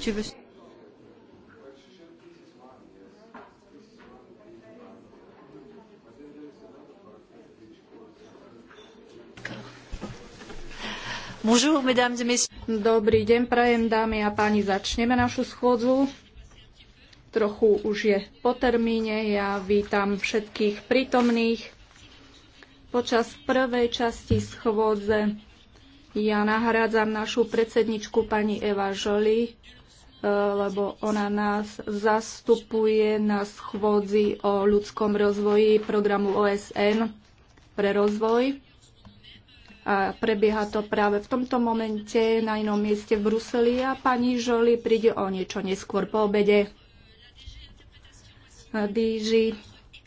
Tu veux... Bonjour, mesdames et messieurs. Dobrý deň, prajem dámy a páni, začneme našu schôdzu. Trochu už je po termíne, ja vítam všetkých prítomných. Počas prvej časti schôdze ja nahrádzam našu predsedničku pani Eva Žoli, lebo ona nás zastupuje na schôdzi o ľudskom rozvoji programu OSN pre rozvoj. A prebieha to práve v tomto momente na inom mieste v Bruseli a pani Žoli príde o niečo neskôr po obede. Dýži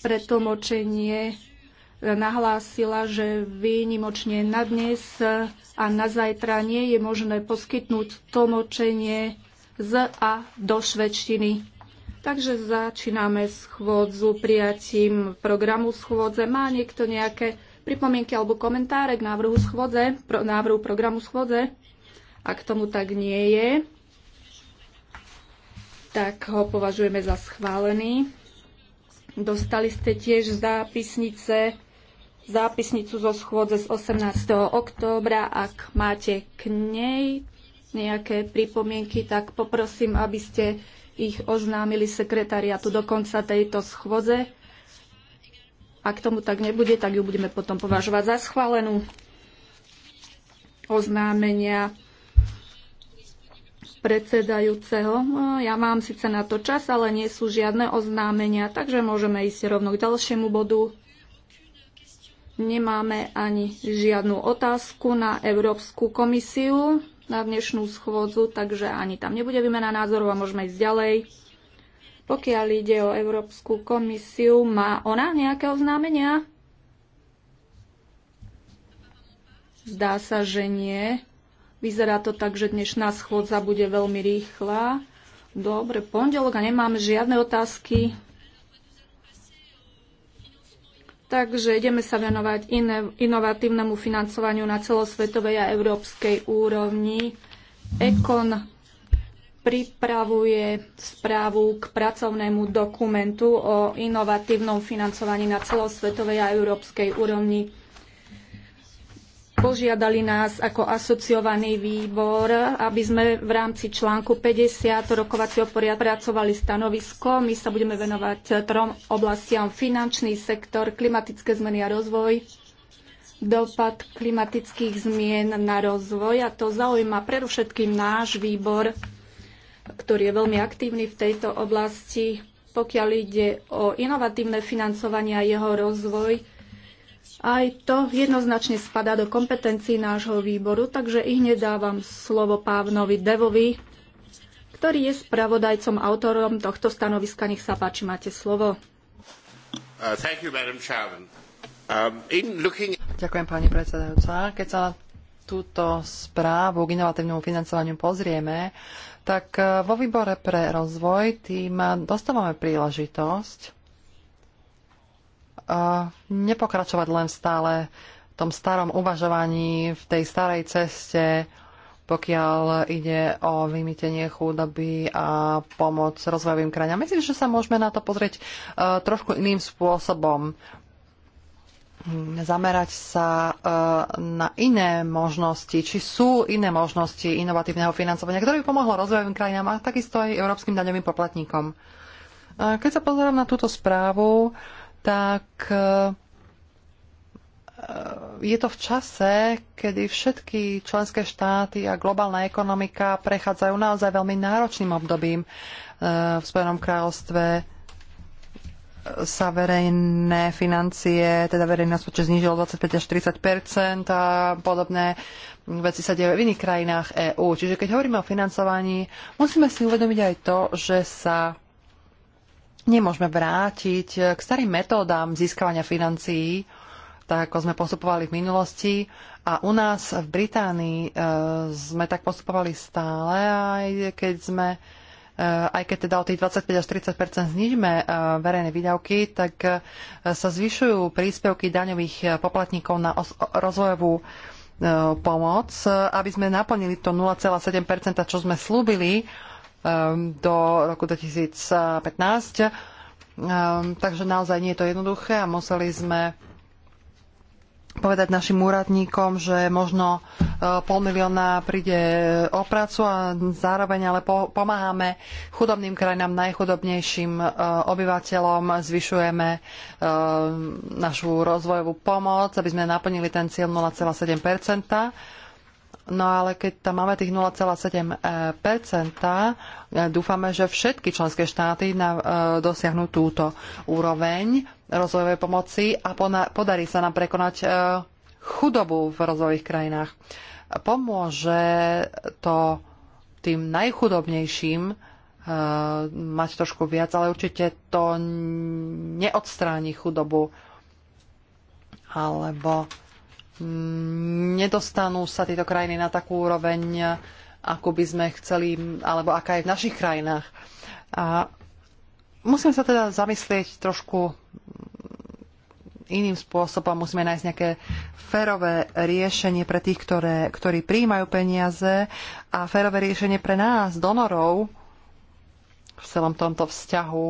pre tlmočenie nahlásila, že výnimočne na dnes a na zajtra nie je možné poskytnúť tlmočenie z a do švedštiny. Takže začíname schôdzu prijatím programu schôdze. Má niekto nejaké pripomienky alebo komentáre k návrhu schôdze, pro, návrhu programu schôdze? Ak tomu tak nie je, tak ho považujeme za schválený. Dostali ste tiež zápisnice, zápisnicu zo schôdze z 18. októbra. Ak máte k nej nejaké pripomienky, tak poprosím, aby ste ich oznámili sekretariatu do konca tejto schôdze. Ak tomu tak nebude, tak ju budeme potom považovať za schválenú. Oznámenia predsedajúceho. No, ja mám síce na to čas, ale nie sú žiadne oznámenia, takže môžeme ísť rovno k ďalšiemu bodu. Nemáme ani žiadnu otázku na Európsku komisiu na dnešnú schôdzu, takže ani tam nebude výmena názorov a môžeme ísť ďalej. Pokiaľ ide o Európsku komisiu, má ona nejaké oznámenia? Zdá sa, že nie. Vyzerá to tak, že dnešná schôdza bude veľmi rýchla. Dobre, pondelok a nemám žiadne otázky. Takže ideme sa venovať inovatívnemu financovaniu na celosvetovej a európskej úrovni. Ekon pripravuje správu k pracovnému dokumentu o inovatívnom financovaní na celosvetovej a európskej úrovni požiadali nás ako asociovaný výbor, aby sme v rámci článku 50 rokovacieho poriadku pracovali stanovisko. My sa budeme venovať trom oblastiam finančný sektor, klimatické zmeny a rozvoj, dopad klimatických zmien na rozvoj a to zaujíma predovšetkým náš výbor, ktorý je veľmi aktívny v tejto oblasti, pokiaľ ide o inovatívne financovanie a jeho rozvoj aj to jednoznačne spadá do kompetencií nášho výboru, takže i hneď dávam slovo Pávnovi Devovi, ktorý je spravodajcom, autorom tohto stanoviska. Nech sa páči, máte slovo. Uh, um, Ďakujem, pani predsedajúca. Keď sa túto správu k inovatívnemu financovaniu pozrieme, tak uh, vo výbore pre rozvoj tým uh, dostávame príležitosť nepokračovať len stále v tom starom uvažovaní, v tej starej ceste, pokiaľ ide o vymýtenie chudoby a pomoc rozvojovým krajinám. Myslím, že sa môžeme na to pozrieť uh, trošku iným spôsobom. Zamerať sa uh, na iné možnosti, či sú iné možnosti inovatívneho financovania, ktoré by pomohlo rozvojovým krajinám a takisto aj európskym daňovým poplatníkom. Uh, keď sa pozerám na túto správu, uh, tak e, e, je to v čase, kedy všetky členské štáty a globálna ekonomika prechádzajú naozaj veľmi náročným obdobím. E, v Spojenom kráľovstve sa verejné financie, teda verejný rozpočet znížilo 25 až 40 a podobné veci sa dejú v iných krajinách EÚ. Čiže keď hovoríme o financovaní, musíme si uvedomiť aj to, že sa nemôžeme vrátiť eh, k starým metódám získavania financií, tak ako sme postupovali v minulosti. A u nás v Británii e, sme tak postupovali stále, aj keď sme eh, aj keď teda o tých 25 až 30 znižíme verejné výdavky, tak sa zvyšujú príspevky daňových poplatníkov na rozvojovú pomoc, aby sme naplnili to 0,7 čo sme slúbili Ehm, do roku 2015. Ehm, takže naozaj nie je to jednoduché a museli sme povedať našim úradníkom, že možno e, pol milióna príde o prácu a zároveň ale pomáhame chudobným krajinám, najchudobnejším e, obyvateľom, zvyšujeme e, našu rozvojovú pomoc, aby sme naplnili ten cieľ 0,7 No ale keď tam máme tých 0,7%, e, e, dúfame, že všetky členské štáty e, dosiahnu túto úroveň rozvojovej pomoci a podarí sa nám prekonať chudobu v rozvojových krajinách. Pomôže to tým najchudobnejším mať trošku viac, ale určite to neodstráni chudobu alebo Mm, nedostanú sa tieto krajiny na takú úroveň, ako by sme chceli, alebo aká je v našich krajinách. A musím sa teda zamyslieť trošku iným spôsobom, musíme nájsť nejaké férové riešenie pre tých, ktoré, ktorí príjmajú peniaze a férové riešenie pre nás, donorov, v celom tomto vzťahu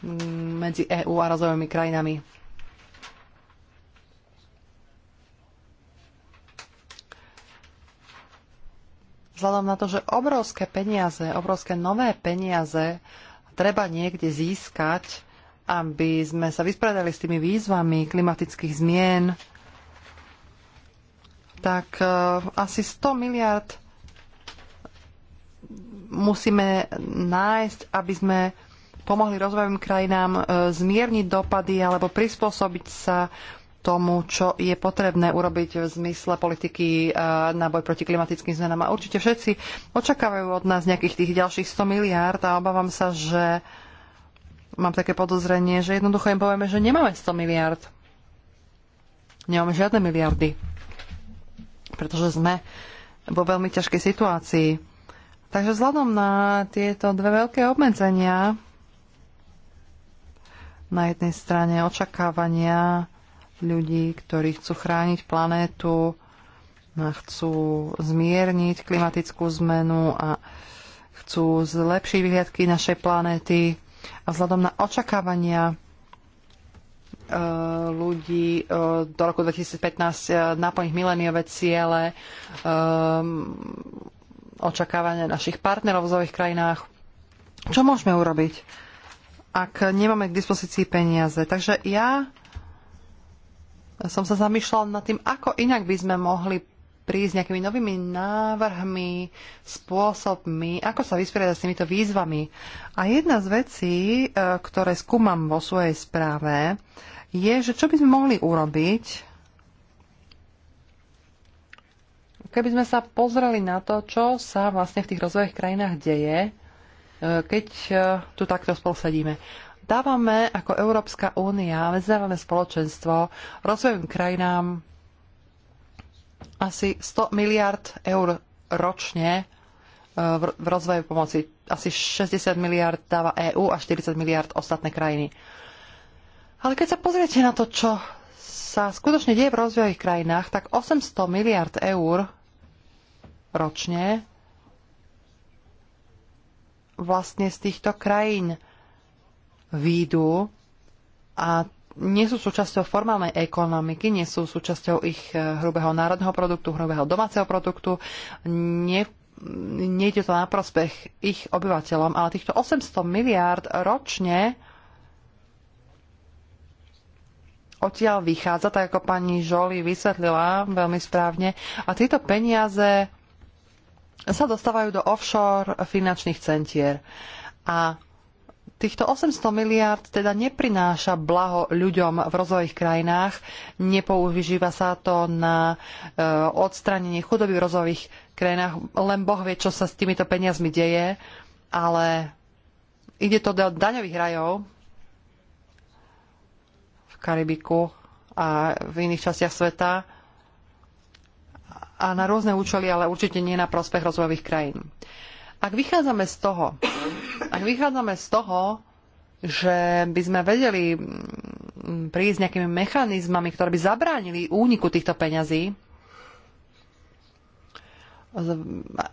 mm, medzi EÚ a rozvojovými krajinami. vzhľadom na to, že obrovské peniaze, obrovské nové peniaze treba niekde získať, aby sme sa vyspredali s tými výzvami klimatických zmien, tak e, asi 100 miliard musíme nájsť, aby sme pomohli rozvojovým krajinám e, zmierniť dopady alebo prispôsobiť sa tomu, čo je potrebné urobiť v zmysle politiky e, na boj proti klimatickým zmenám. A určite všetci očakávajú od nás nejakých tých ďalších 100 miliárd a obávam sa, že mám také podozrenie, že jednoducho im povieme, že nemáme 100 miliárd. Nemáme žiadne miliardy. Pretože sme vo veľmi ťažkej situácii. Takže vzhľadom na tieto dve veľké obmedzenia, na jednej strane očakávania ľudí, ktorí chcú chrániť planétu, chcú zmierniť klimatickú zmenu a chcú zlepšiť vyhliadky našej planéty. A vzhľadom na očakávania e, ľudí e, do roku 2015 e, naplniť mileniové ciele, očakávania našich partnerov v zových krajinách. Čo môžeme urobiť, ak nemáme k dispozícii peniaze? Takže ja som sa zamýšľal nad tým, ako inak by sme mohli prísť nejakými novými návrhmi, spôsobmi, ako sa vysporiadať s týmito výzvami. A jedna z vecí, e, ktoré skúmam vo svojej správe, je, že čo by sme mohli urobiť, keby sme sa pozreli na to, čo sa vlastne v tých rozvojových krajinách deje, e, keď e, tu takto spolu sedíme dávame ako Európska únia, medzinárodné spoločenstvo, rozvojovým krajinám asi 100 miliard eur ročne e, v rozvoju pomoci. Asi 60 miliard dáva EÚ a 40 miliard ostatné krajiny. Ale keď sa pozriete na to, čo sa skutočne deje v rozvojových krajinách, tak 800 miliard eur ročne vlastne z týchto krajín výjdu a nie sú súčasťou formálnej ekonomiky, nie sú súčasťou ich e, hrubého národného produktu, hrubého domáceho produktu, nie, nejde to na prospech ich obyvateľom, ale týchto 800 miliárd ročne odtiaľ vychádza, tak ako pani Žoli vysvetlila veľmi správne. A tieto peniaze sa dostávajú do offshore finančných centier. A Týchto 800 miliárd teda neprináša blaho ľuďom v rozvojových krajinách, nepoužíva sa to na e, odstránenie chudoby v rozvojových krajinách, len Boh vie, čo sa s týmito peniazmi deje, ale ide to do daňových rajov v Karibiku a v iných častiach sveta a na rôzne účely, ale určite nie na prospech rozvojových krajín. Ak vychádzame z toho, ak vychádzame z toho, že by sme vedeli mm, prísť nejakými mechanizmami, ktoré by zabránili úniku týchto peňazí,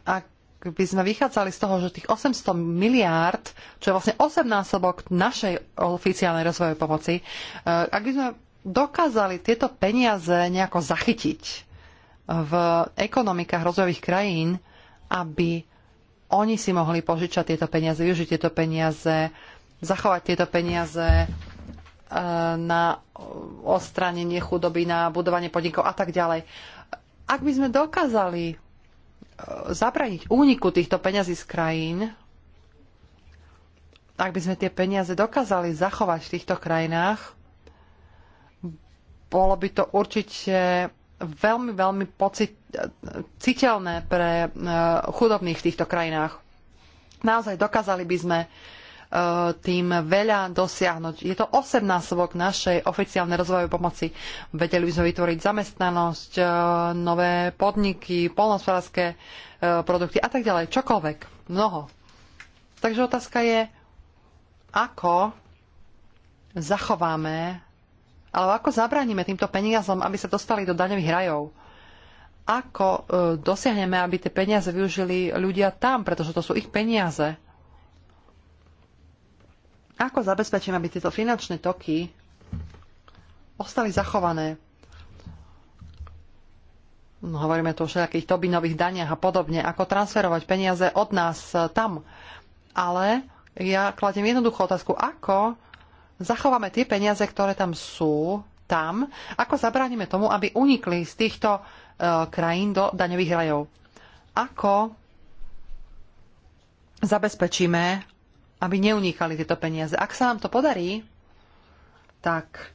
ak by sme vychádzali z toho, že tých 800 miliárd, čo je vlastne 8 násobok našej oficiálnej rozvojovej pomoci, eh, ak by sme dokázali tieto peniaze nejako zachytiť v ekonomikách rozvojových krajín, aby oni si mohli požičať tieto peniaze, využiť tieto peniaze, zachovať tieto peniaze e, na ostranenie chudoby, na budovanie podnikov a tak ďalej. Ak by sme dokázali e, zabraniť úniku týchto peňazí z krajín, ak by sme tie peniaze dokázali zachovať v týchto krajinách, bolo by to určite veľmi, veľmi pocit, citeľné pre e, chudobných v týchto krajinách. Naozaj dokázali by sme e, tým veľa dosiahnuť. Je to 8 násobok našej oficiálnej rozvojovej pomoci. Vedeli by sme vytvoriť zamestnanosť, e, nové podniky, polnospodárske produkty a tak ďalej. Čokoľvek. Mnoho. Takže otázka je, ako zachováme ale ako zabránime týmto peniazom, aby sa dostali do daňových rajov? Ako e, dosiahneme, aby tie peniaze využili ľudia tam, pretože to sú ich peniaze? Ako zabezpečíme, aby tieto finančné toky ostali zachované? No, hovoríme tu o všetkých Tobinových daniach a podobne, ako transferovať peniaze od nás e, tam. Ale ja kladiem jednoduchú otázku, ako zachováme tie peniaze, ktoré tam sú, tam, ako zabránime tomu, aby unikli z týchto e, krajín do daňových rajov. Ako zabezpečíme, aby neunikali tieto peniaze. Ak sa nám to podarí, tak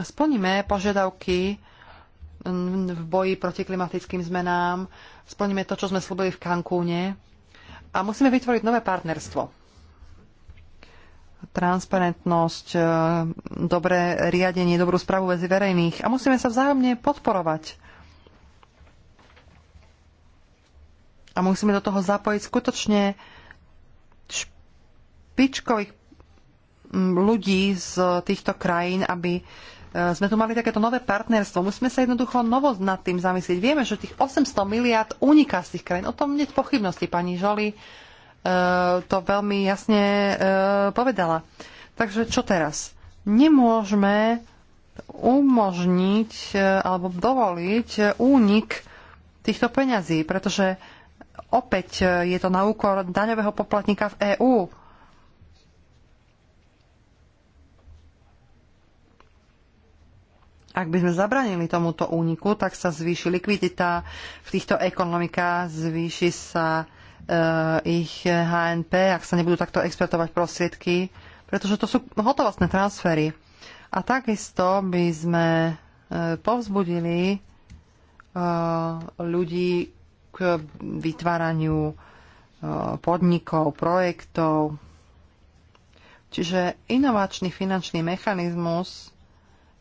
splníme požiadavky v boji proti klimatickým zmenám, splníme to, čo sme slúbili v Cancúne, a musíme vytvoriť nové partnerstvo. Transparentnosť, e, dobré riadenie, dobrú správu medzi verejných. A musíme sa vzájomne podporovať. A musíme do toho zapojiť skutočne špičkových ľudí z týchto krajín, aby Eh, sme tu mali takéto nové partnerstvo. Musíme sa jednoducho novo nad tým zamyslieť. Vieme, že tých 800 miliard uniká z tých krajín. O tom nie pochybnosti. Pani Žoli eh, to veľmi jasne eh, povedala. Takže čo teraz? Nemôžeme umožniť alebo dovoliť únik týchto peňazí, pretože opäť je to na úkor daňového poplatníka v EÚ Ak by sme zabranili tomuto úniku, tak sa zvýši likvidita v týchto ekonomikách, zvýši sa eh, ich HNP, ak sa nebudú takto expertovať prostriedky, pretože to sú hotovostné transfery. A takisto by sme eh, povzbudili eh, ľudí k vytváraniu podnikov, projektov. Čiže inovačný finančný mechanizmus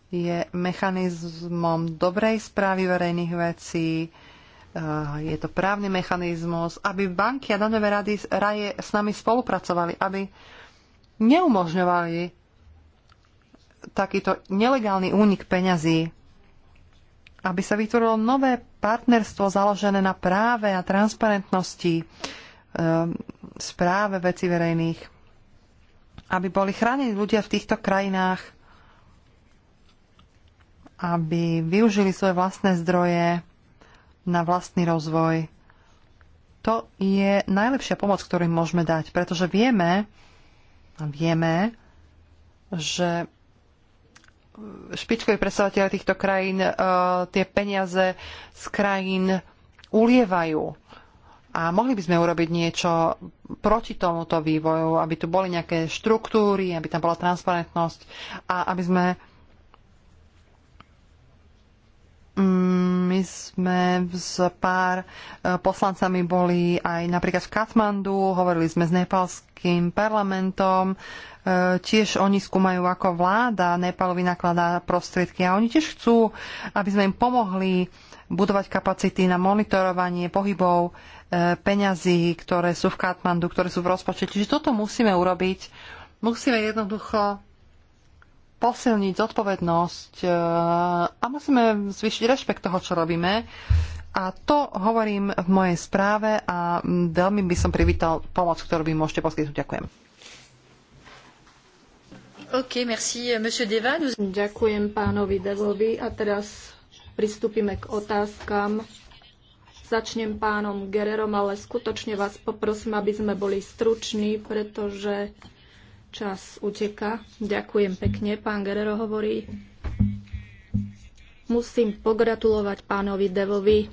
je mechanizmom dobrej správy verejných vecí, eh, je to právny mechanizmus, aby banky a daňové rady raje s nami spolupracovali, aby neumožňovali takýto nelegálny únik peňazí, aby sa vytvorilo nové partnerstvo založené na práve a transparentnosti, eh, správe veci verejných, aby boli chránení ľudia v týchto krajinách aby využili svoje vlastné zdroje na vlastný rozvoj. To je najlepšia pomoc, ktorú im môžeme dať, pretože vieme, vieme, že špičkoví predstaviteľe týchto krajín uh, tie peniaze z krajín ulievajú. A mohli by sme urobiť niečo proti tomuto vývoju, aby tu boli nejaké štruktúry, aby tam bola transparentnosť a aby sme Mm, my sme s pár e, poslancami boli aj napríklad v Katmandu, hovorili sme s nepalským parlamentom, e, tiež oni skúmajú, ako vláda Nepal vynakladá prostriedky a oni tiež chcú, aby sme im pomohli budovať kapacity na monitorovanie pohybov e, peňazí, ktoré sú v Katmandu, ktoré sú v rozpočte. Čiže toto musíme urobiť. Musíme jednoducho posilniť zodpovednosť e, a musíme zvýšiť rešpekt toho, čo robíme. A to hovorím v mojej správe a veľmi by som privítal pomoc, ktorú by môžete poskytnúť. Ďakujem. OK, merci, euh, monsieur Deva. Ďakujem pánovi Devovi a teraz pristúpime k otázkam. Začnem pánom Gererom, ale skutočne vás poprosím, aby sme boli struční, pretože Čas uteka. Ďakujem pekne. Pán Gerero hovorí. Musím pogratulovať pánovi Devovi.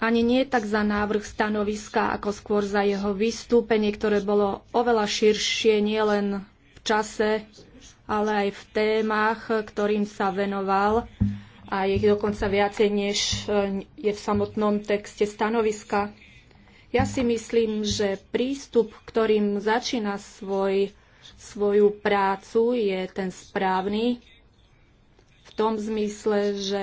Ani nie tak za návrh stanoviska, ako skôr za jeho vystúpenie, ktoré bolo oveľa širšie, nielen v čase, ale aj v témach, ktorým sa venoval. A je ich dokonca viacej, než e, je v samotnom texte stanoviska. Ja si myslím, že prístup, ktorým začína svoj, svoju prácu, je ten správny v tom zmysle, že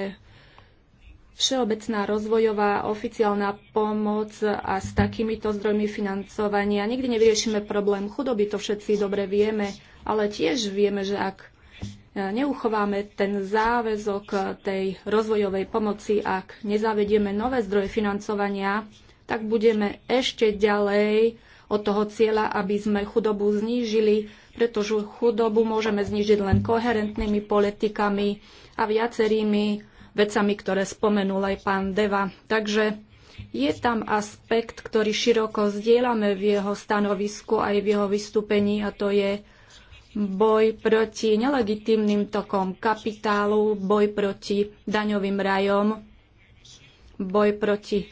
všeobecná rozvojová oficiálna pomoc a s takýmito zdrojmi financovania nikdy nevyriešime problém chudoby, to všetci dobre vieme, ale tiež vieme, že ak e, neuchováme ten záväzok tej rozvojovej pomoci, ak nezavedieme nové zdroje financovania, tak budeme ešte ďalej od toho cieľa, aby sme chudobu znížili, pretože chudobu môžeme znížiť len koherentnými politikami a viacerými vecami, ktoré spomenul aj pán Deva. Takže je tam aspekt, ktorý široko zdieľame v jeho stanovisku aj v jeho vystúpení a to je boj proti nelegitímnym tokom kapitálu, boj proti daňovým rajom, boj proti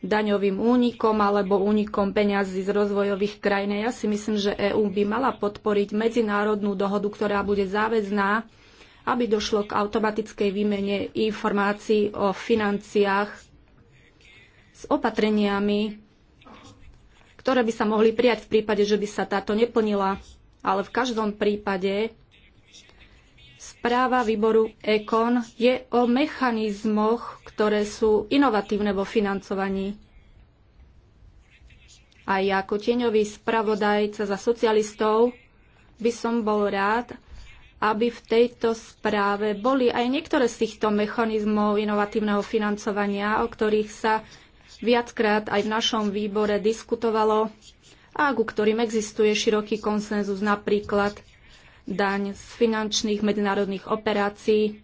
daňovým únikom alebo únikom peňazí z rozvojových krajín. Ja si myslím, že EÚ by mala podporiť medzinárodnú dohodu, ktorá bude záväzná, aby došlo k automatickej výmene informácií o financiách s opatreniami, ktoré by sa mohli prijať v prípade, že by sa táto neplnila. Ale v každom prípade Správa výboru EKON je o mechanizmoch, ktoré sú inovatívne vo financovaní. A ja ako tieňový spravodajca za socialistov by som bol rád, aby v tejto správe boli aj niektoré z týchto mechanizmov inovatívneho financovania, o ktorých sa viackrát aj v našom výbore diskutovalo a ku ktorým existuje široký konsenzus, napríklad daň z finančných medzinárodných operácií.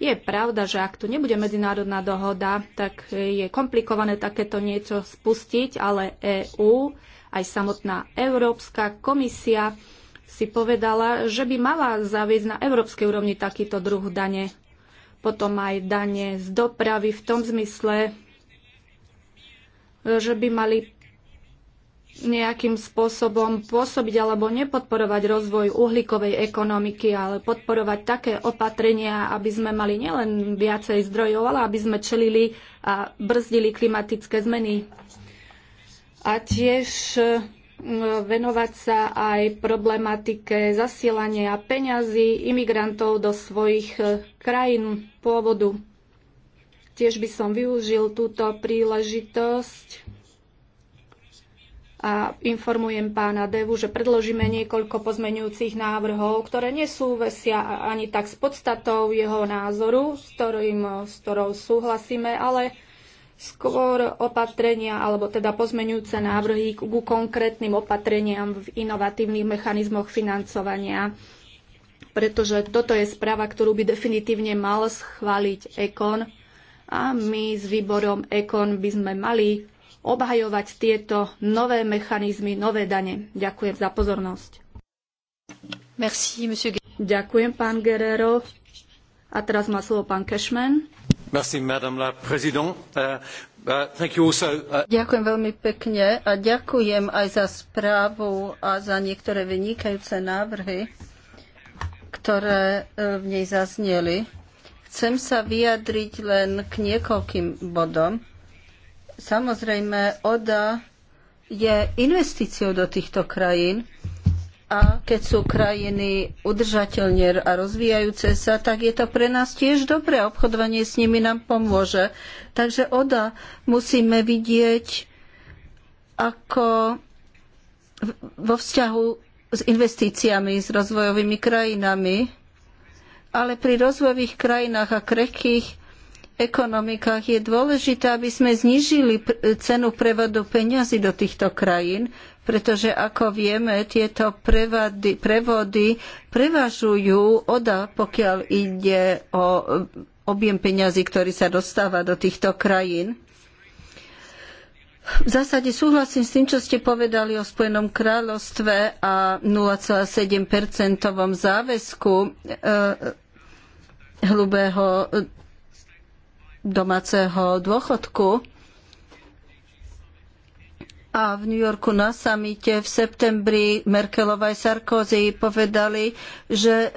Je pravda, že ak tu nebude medzinárodná dohoda, tak je komplikované takéto niečo spustiť, ale EÚ, aj samotná Európska komisia si povedala, že by mala zaviesť na európskej úrovni takýto druh dane. Potom aj dane z dopravy v tom zmysle, že by mali nejakým spôsobom pôsobiť alebo nepodporovať rozvoj uhlíkovej ekonomiky, ale podporovať také opatrenia, aby sme mali nielen viacej zdrojov, ale aby sme čelili a brzdili klimatické zmeny. A tiež e, venovať sa aj problematike zasielania peňazí imigrantov do svojich e, krajín pôvodu. Tiež by som využil túto príležitosť a informujem pána Devu, že predložíme niekoľko pozmeňujúcich návrhov, ktoré nesúvesia ani tak s podstatou jeho názoru, s, ktorým, s ktorou súhlasíme, ale skôr opatrenia alebo teda pozmenujúce návrhy ku konkrétnym opatreniam v inovatívnych mechanizmoch financovania pretože toto je správa, ktorú by definitívne mal schváliť EKON a my s výborom EKON by sme mali obhajovať tieto nové mechanizmy, nové dane. Ďakujem za pozornosť. Merci, monsieur... Ďakujem, pán Guerrero. A teraz má slovo pán Cashman. Merci, madame la présidente. Uh, uh, also, uh... Ďakujem veľmi pekne a ďakujem aj za správu a za niektoré vynikajúce návrhy, ktoré uh, v nej zazneli. Chcem sa vyjadriť len k niekoľkým bodom. Samozrejme, ODA je investíciou do týchto krajín a keď sú krajiny udržateľne a rozvíjajúce sa, tak je to pre nás tiež dobré. Obchodovanie s nimi nám pomôže. Takže ODA musíme vidieť ako vo vzťahu s investíciami, s rozvojovými krajinami. Ale pri rozvojových krajinách a krehkých ekonomikách je dôležité, aby sme znížili cenu prevodu peňazí do týchto krajín, pretože ako vieme, tieto prevady, prevody prevažujú oda, pokiaľ ide o eh, objem peňazí, ktorý sa dostáva do týchto krajín. V zásade súhlasím s tým, čo ste povedali o Spojenom kráľovstve a 0,7-percentovom záväzku hrubého eh, domáceho dôchodku. A v New Yorku na samite v septembri Merkelov aj Sarkozy povedali, že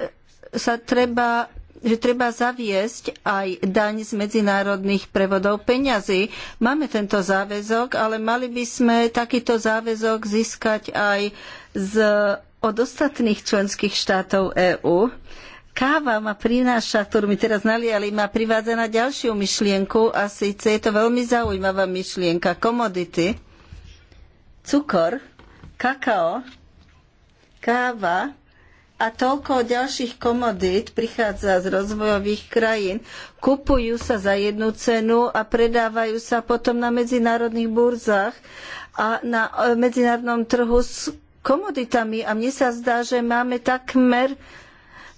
sa treba že treba zaviesť aj daň z medzinárodných prevodov peňazí. Máme tento záväzok, ale mali by sme takýto záväzok získať aj z, od ostatných členských štátov EÚ. Káva ma prináša, ktorú mi teraz naliali, ma privádza na ďalšiu myšlienku a síce je to veľmi zaujímavá myšlienka. Komodity, cukor, kakao, káva a toľko ďalších komodít prichádza z rozvojových krajín. Kupujú sa za jednu cenu a predávajú sa potom na medzinárodných burzách a na e, medzinárodnom trhu s komoditami. A mne sa zdá, že máme takmer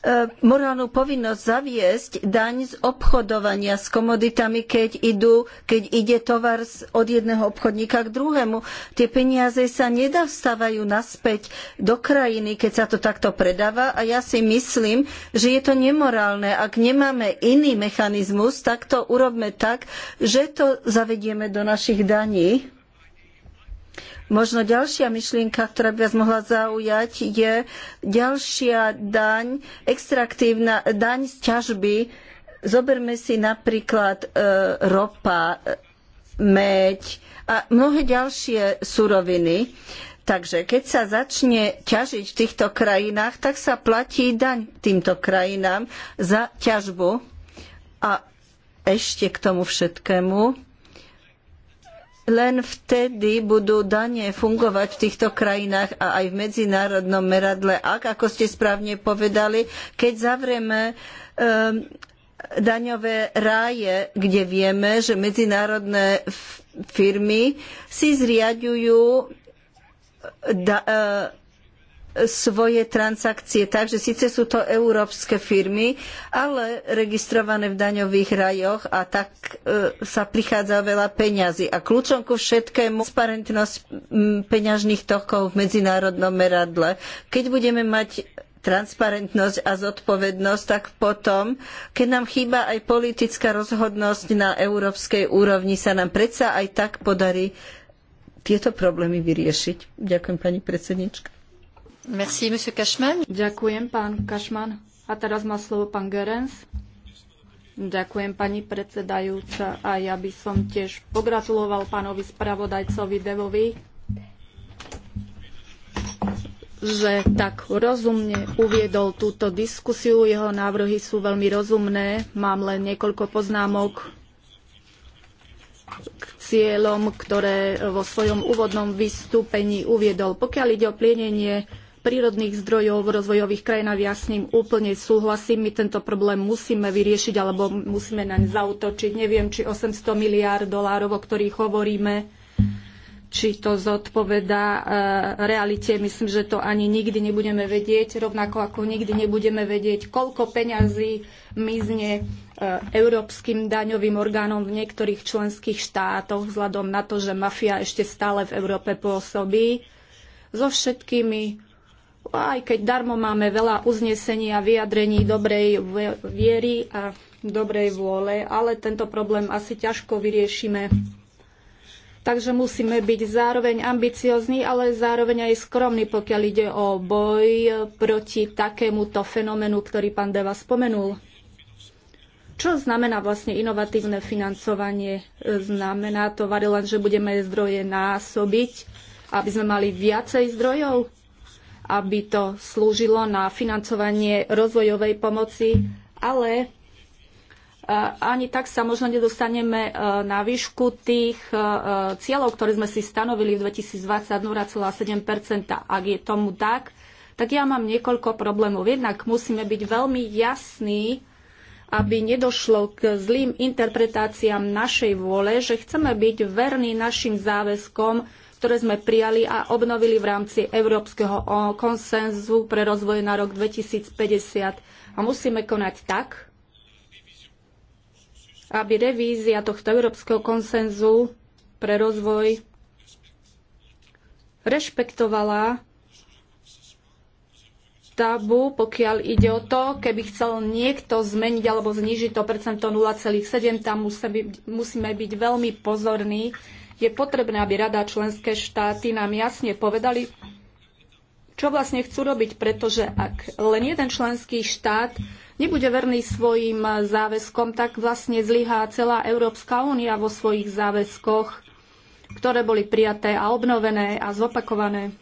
E, morálnu povinnosť zaviesť daň z obchodovania s komoditami, keď, idú, keď ide tovar od jedného obchodníka k druhému. Tie peniaze sa nedostávajú naspäť do krajiny, keď sa to takto predáva a ja si myslím, že je to nemorálne. Ak nemáme iný mechanizmus, tak to urobme tak, že to zavedieme do našich daní Možno ďalšia myšlienka, ktorá by vás mohla zaujať, je ďalšia daň, extraktívna daň z ťažby. Zoberme si napríklad e, ropa, e, meď a mnohé ďalšie suroviny. Takže keď sa začne ťažiť v týchto krajinách, tak sa platí daň týmto krajinám za ťažbu. A ešte k tomu všetkému len vtedy budú dane fungovať v týchto krajinách a aj v medzinárodnom meradle, ak, ako ste správne povedali, keď zavrieme um, daňové ráje, kde vieme, že medzinárodné firmy si zriaďujú da, uh, svoje transakcie tak, že síce sú to európske firmy, ale registrované v daňových rajoch a tak e, sa prichádza veľa peňazí. A kľúčom ku všetkému transparentnosť peňažných tokov v medzinárodnom meradle. Keď budeme mať transparentnosť a zodpovednosť, tak potom, keď nám chýba aj politická rozhodnosť na európskej úrovni, sa nám predsa aj tak podarí tieto problémy vyriešiť. Ďakujem, pani predsednička. Merci, monsieur Cashman. Ďakujem, pán Kašman. A teraz má slovo pán Gerens. Ďakujem, pani predsedajúca. A ja by som tiež pogratuloval pánovi spravodajcovi Devovi, že tak rozumne uviedol túto diskusiu. Jeho návrhy sú veľmi rozumné. Mám len niekoľko poznámok k cieľom, ktoré vo svojom úvodnom vystúpení uviedol. Pokiaľ ide o plienenie prírodných zdrojov v rozvojových krajinách. Ja s ním úplne súhlasím. My tento problém musíme vyriešiť alebo musíme naň zautočiť. Neviem, či 800 miliárd dolárov, o ktorých hovoríme, či to zodpovedá e, realite. Myslím, že to ani nikdy nebudeme vedieť, rovnako ako nikdy nebudeme vedieť, koľko peňazí mizne e, európskym daňovým orgánom v niektorých členských štátoch vzhľadom na to, že mafia ešte stále v Európe pôsobí so všetkými aj keď darmo máme veľa uznesení a vyjadrení dobrej viery a dobrej vôle, ale tento problém asi ťažko vyriešime. Takže musíme byť zároveň ambiciozní, ale zároveň aj skromní, pokiaľ ide o boj proti takémuto fenoménu, ktorý pán Deva spomenul. Čo znamená vlastne inovatívne financovanie? Znamená to, Vary, len, že budeme zdroje násobiť, aby sme mali viacej zdrojov? aby to slúžilo na financovanie rozvojovej pomoci, ale e, ani tak sa možno nedostaneme e, na výšku tých e, cieľov, ktoré sme si stanovili v 2020 0,7 Ak je tomu tak, tak ja mám niekoľko problémov. Jednak musíme byť veľmi jasní, aby nedošlo k zlým interpretáciám našej vôle, že chceme byť verní našim záväzkom ktoré sme prijali a obnovili v rámci Európskeho konsenzu pre rozvoj na rok 2050. A musíme konať tak, aby revízia tohto Európskeho konsenzu pre rozvoj rešpektovala tabu, pokiaľ ide o to, keby chcel niekto zmeniť alebo znižiť to percento 0,7, tam musíme byť, musíme byť veľmi pozorní je potrebné, aby Rada členské štáty nám jasne povedali, čo vlastne chcú robiť, pretože ak len jeden členský štát nebude verný svojim záväzkom, tak vlastne zlyhá celá Európska únia vo svojich záväzkoch, ktoré boli prijaté a obnovené a zopakované.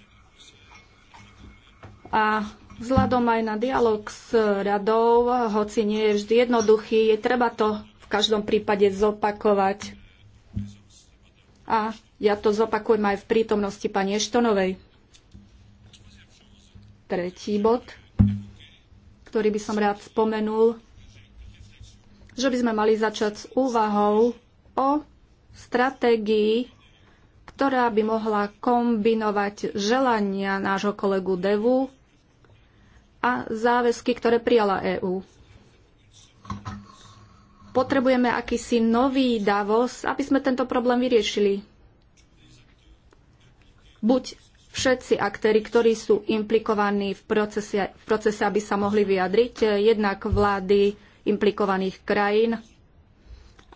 A vzhľadom aj na dialog s radou, hoci nie je vždy jednoduchý, je treba to v každom prípade zopakovať. A ja to zopakujem aj v prítomnosti pani Eštonovej. Tretí bod, ktorý by som rád spomenul, že by sme mali začať s úvahou o stratégii, ktorá by mohla kombinovať želania nášho kolegu Devu a záväzky, ktoré prijala EÚ. Potrebujeme akýsi nový Davos, aby sme tento problém vyriešili. Buď všetci aktéry, ktorí sú implikovaní v procese, v procese, aby sa mohli vyjadriť, jednak vlády implikovaných krajín,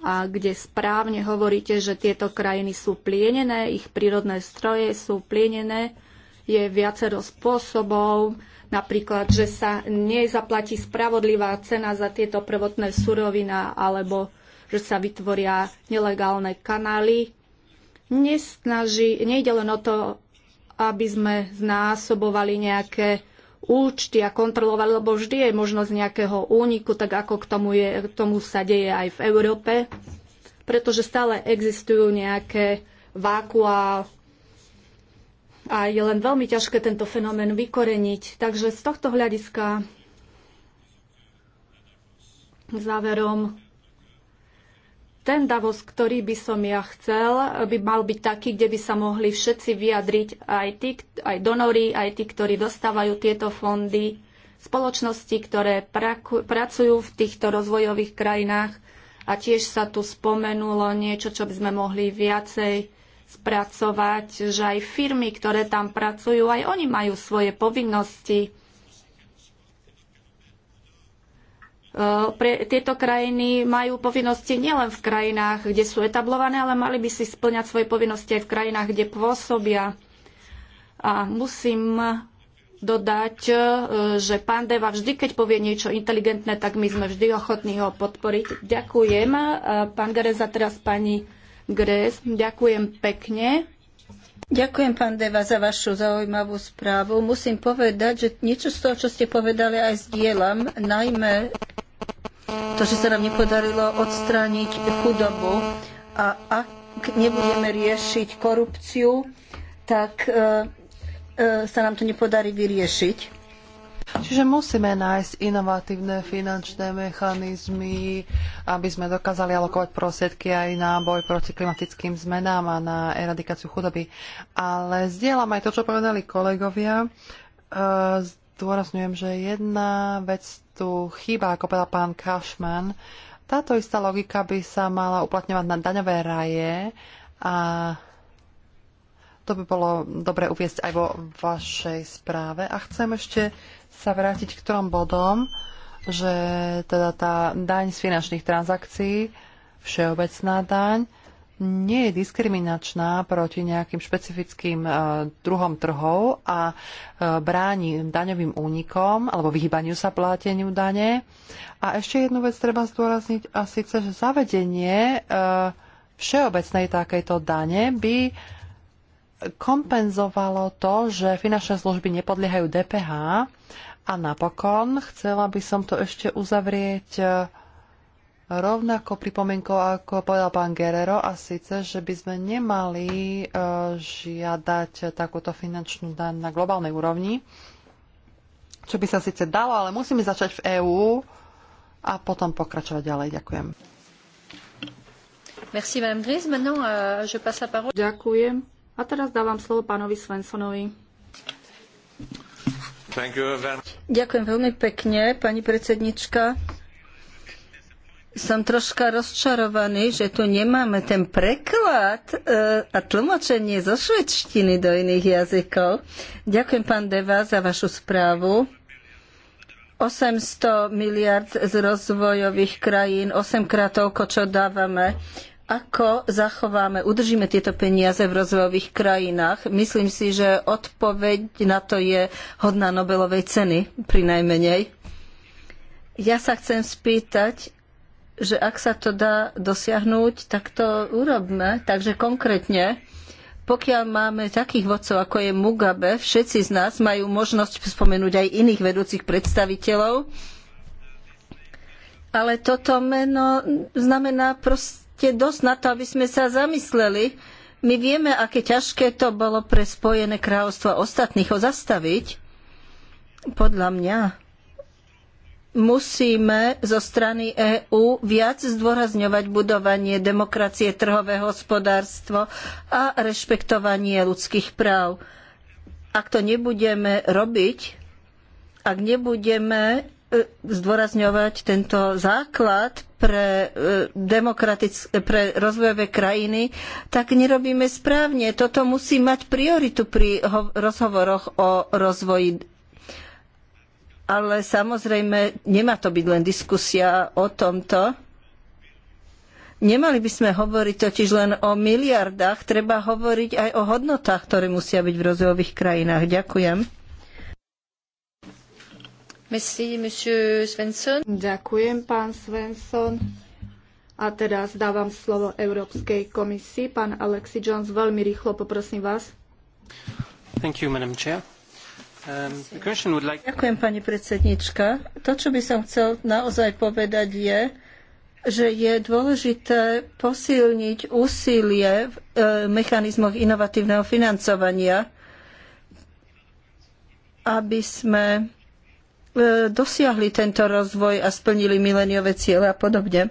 a kde správne hovoríte, že tieto krajiny sú plienené, ich prírodné stroje sú plienené, je viacero spôsobov, Napríklad, že sa nezaplatí spravodlivá cena za tieto prvotné surovina alebo že sa vytvoria nelegálne kanály. Nesnaží, nejde len o to, aby sme znásobovali nejaké účty a kontrolovali, lebo vždy je možnosť nejakého úniku, tak ako k tomu, je, k tomu sa deje aj v Európe, pretože stále existujú nejaké vákua a je len veľmi ťažké tento fenomén vykoreniť. Takže z tohto hľadiska záverom ten Davos, ktorý by som ja chcel, by mal byť taký, kde by sa mohli všetci vyjadriť, aj, tí, aj donory, aj tí, ktorí dostávajú tieto fondy, spoločnosti, ktoré praku, pracujú v týchto rozvojových krajinách. A tiež sa tu spomenulo niečo, čo by sme mohli viacej spracovať, že aj firmy, ktoré tam pracujú, aj oni majú svoje povinnosti. E, pre tieto krajiny majú povinnosti nielen v krajinách, kde sú etablované, ale mali by si splňať svoje povinnosti aj v krajinách, kde pôsobia. A musím dodať, e, že pán Deva vždy, keď povie niečo inteligentné, tak my sme vždy ochotní ho podporiť. Ďakujem. E, pán Gareza, teraz pani Grés. Ďakujem pekne. Ďakujem, pán Deva, za vašu zaujímavú správu. Musím povedať, že niečo z toho, čo ste povedali, aj zdieľam, najmä to, že sa nám nepodarilo odstrániť chudobu a ak nebudeme riešiť korupciu, tak e, e, sa nám to nepodarí vyriešiť. Čiže musíme nájsť inovatívne finančné mechanizmy, aby sme dokázali alokovať prosiedky aj na boj proti klimatickým zmenám a na eradikáciu chudoby. Ale zdieľam aj to, čo povedali kolegovia. E, zdôrazňujem, že jedna vec tu chýba, ako povedal pán Kašman, Táto istá logika by sa mala uplatňovať na daňové raje a to by bolo dobre uviesť aj vo vašej správe. A chcem ešte sa vrátiť k trom bodom, že teda tá daň z finančných transakcií, všeobecná daň, nie je diskriminačná proti nejakým špecifickým e, druhom trhov a e, bráni daňovým únikom alebo vyhýbaniu sa pláteniu dane. A ešte jednu vec treba zdôrazniť a síce, že zavedenie e, všeobecnej takejto dane by kompenzovalo to, že finančné služby nepodliehajú DPH a napokon chcela by som to ešte uzavrieť e, rovnako pripomienkou, ako povedal pán Guerrero, a síce, že by sme nemali e, žiadať takúto finančnú daň na globálnej úrovni, čo by sa síce dalo, ale musíme začať v EÚ a potom pokračovať ďalej. Ďakujem. Merci, Gris. Maintenant, euh, je passe la parole. Ďakujem. A teraz dávam slovo pánovi Svensonovi. Ďakujem veľmi pekne, pani predsednička. Som troška rozčarovaný, že tu nemáme ten preklad e, a tlmočenie zo švedštiny do iných jazykov. Ďakujem, pán Deva, za vašu správu. 800 miliard z rozvojových krajín, 8 krát toľko, čo dávame ako zachováme, udržíme tieto peniaze v rozvojových krajinách? Myslím si, že odpoveď na to je hodná Nobelovej ceny, pri najmenej. Ja sa chcem spýtať, že ak sa to dá dosiahnuť, tak to urobme. Takže konkrétne, pokiaľ máme takých vodcov, ako je Mugabe, všetci z nás majú možnosť spomenúť aj iných vedúcich predstaviteľov, ale toto meno znamená proste je dosť na to, aby sme sa zamysleli. My vieme, aké ťažké to bolo pre Spojené kráľovstvo ostatných ho zastaviť. Podľa mňa musíme zo strany EÚ viac zdôrazňovať budovanie demokracie, trhové hospodárstvo a rešpektovanie ľudských práv. Ak to nebudeme robiť, ak nebudeme E, zdôrazňovať tento základ pre, e, demokratické pre rozvojové krajiny, tak nerobíme správne. Toto musí mať prioritu pri rozhovoroch o rozvoji. Ale samozrejme, nemá to byť len diskusia o tomto. Nemali by sme hovoriť totiž len o miliardách, treba hovoriť aj o hodnotách, ktoré musia byť v rozvojových krajinách. Ďakujem. Merci, monsieur Svensson. Ďakujem, pán Svensson. A teraz dávam slovo Európskej komisii. Pán Alexi Jones, veľmi rýchlo poprosím vás. Thank you, Madam Chair. Um, the would like... Ďakujem, pani predsednička. To, čo by som chcel naozaj povedať, je, že je dôležité posilniť úsilie v e, mechanizmoch inovatívneho financovania, aby sme E, dosiahli tento rozvoj a splnili mileniové ciele a podobne.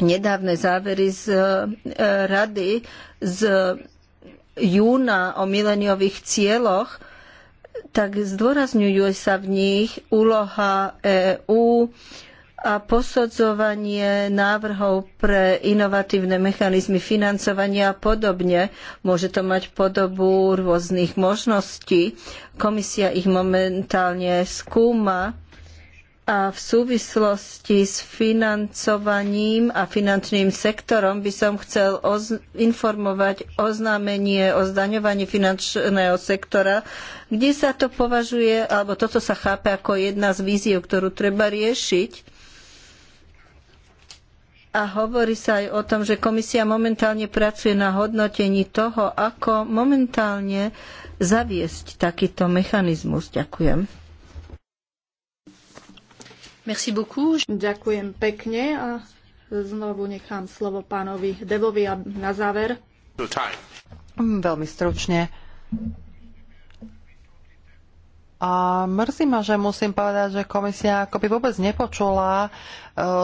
Nedávne závery z e, rady z júna o mileniových cieľoch, tak zdôrazňujú sa v nich úloha EÚ, a posudzovanie návrhov pre inovatívne mechanizmy financovania a podobne. Môže to mať podobu rôznych možností. Komisia ich momentálne skúma a v súvislosti s financovaním a finančným sektorom by som chcel informovať oznámenie o zdaňovaní finančného sektora, kde sa to považuje, alebo toto sa chápe ako jedna z víziev, ktorú treba riešiť a hovorí sa aj o tom, že komisia momentálne pracuje na hodnotení toho, ako momentálne zaviesť takýto mechanizmus. Ďakujem. Merci beaucoup. Ďakujem pekne a znovu nechám slovo pánovi Devovi na záver. Veľmi stručne. A mrzí ma, že musím povedať, že komisia akoby vôbec nepočula e,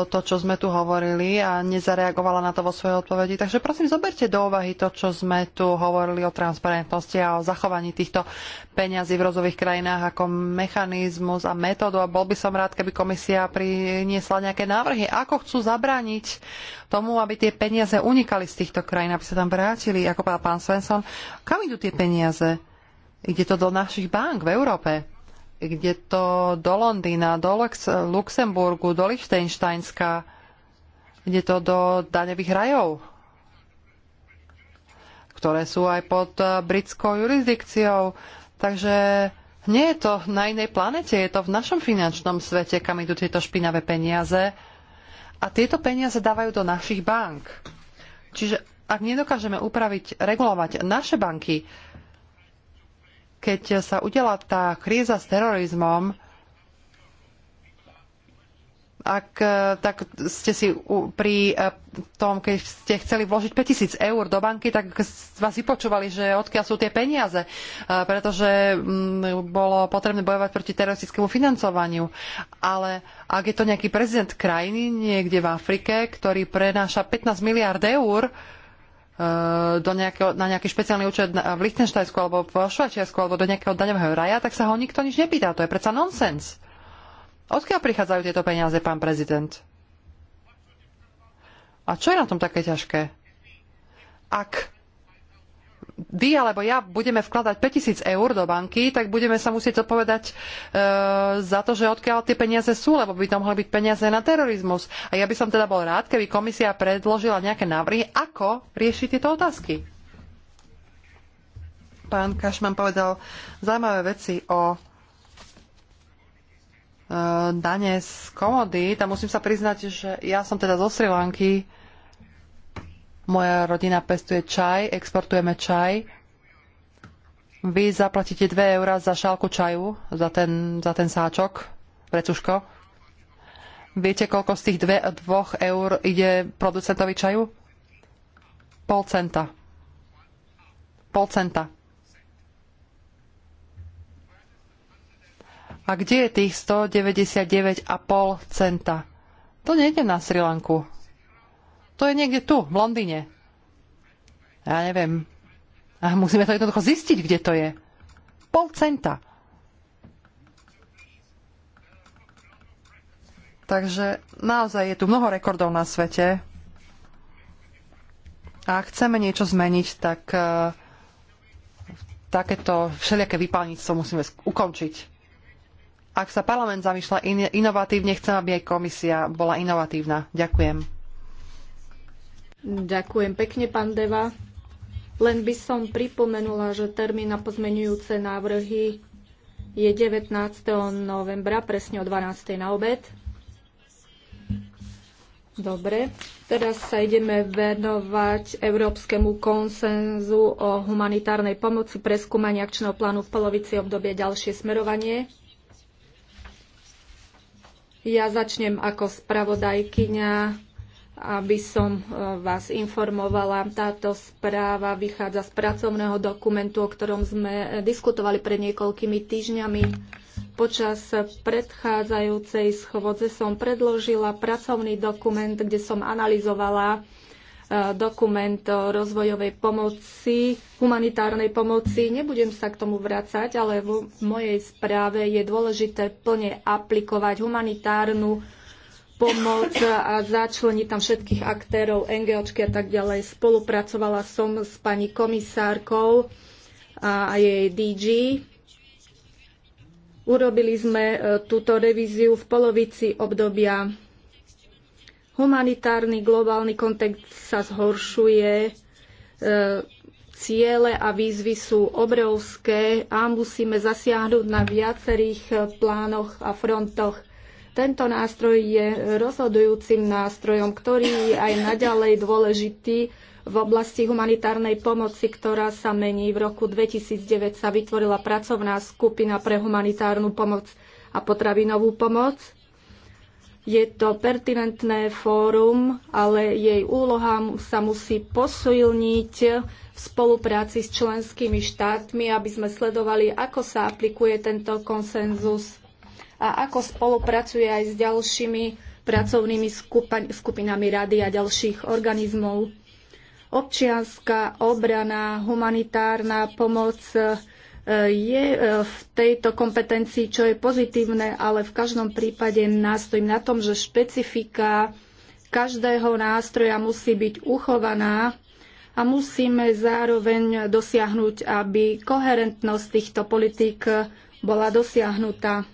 to, čo sme tu hovorili a nezareagovala na to vo svojej odpovedi. Takže prosím, zoberte do úvahy to, čo sme tu hovorili o transparentnosti a o zachovaní týchto peňazí v rozových krajinách ako mechanizmus a metódu. A bol by som rád, keby komisia priniesla nejaké návrhy, ako chcú zabrániť tomu, aby tie peniaze unikali z týchto krajín, aby sa tam vrátili, ako povedal pán Svensson. Kam idú tie peniaze? Ide to do našich bank v Európe. Ide to do Londýna, do Luxemburgu, do Lichtensteinska. Ide to do daňových rajov, ktoré sú aj pod eh, britskou jurisdikciou. Takže nie je to na inej planete, je to v našom finančnom svete, kam idú tieto špinavé peniaze. A tieto peniaze dávajú do našich bank. Čiže ak nedokážeme upraviť, regulovať naše banky, keď sa udela tá kríza s terorizmom, ak e, tak ste si pri e, tom, keď ste chceli vložiť 5000 eur do banky, tak vás vypočúvali, že odkiaľ sú tie peniaze, e, pretože mm, bolo potrebné bojovať proti teroristickému financovaniu. Ale ak je to nejaký prezident krajiny niekde v Afrike, ktorý prenáša 15 miliard eur, Eh, do nejakého, na nejaký špeciálny účet v Lichtenštajsku alebo v Švajčiarsku alebo do nejakého daňového raja, tak sa ho nikto nič nepýta. To je predsa nonsens. Odkiaľ prichádzajú tieto peniaze, pán prezident? A čo je na tom také ťažké? Ak vy alebo ja budeme vkladať 5000 eur do banky, tak budeme sa musieť odpovedať e, za to, že odkiaľ tie peniaze sú, lebo by to mohli byť peniaze na terorizmus. A ja by som teda bol rád, keby komisia predložila nejaké návrhy, ako riešiť tieto otázky. Pán Kašman povedal zaujímavé veci o e, dane z komody. Tam musím sa priznať, že ja som teda zo Sri Lanky moja rodina pestuje čaj, exportujeme čaj. Vy zaplatíte 2 eurá za šálku čaju, za ten, za ten sáčok, precuško. Viete, koľko z tých 2 eur ide producentovi čaju? Pol centa. Pol centa. A kde je tých 199,5 centa? To nejde na Sri Lanku. To je niekde tu, v Londýne. Ja neviem. A musíme to jednoducho zistiť, kde to je. Pol centa. Takže naozaj je tu mnoho rekordov na svete. A ak chceme niečo zmeniť, tak uh, takéto všelijaké vypálnictvo musíme ukončiť. Ak sa parlament zamýšľa in- inovatívne, chcem, aby aj komisia bola inovatívna. Ďakujem. Ďakujem pekne, pán Deva. Len by som pripomenula, že termín na pozmenujúce návrhy je 19. novembra, presne o 12. na obed. Dobre, teraz sa ideme venovať Európskemu konsenzu o humanitárnej pomoci pre skúmanie akčného plánu v polovici obdobie ďalšie smerovanie. Ja začnem ako spravodajkyňa aby som e, vás informovala. Táto správa vychádza z pracovného dokumentu, o ktorom sme e, diskutovali pred niekoľkými týždňami. Počas predchádzajúcej schôdze som predložila pracovný dokument, kde som analyzovala e, dokument o rozvojovej pomoci, humanitárnej pomoci. Nebudem sa k tomu vrácať, ale v mojej správe je dôležité plne aplikovať humanitárnu pomoc a začleniť tam všetkých aktérov, NGOčky a tak ďalej. Spolupracovala som s pani komisárkou a jej DG. Urobili sme e, túto revíziu v polovici obdobia. Humanitárny globálny kontext sa zhoršuje, e, ciele a výzvy sú obrovské a musíme zasiahnuť na viacerých e, plánoch a frontoch. Tento nástroj je rozhodujúcim nástrojom, ktorý je aj naďalej dôležitý v oblasti humanitárnej pomoci, ktorá sa mení. V roku 2009 sa vytvorila pracovná skupina pre humanitárnu pomoc a potravinovú pomoc. Je to pertinentné fórum, ale jej úloha sa musí posilniť v spolupráci s členskými štátmi, aby sme sledovali, ako sa aplikuje tento konsenzus a ako spolupracuje aj s ďalšími pracovnými skupinami rady a ďalších organizmov. Občianská obrana, humanitárna pomoc e, je e, v tejto kompetencii, čo je pozitívne, ale v každom prípade nástojím na tom, že špecifika každého nástroja musí byť uchovaná a musíme zároveň dosiahnuť, aby koherentnosť týchto politík bola dosiahnutá.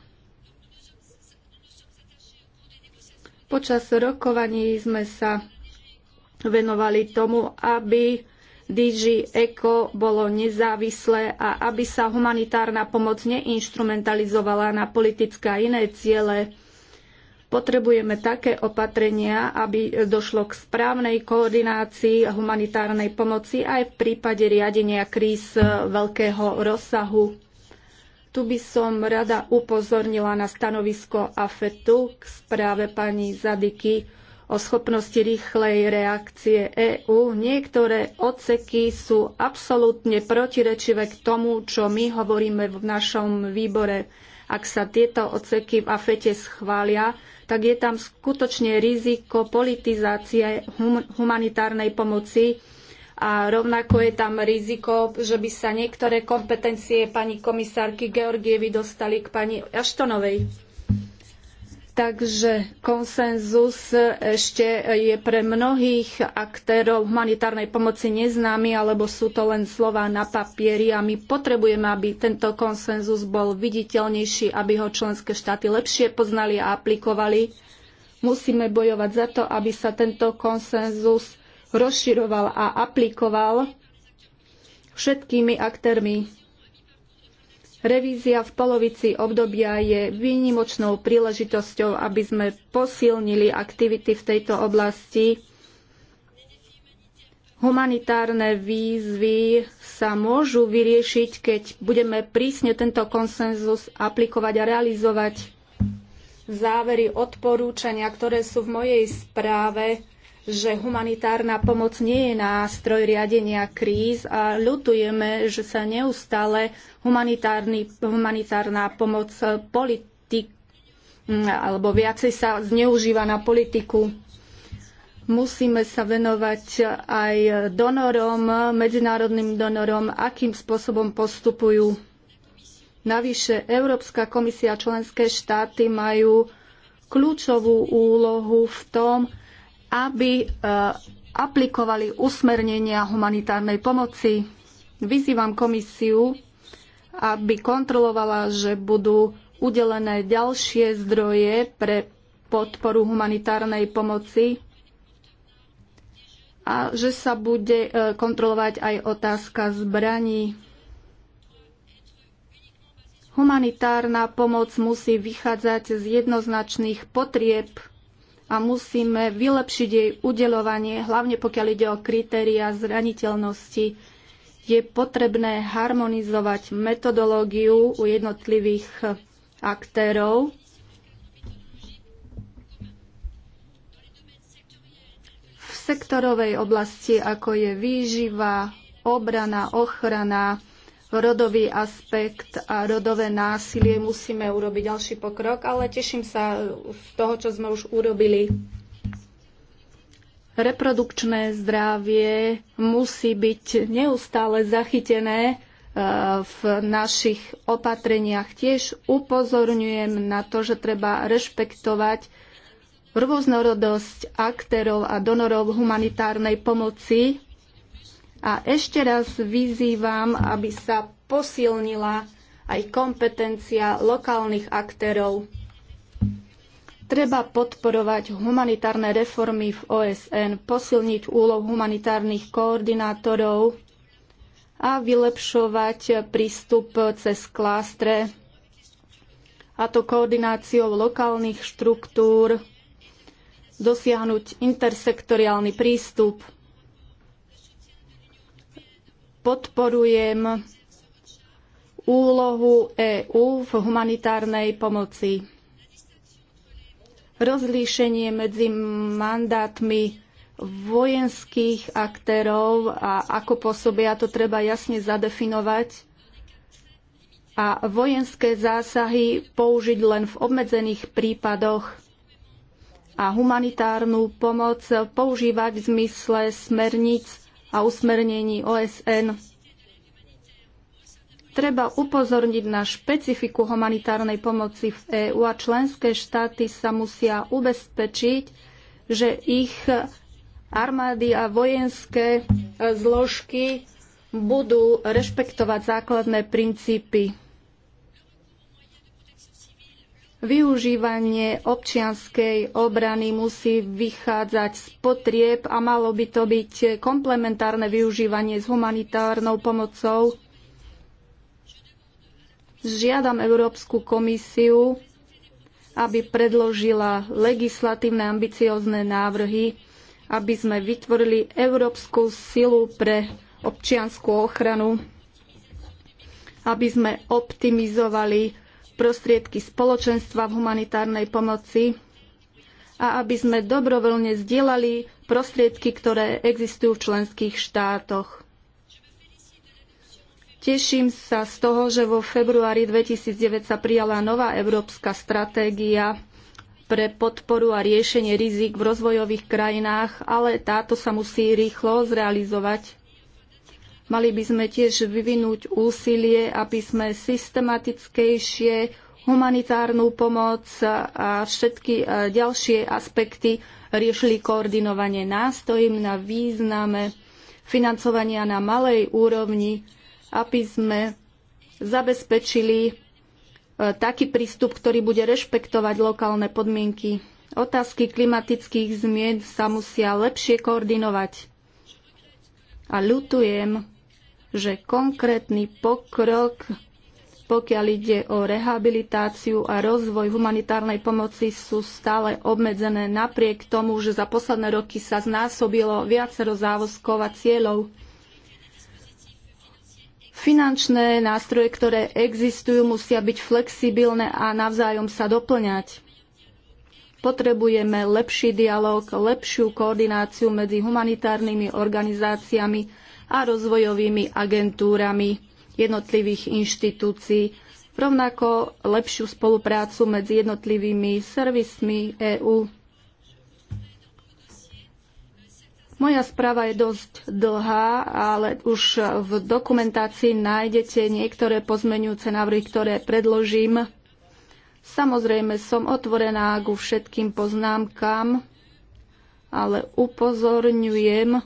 Počas rokovaní sme sa venovali tomu, aby DG ECO bolo nezávislé a aby sa humanitárna pomoc neinstrumentalizovala na politické a iné ciele. Potrebujeme také opatrenia, aby došlo k správnej koordinácii humanitárnej pomoci aj v prípade riadenia kríz eh, veľkého rozsahu. Tu by som rada upozornila na stanovisko AFETu k správe pani Zadiky o schopnosti rýchlej reakcie EÚ. Niektoré odseky sú absolútne protirečivé k tomu, čo my hovoríme v našom výbore. Ak sa tieto odseky v AFETE schvália, tak je tam skutočne riziko politizácie hum humanitárnej pomoci, a rovnako je tam riziko, že by sa niektoré kompetencie pani komisárky Georgievi dostali k pani Aštonovej. Takže konsenzus ešte je pre mnohých aktérov humanitárnej pomoci neznámy, alebo sú to len slova na papieri a my potrebujeme, aby tento konsenzus bol viditeľnejší, aby ho členské štáty lepšie poznali a aplikovali. Musíme bojovať za to, aby sa tento konsenzus rozširoval a aplikoval všetkými aktérmi. Revízia v polovici obdobia je výnimočnou príležitosťou, aby sme posilnili aktivity v tejto oblasti. Humanitárne výzvy sa môžu vyriešiť, keď budeme prísne tento konsenzus aplikovať a realizovať. Závery odporúčania, ktoré sú v mojej správe, že humanitárna pomoc nie je nástroj riadenia kríz a ľutujeme, že sa neustále humanitárna pomoc eh, politik alebo viacej sa zneužíva na politiku. Musíme sa venovať aj donorom, medzinárodným donorom, akým spôsobom postupujú. Navyše Európska komisia a členské štáty majú kľúčovú úlohu v tom, aby e, aplikovali usmernenia humanitárnej pomoci. Vyzývam komisiu, aby kontrolovala, že budú udelené ďalšie zdroje pre podporu humanitárnej pomoci a že sa bude e, kontrolovať aj otázka zbraní. Humanitárna pomoc musí vychádzať z jednoznačných potrieb a musíme vylepšiť jej udelovanie, hlavne pokiaľ ide o kritéria zraniteľnosti. Je potrebné harmonizovať metodológiu u jednotlivých aktérov. V sektorovej oblasti, ako je výživa, obrana, ochrana, rodový aspekt a rodové násilie musíme urobiť ďalší pokrok, ale teším sa z toho, čo sme už urobili. Reprodukčné zdravie musí byť neustále zachytené e, v našich opatreniach. Tiež upozorňujem na to, že treba rešpektovať rôznorodosť aktérov a donorov humanitárnej pomoci a ešte raz vyzývam, aby sa posilnila aj kompetencia lokálnych aktérov. Treba podporovať humanitárne reformy v OSN, posilniť úlohu humanitárnych koordinátorov a vylepšovať prístup cez klástre, a to koordináciou lokálnych štruktúr, dosiahnuť intersektoriálny prístup podporujem úlohu EÚ v humanitárnej pomoci. Rozlíšenie medzi mandátmi vojenských aktérov a ako pôsobia, to treba jasne zadefinovať a vojenské zásahy použiť len v obmedzených prípadoch a humanitárnu pomoc používať v zmysle smerníc a usmernení OSN. Treba upozorniť na špecifiku humanitárnej pomoci v EÚ a členské štáty sa musia ubezpečiť, že ich armády a vojenské zložky budú rešpektovať základné princípy Využívanie občianskej obrany musí vychádzať z potrieb a malo by to byť komplementárne využívanie s humanitárnou pomocou. Žiadam Európsku komisiu, aby predložila legislatívne ambiciozne návrhy, aby sme vytvorili európsku silu pre občianskú ochranu, aby sme optimizovali prostriedky spoločenstva v humanitárnej pomoci a aby sme dobrovoľne zdieľali prostriedky, ktoré existujú v členských štátoch. Teším sa z toho, že vo februári 2009 sa prijala nová európska stratégia pre podporu a riešenie rizik v rozvojových krajinách, ale táto sa musí rýchlo zrealizovať. Mali by sme tiež vyvinúť úsilie, aby sme systematickejšie humanitárnu pomoc a všetky e, ďalšie aspekty riešili koordinovanie. Nástojím na význame financovania na malej úrovni, aby sme zabezpečili e, taký prístup, ktorý bude rešpektovať lokálne podmienky. Otázky klimatických zmien sa musia lepšie koordinovať. A ľutujem, že konkrétny pokrok, pokiaľ ide o rehabilitáciu a rozvoj humanitárnej pomoci, sú stále obmedzené napriek tomu, že za posledné roky sa znásobilo viacero závozkov a cieľov. Finančné nástroje, ktoré existujú, musia byť flexibilné a navzájom sa doplňať. Potrebujeme lepší dialog, lepšiu koordináciu medzi humanitárnymi organizáciami a rozvojovými agentúrami jednotlivých inštitúcií, rovnako lepšiu spoluprácu medzi jednotlivými servismi EÚ. Moja správa je dosť dlhá, ale už v dokumentácii nájdete niektoré pozmenujúce návrhy, ktoré predložím. Samozrejme som otvorená ku všetkým poznámkam, ale upozorňujem,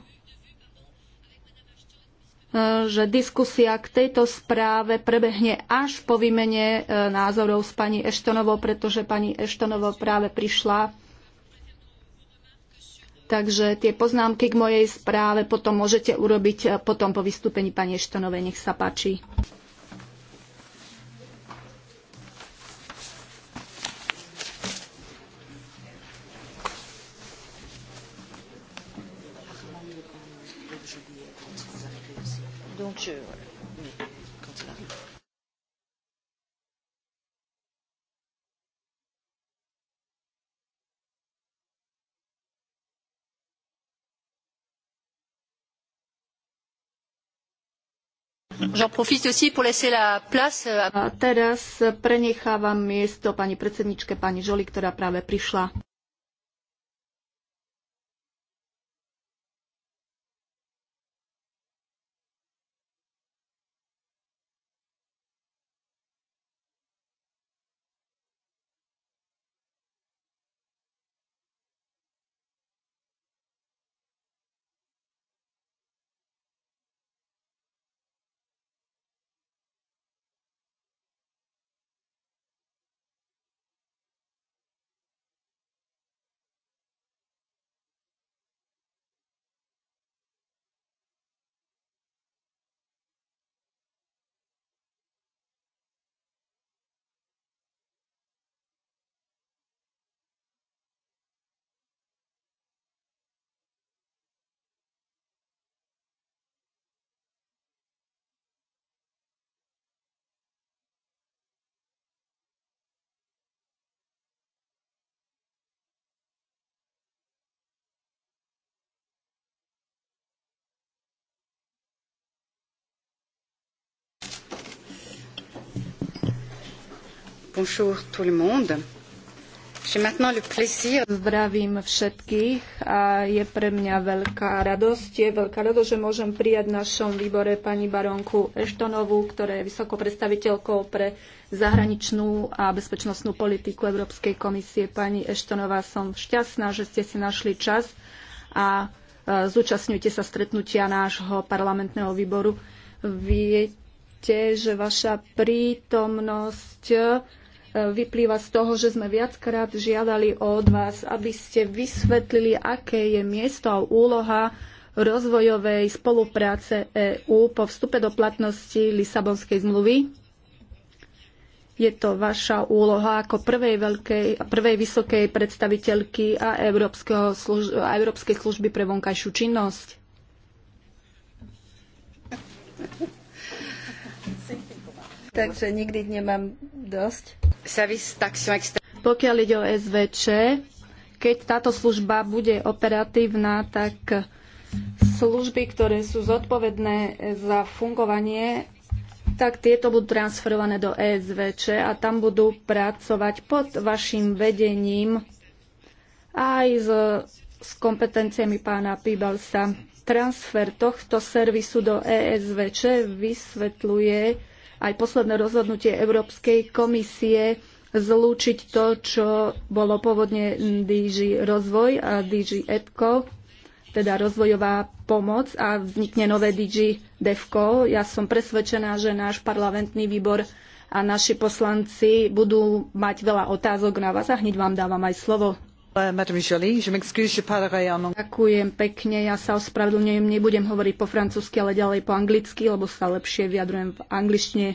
že diskusia k tejto správe prebehne až po výmene e, názorov s pani Eštonovou, pretože pani Eštonovou práve prišla. Takže tie poznámky k mojej správe potom môžete urobiť e, potom po vystúpení pani Eštonovej. Nech sa páči. Euh, teraz prenechávam miesto pani predsedničke, pani Žoli, ktorá práve prišla. Bonjour tout le monde. Zdravím všetkých a je pre mňa veľká radosť. Je veľká radosť, že môžem prijať v našom výbore pani baronku Eštonovú, ktorá je vysokou predstaviteľkou pre zahraničnú a bezpečnostnú politiku Európskej komisie. Pani Eštonová, som šťastná, že ste si našli čas a e, zúčastňujte sa stretnutia nášho parlamentného výboru. Viete, že vaša prítomnosť vyplýva z toho, že sme viackrát žiadali od vás, aby ste vysvetlili, aké je miesto a úloha rozvojovej spolupráce EÚ po vstupe do platnosti Lisabonskej zmluvy. Je to vaša úloha ako prvej, veľkej, prvej vysokej predstaviteľky a, služ- a Európskej služby pre vonkajšiu činnosť. Takže nikdy nemám dosť. Pokiaľ ide o SVČ, keď táto služba bude operatívna, tak služby, ktoré sú zodpovedné za fungovanie, tak tieto budú transferované do ESVČ a tam budú pracovať pod vašim vedením aj s, s kompetenciami pána Pibalsa. Transfer tohto servisu do ESVČ vysvetľuje, aj posledné rozhodnutie Európskej komisie zlúčiť to, čo bolo pôvodne DG Rozvoj a DG EPCO, teda rozvojová pomoc a vznikne nové DG DEVCO. Ja som presvedčená, že náš parlamentný výbor a naši poslanci budú mať veľa otázok na vás a hneď vám dávam aj slovo. Eh, Ďakujem pekne, ja sa ospravedlňujem, nebudem hovoriť po francúzsky, ale ďalej po anglicky, lebo sa lepšie vyjadrujem v angličtine.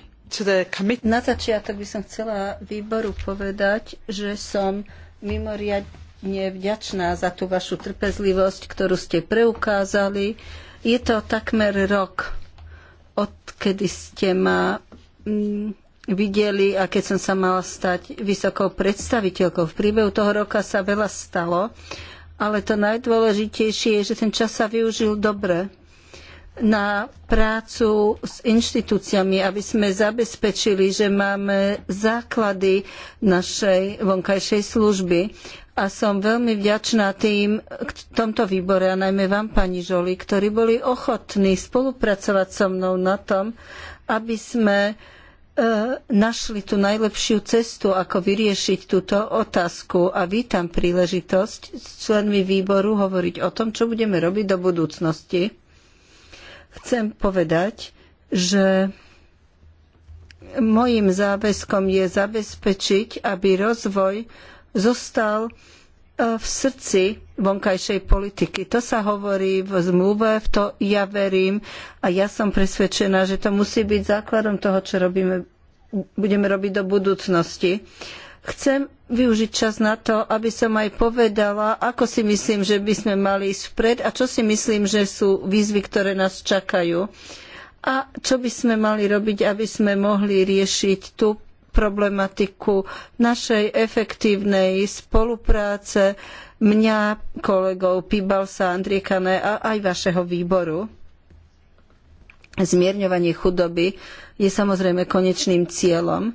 Na začiatok by som chcela výboru povedať, že som mimoriadne vďačná za tú vašu trpezlivosť, ktorú ste preukázali. Je to takmer rok, odkedy ste ma mm, videli a keď som sa mala stať vysokou predstaviteľkou. V príbehu toho roka sa veľa stalo, ale to najdôležitejšie je, že ten čas sa využil dobre na prácu s inštitúciami, aby sme zabezpečili, že máme základy našej vonkajšej služby. A som veľmi vďačná tým k tomto výbore, a najmä vám, pani Žoli, ktorí boli ochotní spolupracovať so mnou na tom, aby sme E, našli tú najlepšiu cestu, ako vyriešiť túto otázku a vítam príležitosť s členmi výboru hovoriť o tom, čo budeme robiť do budúcnosti. Chcem povedať, že mojím záväzkom je zabezpečiť, aby rozvoj zostal e, v srdci vonkajšej politiky. To sa hovorí v zmluve, v to ja verím a ja som presvedčená, že to musí byť základom toho, čo robíme, budeme robiť do budúcnosti. Chcem využiť čas na to, aby som aj povedala, ako si myslím, že by sme mali ísť vpred a čo si myslím, že sú výzvy, ktoré nás čakajú a čo by sme mali robiť, aby sme mohli riešiť tú problematiku našej efektívnej spolupráce mňa, kolegov Pibalsa, Andriekane a aj vašeho výboru. Zmierňovanie chudoby je samozrejme konečným cieľom.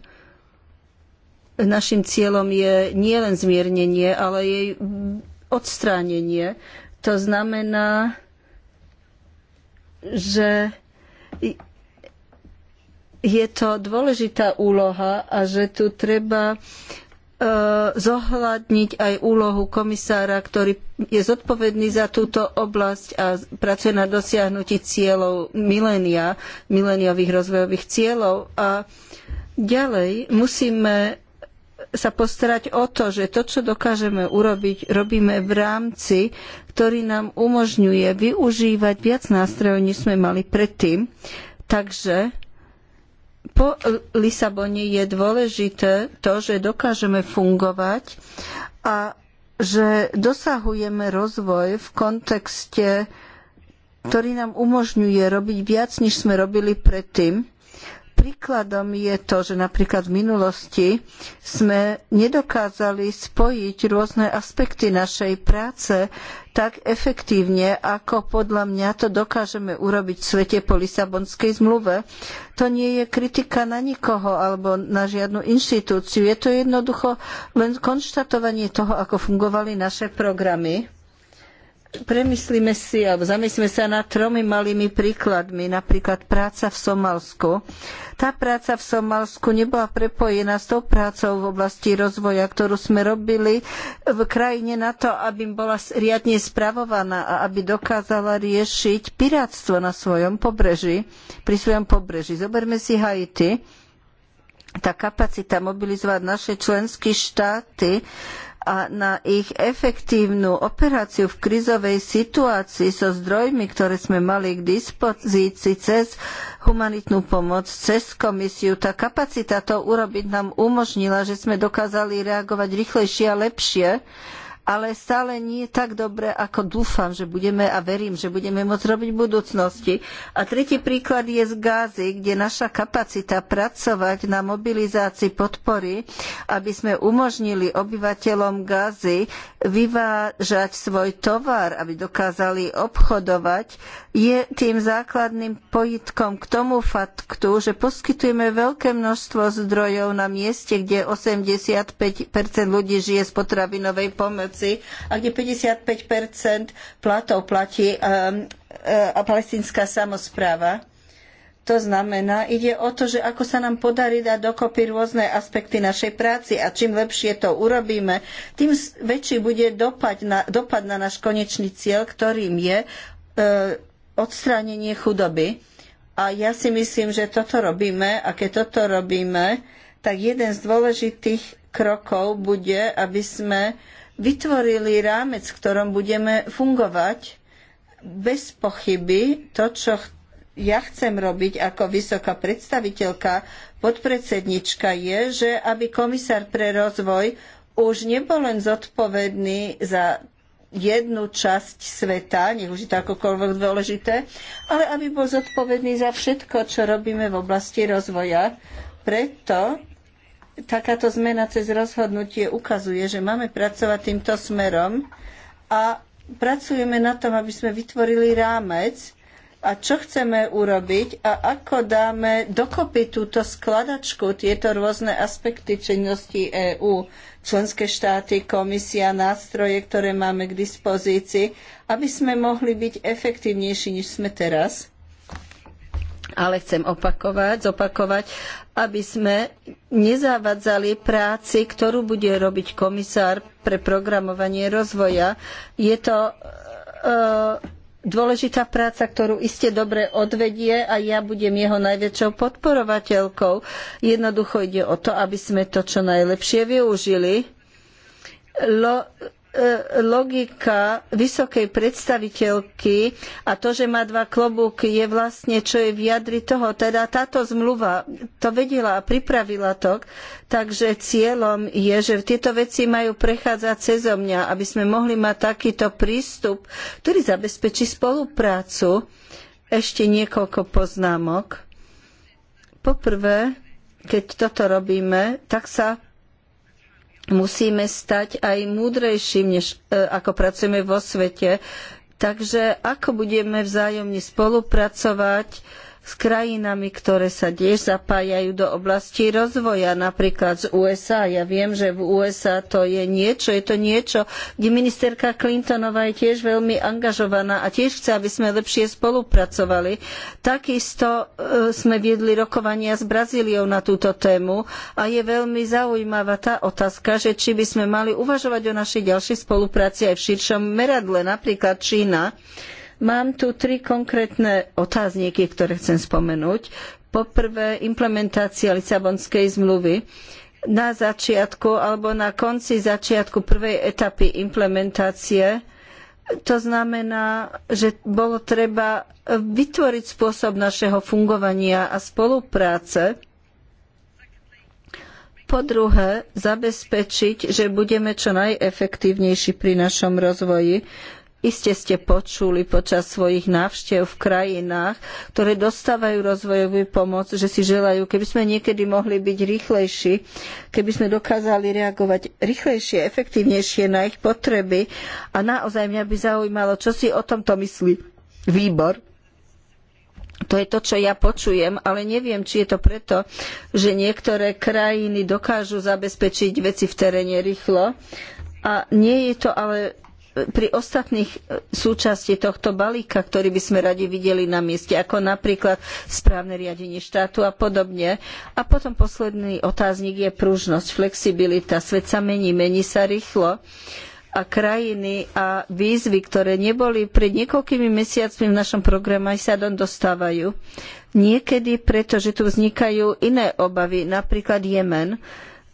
Naším cieľom je nielen zmiernenie, ale jej odstránenie. To znamená, že je to dôležitá úloha a že tu treba E, zohľadniť aj úlohu komisára, ktorý je zodpovedný za túto oblasť a pracuje na dosiahnutí cieľov milénia, miléniových rozvojových cieľov. A ďalej musíme sa postarať o to, že to, čo dokážeme urobiť, robíme v rámci, ktorý nám umožňuje využívať viac nástrojov, než sme mali predtým. Takže po Lisabone je dôležité to, že dokážeme fungovať a že dosahujeme rozvoj v kontexte, ktorý nám umožňuje robiť viac, než sme robili predtým príkladom je to, že napríklad v minulosti sme nedokázali spojiť rôzne aspekty našej práce tak efektívne, ako podľa mňa to dokážeme urobiť v svete po Lisabonskej zmluve. To nie je kritika na nikoho alebo na žiadnu inštitúciu. Je to jednoducho len konštatovanie toho, ako fungovali naše programy. Premyslíme si, alebo zamyslíme sa nad tromi malými príkladmi, napríklad práca v Somalsku. Tá práca v Somalsku nebola prepojená s tou prácou v oblasti rozvoja, ktorú sme robili v krajine na to, aby bola riadne spravovaná a aby dokázala riešiť pirátstvo na svojom pobreží, pri svojom pobreží. Zoberme si Haiti. Tá kapacita mobilizovať naše členské štáty a na ich efektívnu operáciu v krizovej situácii so zdrojmi, ktoré sme mali k dispozícii cez humanitnú pomoc, cez komisiu. Tá kapacita to urobiť nám umožnila, že sme dokázali reagovať rýchlejšie a lepšie ale stále nie tak dobre, ako dúfam, že budeme a verím, že budeme môcť robiť v budúcnosti. A tretí príklad je z Gázy, kde naša kapacita pracovať na mobilizácii podpory, aby sme umožnili obyvateľom Gázy vyvážať svoj tovar, aby dokázali obchodovať, je tým základným pojitkom k tomu faktu, že poskytujeme veľké množstvo zdrojov na mieste, kde 85 ľudí žije z potravinovej pomoci a kde 55 platov platí um, uh, a palestinská samozpráva. To znamená, ide o to, že ako sa nám podarí dať dokopy rôzne aspekty našej práci a čím lepšie to urobíme, tým väčší bude dopad na, dopad na náš konečný cieľ, ktorým je uh, odstránenie chudoby. A ja si myslím, že toto robíme a keď toto robíme, tak jeden z dôležitých krokov bude, aby sme vytvorili rámec, v ktorom budeme fungovať. Bez pochyby to, čo ja chcem robiť ako vysoká predstaviteľka, podpredsednička je, že aby komisár pre rozvoj už nebol len zodpovedný za jednu časť sveta, nech už je to akokoľvek dôležité, ale aby bol zodpovedný za všetko, čo robíme v oblasti rozvoja. Preto takáto zmena cez rozhodnutie ukazuje, že máme pracovať týmto smerom a pracujeme na tom, aby sme vytvorili rámec, a čo chceme urobiť a ako dáme dokopy túto skladačku, tieto rôzne aspekty činnosti EÚ, členské štáty, komisia, nástroje, ktoré máme k dispozícii, aby sme mohli byť efektívnejší, než sme teraz. Ale chcem opakovať, zopakovať, aby sme nezávadzali práci, ktorú bude robiť komisár pre programovanie rozvoja. Je to dôležitá práca, ktorú iste dobre odvedie a ja budem jeho najväčšou podporovateľkou. Jednoducho ide o to, aby sme to čo najlepšie využili. Lo- E, logika vysokej predstaviteľky a to, že má dva klobúky, je vlastne, čo je v jadri toho. Teda táto zmluva to vedela a pripravila to, takže cieľom je, že tieto veci majú prechádzať cezo mňa, aby sme mohli mať takýto prístup, ktorý zabezpečí spoluprácu. Ešte niekoľko poznámok. Poprvé, keď toto robíme, tak sa musíme stať aj múdrejším, než e, ako pracujeme vo svete. Takže ako budeme vzájomne spolupracovať, s krajinami, ktoré sa tiež zapájajú do oblasti rozvoja, napríklad z USA. Ja viem, že v USA to je niečo, je to niečo, kde ministerka Clintonová je tiež veľmi angažovaná a tiež chce, aby sme lepšie spolupracovali. Takisto e, sme viedli rokovania s Brazíliou na túto tému a je veľmi zaujímavá tá otázka, že či by sme mali uvažovať o našej ďalšej spolupráci aj v širšom meradle, napríklad Čína. Mám tu tri konkrétne otázniky, ktoré chcem spomenúť. Poprvé, implementácia Lisabonskej zmluvy na začiatku alebo na konci začiatku prvej etapy implementácie. To znamená, že bolo treba vytvoriť spôsob našeho fungovania a spolupráce. Po druhé, zabezpečiť, že budeme čo najefektívnejší pri našom rozvoji. Iste ste počuli počas svojich návštev v krajinách, ktoré dostávajú rozvojovú pomoc, že si želajú, keby sme niekedy mohli byť rýchlejší, keby sme dokázali reagovať rýchlejšie, efektívnejšie na ich potreby. A naozaj mňa by zaujímalo, čo si o tomto myslí výbor. To je to, čo ja počujem, ale neviem, či je to preto, že niektoré krajiny dokážu zabezpečiť veci v teréne rýchlo, a nie je to ale pri ostatných e, súčasti tohto balíka, ktorý by sme radi videli na mieste, ako napríklad správne riadenie štátu a podobne. A potom posledný otáznik je pružnosť, flexibilita. Svet sa mení, mení sa rýchlo a krajiny a výzvy, ktoré neboli pred niekoľkými mesiacmi v našom programe, aj sa don dostávajú. Niekedy preto, že tu vznikajú iné obavy, napríklad Jemen,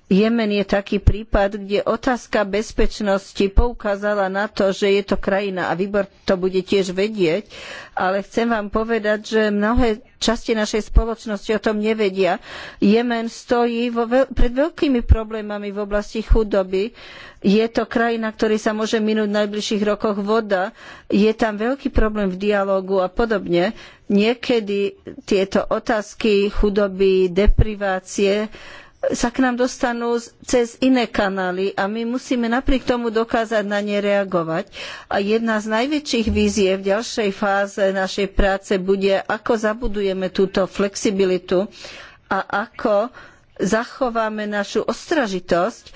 Jemen je taký prípad, kde otázka bezpečnosti poukázala na to, že je to krajina a výbor to bude tiež vedieť, ale chcem vám povedať, že mnohé časti našej spoločnosti o tom nevedia. Jemen stojí vo, pred veľkými problémami v oblasti chudoby. Je to krajina, ktorej sa môže minúť v najbližších rokoch voda. Je tam veľký problém v dialógu a podobne. Niekedy tieto otázky chudoby, deprivácie sa k nám dostanú cez iné kanály a my musíme napriek tomu dokázať na ne reagovať. A jedna z najväčších víziev v ďalšej fáze našej práce bude, ako zabudujeme túto flexibilitu a ako zachováme našu ostražitosť,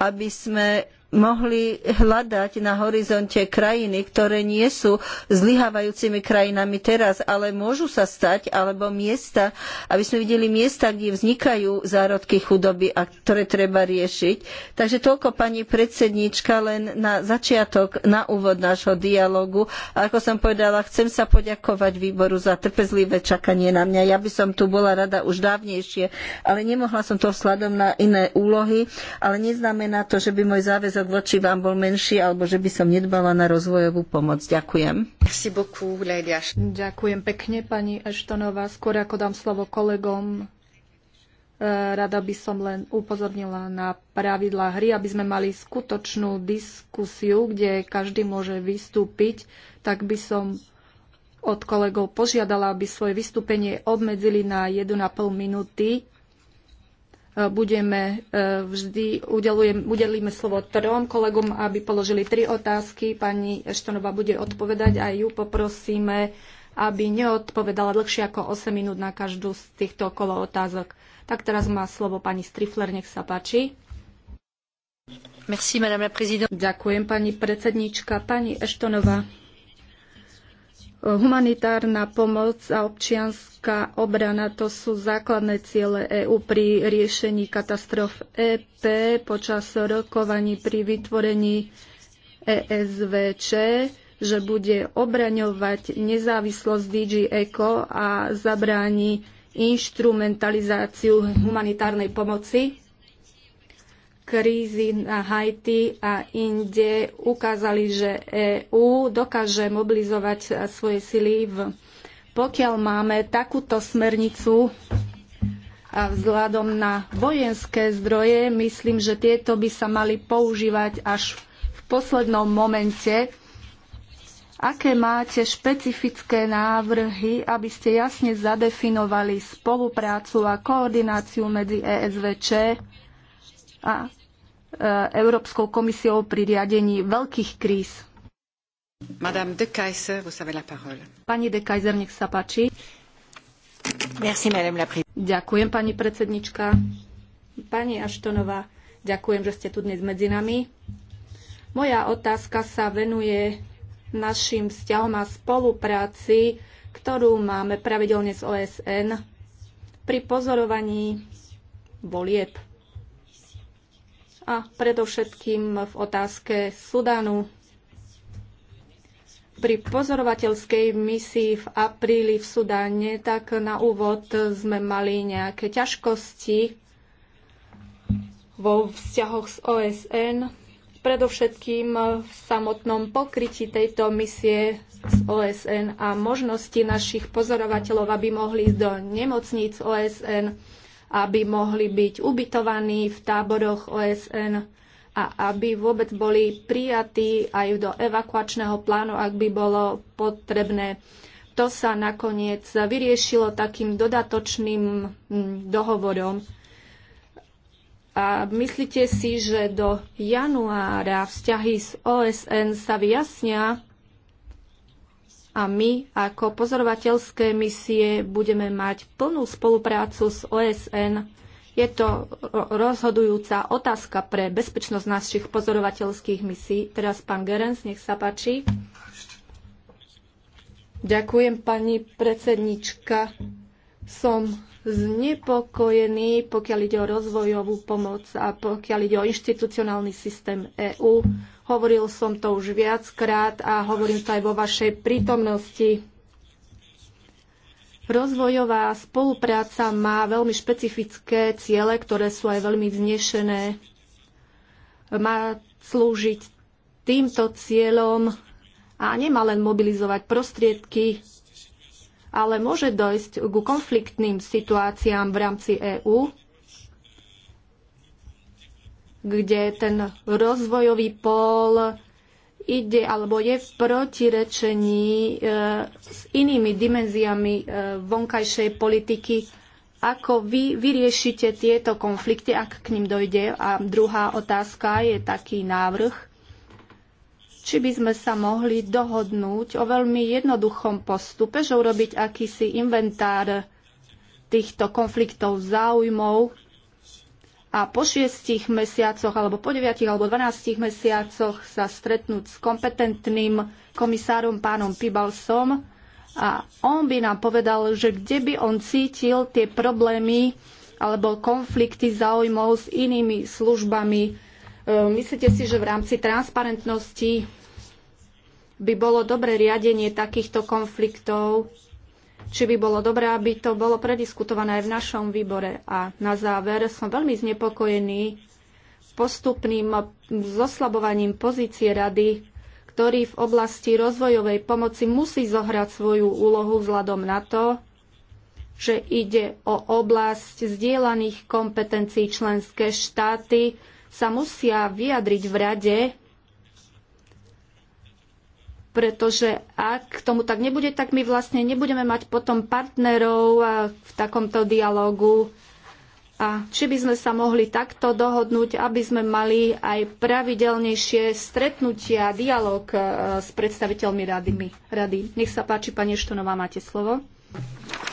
aby sme mohli hľadať na horizonte krajiny, ktoré nie sú zlyhávajúcimi krajinami teraz, ale môžu sa stať, alebo miesta, aby sme videli miesta, kde vznikajú zárodky chudoby a ktoré treba riešiť. Takže toľko, pani predsedníčka, len na začiatok, na úvod nášho dialogu. A ako som povedala, chcem sa poďakovať výboru za trpezlivé čakanie na mňa. Ja by som tu bola rada už dávnejšie, ale nemohla som to vzhľadom na iné úlohy, ale neznamená to, že by môj záväzok záväzok voči vám bol menší alebo že by som nedbala na rozvojovú pomoc. Ďakujem. Ďakujem pekne, pani Eštonová. Skôr ako dám slovo kolegom, eh, rada by som len upozornila na pravidlá hry, aby sme mali skutočnú diskusiu, kde každý môže vystúpiť, tak by som od kolegov požiadala, aby svoje vystúpenie obmedzili na 1,5 minúty, budeme e, vždy, udelujem, udelíme slovo trom kolegom, aby položili tri otázky. Pani Eštonová bude odpovedať a ju poprosíme, aby neodpovedala dlhšie ako 8 minút na každú z týchto okolo otázok. Tak teraz má slovo pani Strifler, nech sa páči. Merci, Ďakujem, pani predsednička. Pani Eštonová, Humanitárna pomoc a občianská obrana to sú základné ciele EÚ pri riešení katastrof EP počas rokovaní pri vytvorení ESVČ, že bude obraňovať nezávislosť DG ECO a zabráni inštrumentalizáciu humanitárnej pomoci krízy na Haiti a inde ukázali, že EÚ dokáže mobilizovať svoje sily. Pokiaľ máme takúto smernicu a vzhľadom na vojenské zdroje, myslím, že tieto by sa mali používať až v poslednom momente. Aké máte špecifické návrhy, aby ste jasne zadefinovali spoluprácu a koordináciu medzi ESVČ a e, Európskou komisiou pri riadení veľkých kríz. Madame de Kaiser, vous avez la parole. Pani de Kaiser, nech sa páči. Merci, madame la Ďakujem, pani predsednička. Pani Aštonová, ďakujem, že ste tu dnes medzi nami. Moja otázka sa venuje našim vzťahom a spolupráci, ktorú máme pravidelne s OSN pri pozorovaní volieb a predovšetkým v otázke Sudanu. Pri pozorovateľskej misii v apríli v Sudáne, tak na úvod sme mali nejaké ťažkosti vo vzťahoch s OSN, predovšetkým v samotnom pokrytí tejto misie z OSN a možnosti našich pozorovateľov, aby mohli ísť do nemocníc OSN aby mohli byť ubytovaní v táboroch OSN a aby vôbec boli prijatí aj do evakuačného plánu, ak by bolo potrebné. To sa nakoniec vyriešilo takým dodatočným mm, dohovorom. A myslíte si, že do januára vzťahy s OSN sa vyjasnia? a my ako pozorovateľské misie budeme mať plnú spoluprácu s OSN. Je to rozhodujúca otázka pre bezpečnosť našich pozorovateľských misií. Teraz pán Gerens, nech sa páči. Ďakujem, pani predsednička. Som znepokojení, pokiaľ ide o rozvojovú pomoc a pokiaľ ide o inštitucionálny systém EÚ. Hovoril som to už viackrát a hovorím to aj vo vašej prítomnosti. Rozvojová spolupráca má veľmi špecifické ciele, ktoré sú aj veľmi vznešené. Má slúžiť týmto cieľom a nemá len mobilizovať prostriedky ale môže dojsť ku konfliktným situáciám v rámci EÚ, kde ten rozvojový pól ide alebo je v protirečení e, s inými dimenziami e, vonkajšej politiky. Ako vy vyriešite tieto konflikty, ak k ním dojde? A druhá otázka je taký návrh či by sme sa mohli dohodnúť o veľmi jednoduchom postupe, že urobiť akýsi inventár týchto konfliktov záujmov a po šiestich mesiacoch, alebo po deviatich, alebo dvanástich mesiacoch sa stretnúť s kompetentným komisárom pánom Pibalsom a on by nám povedal, že kde by on cítil tie problémy alebo konflikty záujmov s inými službami Eh, myslíte si, že v rámci transparentnosti by bolo dobré riadenie takýchto konfliktov, či by bolo dobré, aby to bolo prediskutované aj v našom výbore. A na záver som veľmi znepokojený postupným zoslabovaním pozície rady, ktorý v oblasti rozvojovej pomoci musí zohrať svoju úlohu vzhľadom na to, že ide o oblasť zdieľaných kompetencií členské štáty, sa musia vyjadriť v rade, pretože ak tomu tak nebude, tak my vlastne nebudeme mať potom partnerov v takomto dialogu. A či by sme sa mohli takto dohodnúť, aby sme mali aj pravidelnejšie stretnutia, dialog e, s predstaviteľmi rady. rady. Nech sa páči, pani Štonová, máte slovo.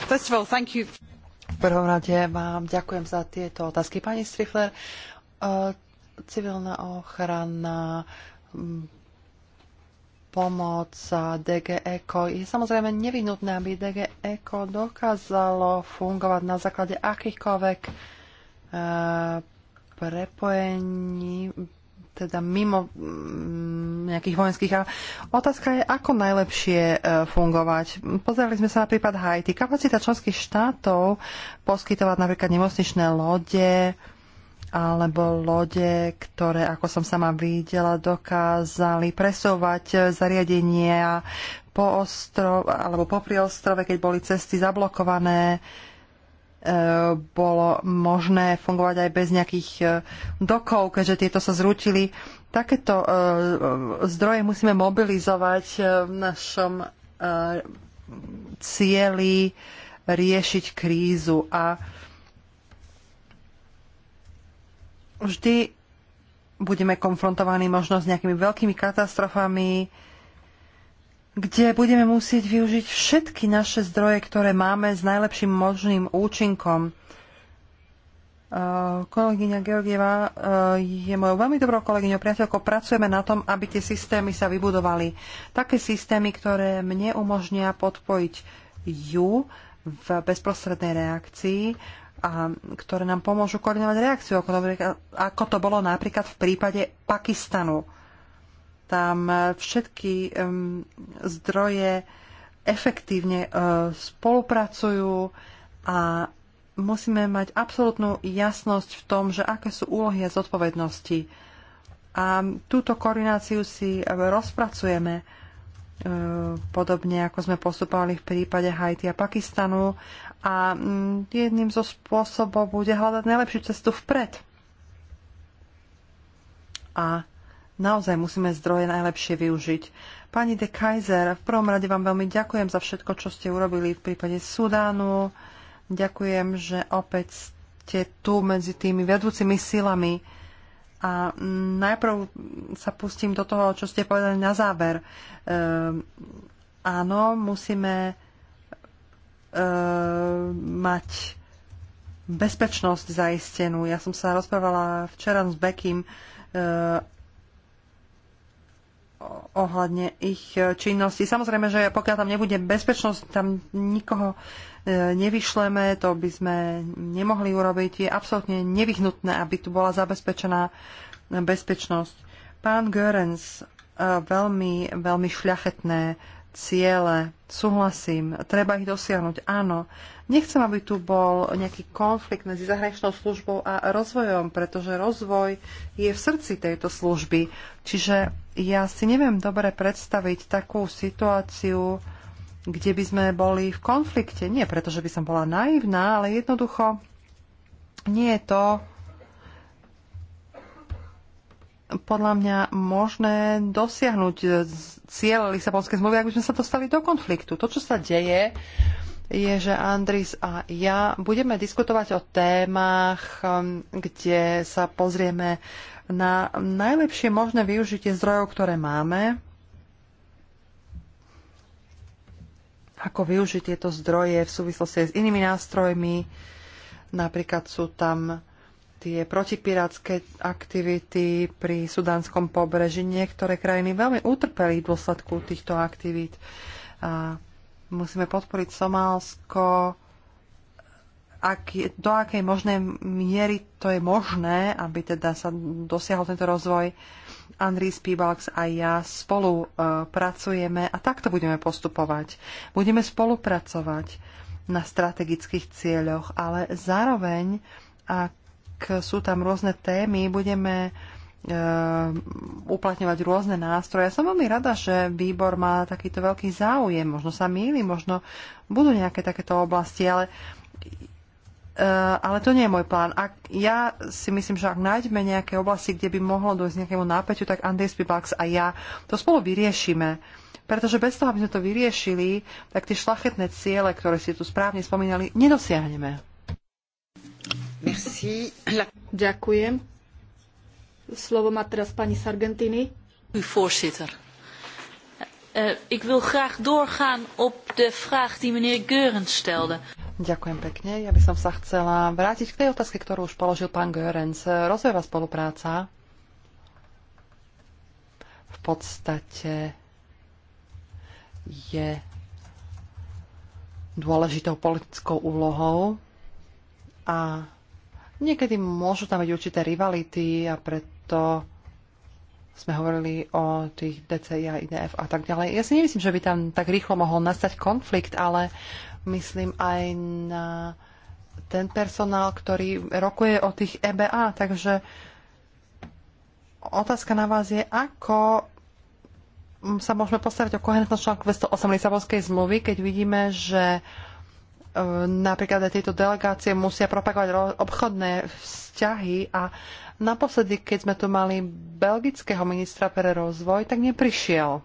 V prvom rade vám ďakujem za tieto otázky, pani Strifler e, civilná ochrana, mm, pomoc DG Eco. Je samozrejme nevyhnutné, aby DG Eco dokázalo fungovať na základe akýchkoľvek e, prepojení, teda mimo mm, nejakých vojenských. A otázka je, ako najlepšie e, fungovať. Pozerali sme sa na prípad Haiti. Kapacita členských štátov poskytovať napríklad nemocničné lode, alebo lode, ktoré, ako som sama videla, dokázali presovať zariadenia po ostrov, alebo popri ostrove, keď boli cesty zablokované, e, bolo možné fungovať aj bez nejakých e, dokov, keďže tieto sa zrútili. Takéto e, zdroje musíme mobilizovať v našom e, cieli riešiť krízu a vždy budeme konfrontovaní možno s nejakými veľkými katastrofami, kde budeme musieť využiť všetky naše zdroje, ktoré máme s najlepším možným účinkom. Uh, kolegyňa Georgieva uh, je mojou veľmi dobrou kolegyňou, priateľkou. Pracujeme na tom, aby tie systémy sa vybudovali. Také systémy, ktoré mne umožnia podpojiť ju v bezprostrednej reakcii a ktoré nám pomôžu koordinovať reakciu, ako to, ako to bolo napríklad v prípade Pakistanu. Tam e, všetky um, zdroje efektívne uh, spolupracujú a musíme mať absolútnu jasnosť v tom, že aké sú úlohy a zodpovednosti. A túto koordináciu si e, rozpracujeme E, podobne ako sme postupovali v prípade Haiti a Pakistanu. A mm, jedným zo spôsobov bude hľadať najlepšiu cestu vpred. A naozaj musíme zdroje najlepšie využiť. Pani de Kaiser, v prvom rade vám veľmi ďakujem za všetko, čo ste urobili v prípade Sudánu. Ďakujem, že opäť ste tu medzi tými vedúcimi silami a najprv sa pustím do toho, čo ste povedali na záver. Ehm, áno, musíme e, mať bezpečnosť zaistenú. Ja som sa rozprávala včera s Bekim e, ohľadne ich činnosti. Samozrejme, že pokiaľ tam nebude bezpečnosť, tam nikoho E, nevyšleme, to by sme nemohli urobiť. Je absolútne nevyhnutné, aby tu bola zabezpečená bezpečnosť. Pán Görens, e, veľmi, veľmi šľachetné ciele, súhlasím, treba ich dosiahnuť, áno. Nechcem, aby tu bol nejaký konflikt medzi zahraničnou službou a rozvojom, pretože rozvoj je v srdci tejto služby. Čiže ja si neviem dobre predstaviť takú situáciu, kde by sme boli v konflikte. Nie preto, že by som bola naivná, ale jednoducho nie je to podľa mňa možné dosiahnuť cieľ Lisabonskej zmluvy, ak by sme sa dostali do konfliktu. To, čo sa deje, je, že Andris a ja budeme diskutovať o témach, um, kde sa pozrieme na najlepšie možné využitie zdrojov, ktoré máme ako využiť tieto zdroje v súvislosti s inými nástrojmi. Napríklad sú tam tie protipirátske aktivity pri sudánskom pobreží. Niektoré krajiny veľmi utrpeli v dôsledku týchto aktivít. A musíme podporiť Somálsko, ak, do akej možnej miery to je možné, aby teda sa dosiahol tento rozvoj. Andrý Spíbalx a ja spolu e, pracujeme a takto budeme postupovať. Budeme spolupracovať na strategických cieľoch, ale zároveň, ak sú tam rôzne témy, budeme e, uplatňovať rôzne nástroje. Ja som veľmi rada, že výbor má takýto veľký záujem. Možno sa míli, možno budú nejaké takéto oblasti, ale uh, Eh, ale to nie je môj plán. Ak, ja si myslím, že ak nájdeme nejaké oblasti, kde by mohlo dojsť nejakému nápeťu, tak Andrej Spibax a ja to spolu vyriešime. Pretože bez toho, aby sme to vyriešili, tak tie šlachetné ciele, ktoré si tu správne spomínali, nedosiahneme. Merci. Ďakujem. Slovo má teraz pani Sargentini. Voorzitter. Eh, ik wil graag doorgaan op de vraag die meneer Geurens stelde. Ďakujem pekne. Ja by som sa chcela vrátiť k tej otázke, ktorú už položil pán Görens. Eh, rozvojová spolupráca v podstate je dôležitou politickou úlohou a niekedy môžu tam byť určité rivality a preto sme hovorili o tých DCI, IDF a tak ďalej. Ja si nemyslím, že by tam tak rýchlo mohol nastať konflikt, ale myslím aj na ten personál, ktorý rokuje o tých EBA. Takže otázka na vás je, ako sa môžeme postaviť o koherentnosť článku 208 Lisabonskej zmluvy, keď vidíme, že E, napríklad aj tieto delegácie musia propagovať obchodné vzťahy a naposledy, keď sme tu mali belgického ministra pre rozvoj, tak neprišiel.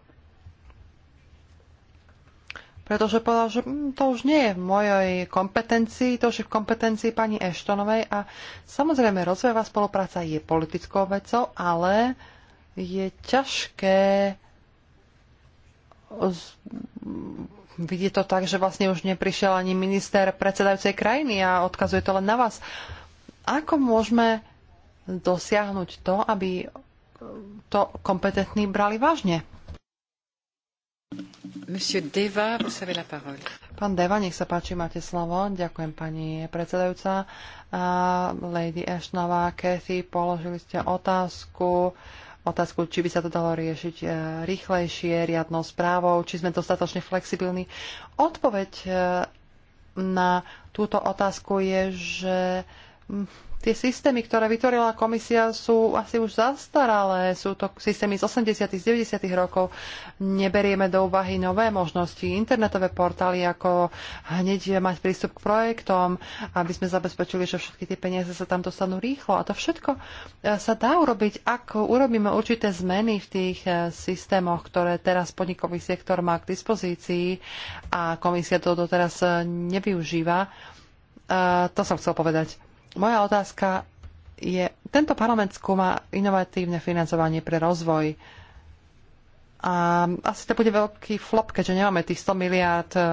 Pretože povedal, že mm, to už nie je v mojej kompetencii, to už je v kompetencii pani Eštonovej a samozrejme rozvojová spolupráca je politickou vecou, ale je ťažké vidí to tak, že vlastne už neprišiel ani minister predsedajúcej krajiny a odkazuje to len na vás. Ako môžeme dosiahnuť to, aby to kompetentní brali vážne? Monsieur Deva, vous avez la parole. Pán Deva, nech sa páči, máte slovo. Ďakujem, pani predsedajúca. Uh, lady Ashnová, Kathy, položili ste otázku. Uh, otázku, či by sa to dalo riešiť e, rýchlejšie, riadnou správou, či sme dostatočne flexibilní. Odpoveď e, na túto otázku je, že tie systémy, ktoré vytvorila komisia, sú asi už zastaralé. Sú to systémy z 80. z 90. rokov. Neberieme do úvahy nové možnosti, internetové portály, ako hneď mať prístup k projektom, aby sme zabezpečili, že všetky tie peniaze sa tam dostanú rýchlo. A to všetko e, sa dá urobiť, ak urobíme určité zmeny v tých e, systémoch, ktoré teraz podnikový sektor má k dispozícii a komisia to doteraz e, nevyužíva. To som chcel povedať. Moja otázka je, tento parlament skúma inovatívne financovanie pre rozvoj. A asi to bude veľký flop, keďže nemáme tých 100 miliárd eh,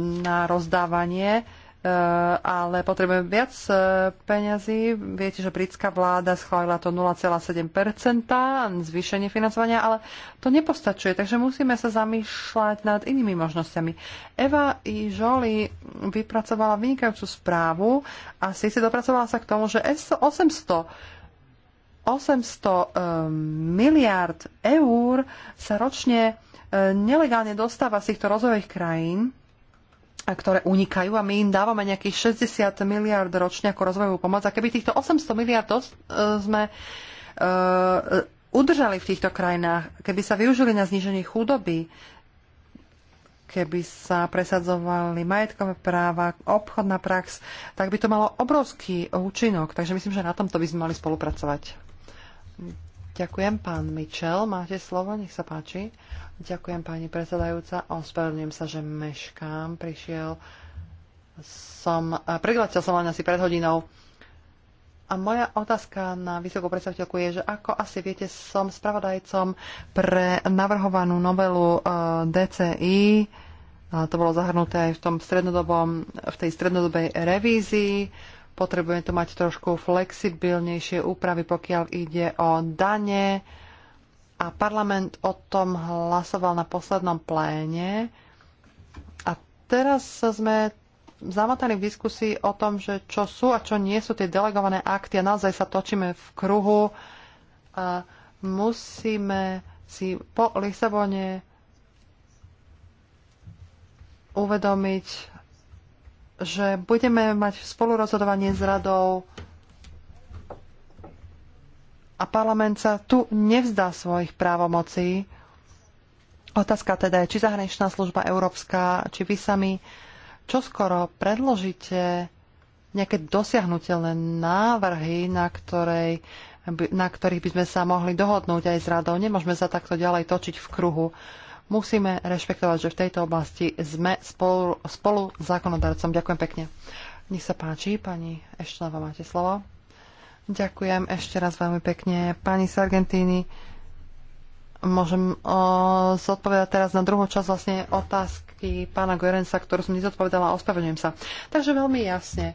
na rozdávanie Eh, ale potrebujeme viac eh, peňazí. Viete, že britská vláda schválila to 0,7%, zvýšenie financovania, ale to nepostačuje, takže musíme sa zamýšľať nad inými možnosťami. Eva i Žoli vypracovala vynikajúcu správu a síce dopracovala sa k tomu, že 800 800 miliard eur sa ročne eh, nelegálne dostáva z týchto rozvojových krajín a ktoré unikajú a my im dávame nejakých 60 miliard ročne ako rozvojovú pomoc. A keby týchto 800 miliard e, sme e, udržali v týchto krajinách, keby sa využili na zniženie chudoby, keby sa presadzovali majetkové práva, obchodná prax, tak by to malo obrovský účinok. Takže myslím, že na tomto by sme mali spolupracovať. Ďakujem, pán Mitchell. Máte slovo, nech sa páči. Ďakujem pani predsedajúca. Ospravedlňujem sa, že meškám. Prišiel som, prihlásil som len asi pred hodinou. A moja otázka na vysokú predstaviteľku je, že ako asi viete, som spravodajcom pre navrhovanú novelu e, DCI. To bolo zahrnuté aj v, tom strednodobom, v tej strednodobej revízii. Potrebujeme tu mať trošku flexibilnejšie úpravy, pokiaľ ide o dane a parlament o tom hlasoval na poslednom pléne. A teraz sme zamotaní v diskusii o tom, že čo sú a čo nie sú tie delegované akty a naozaj sa točíme v kruhu a musíme si po Lisabone uvedomiť, že budeme mať spolurozhodovanie s radou a parlament sa tu nevzdá svojich právomocí. Otázka teda je, či zahraničná služba európska, či vy sami čoskoro predložíte nejaké dosiahnutelné návrhy, na, ktorej, na ktorých by sme sa mohli dohodnúť aj s radou. Nemôžeme sa takto ďalej točiť v kruhu. Musíme rešpektovať, že v tejto oblasti sme spolu, spolu zákonodarcom. Ďakujem pekne. Nech sa páči, pani Eštlava, máte slovo. Ďakujem ešte raz veľmi pekne. Pani Sargentini. môžem o, zodpovedať teraz na druhú časť vlastne otázky pána Gorensa, ktorú som nezodpovedala a ospravedlňujem sa. Takže veľmi jasne e,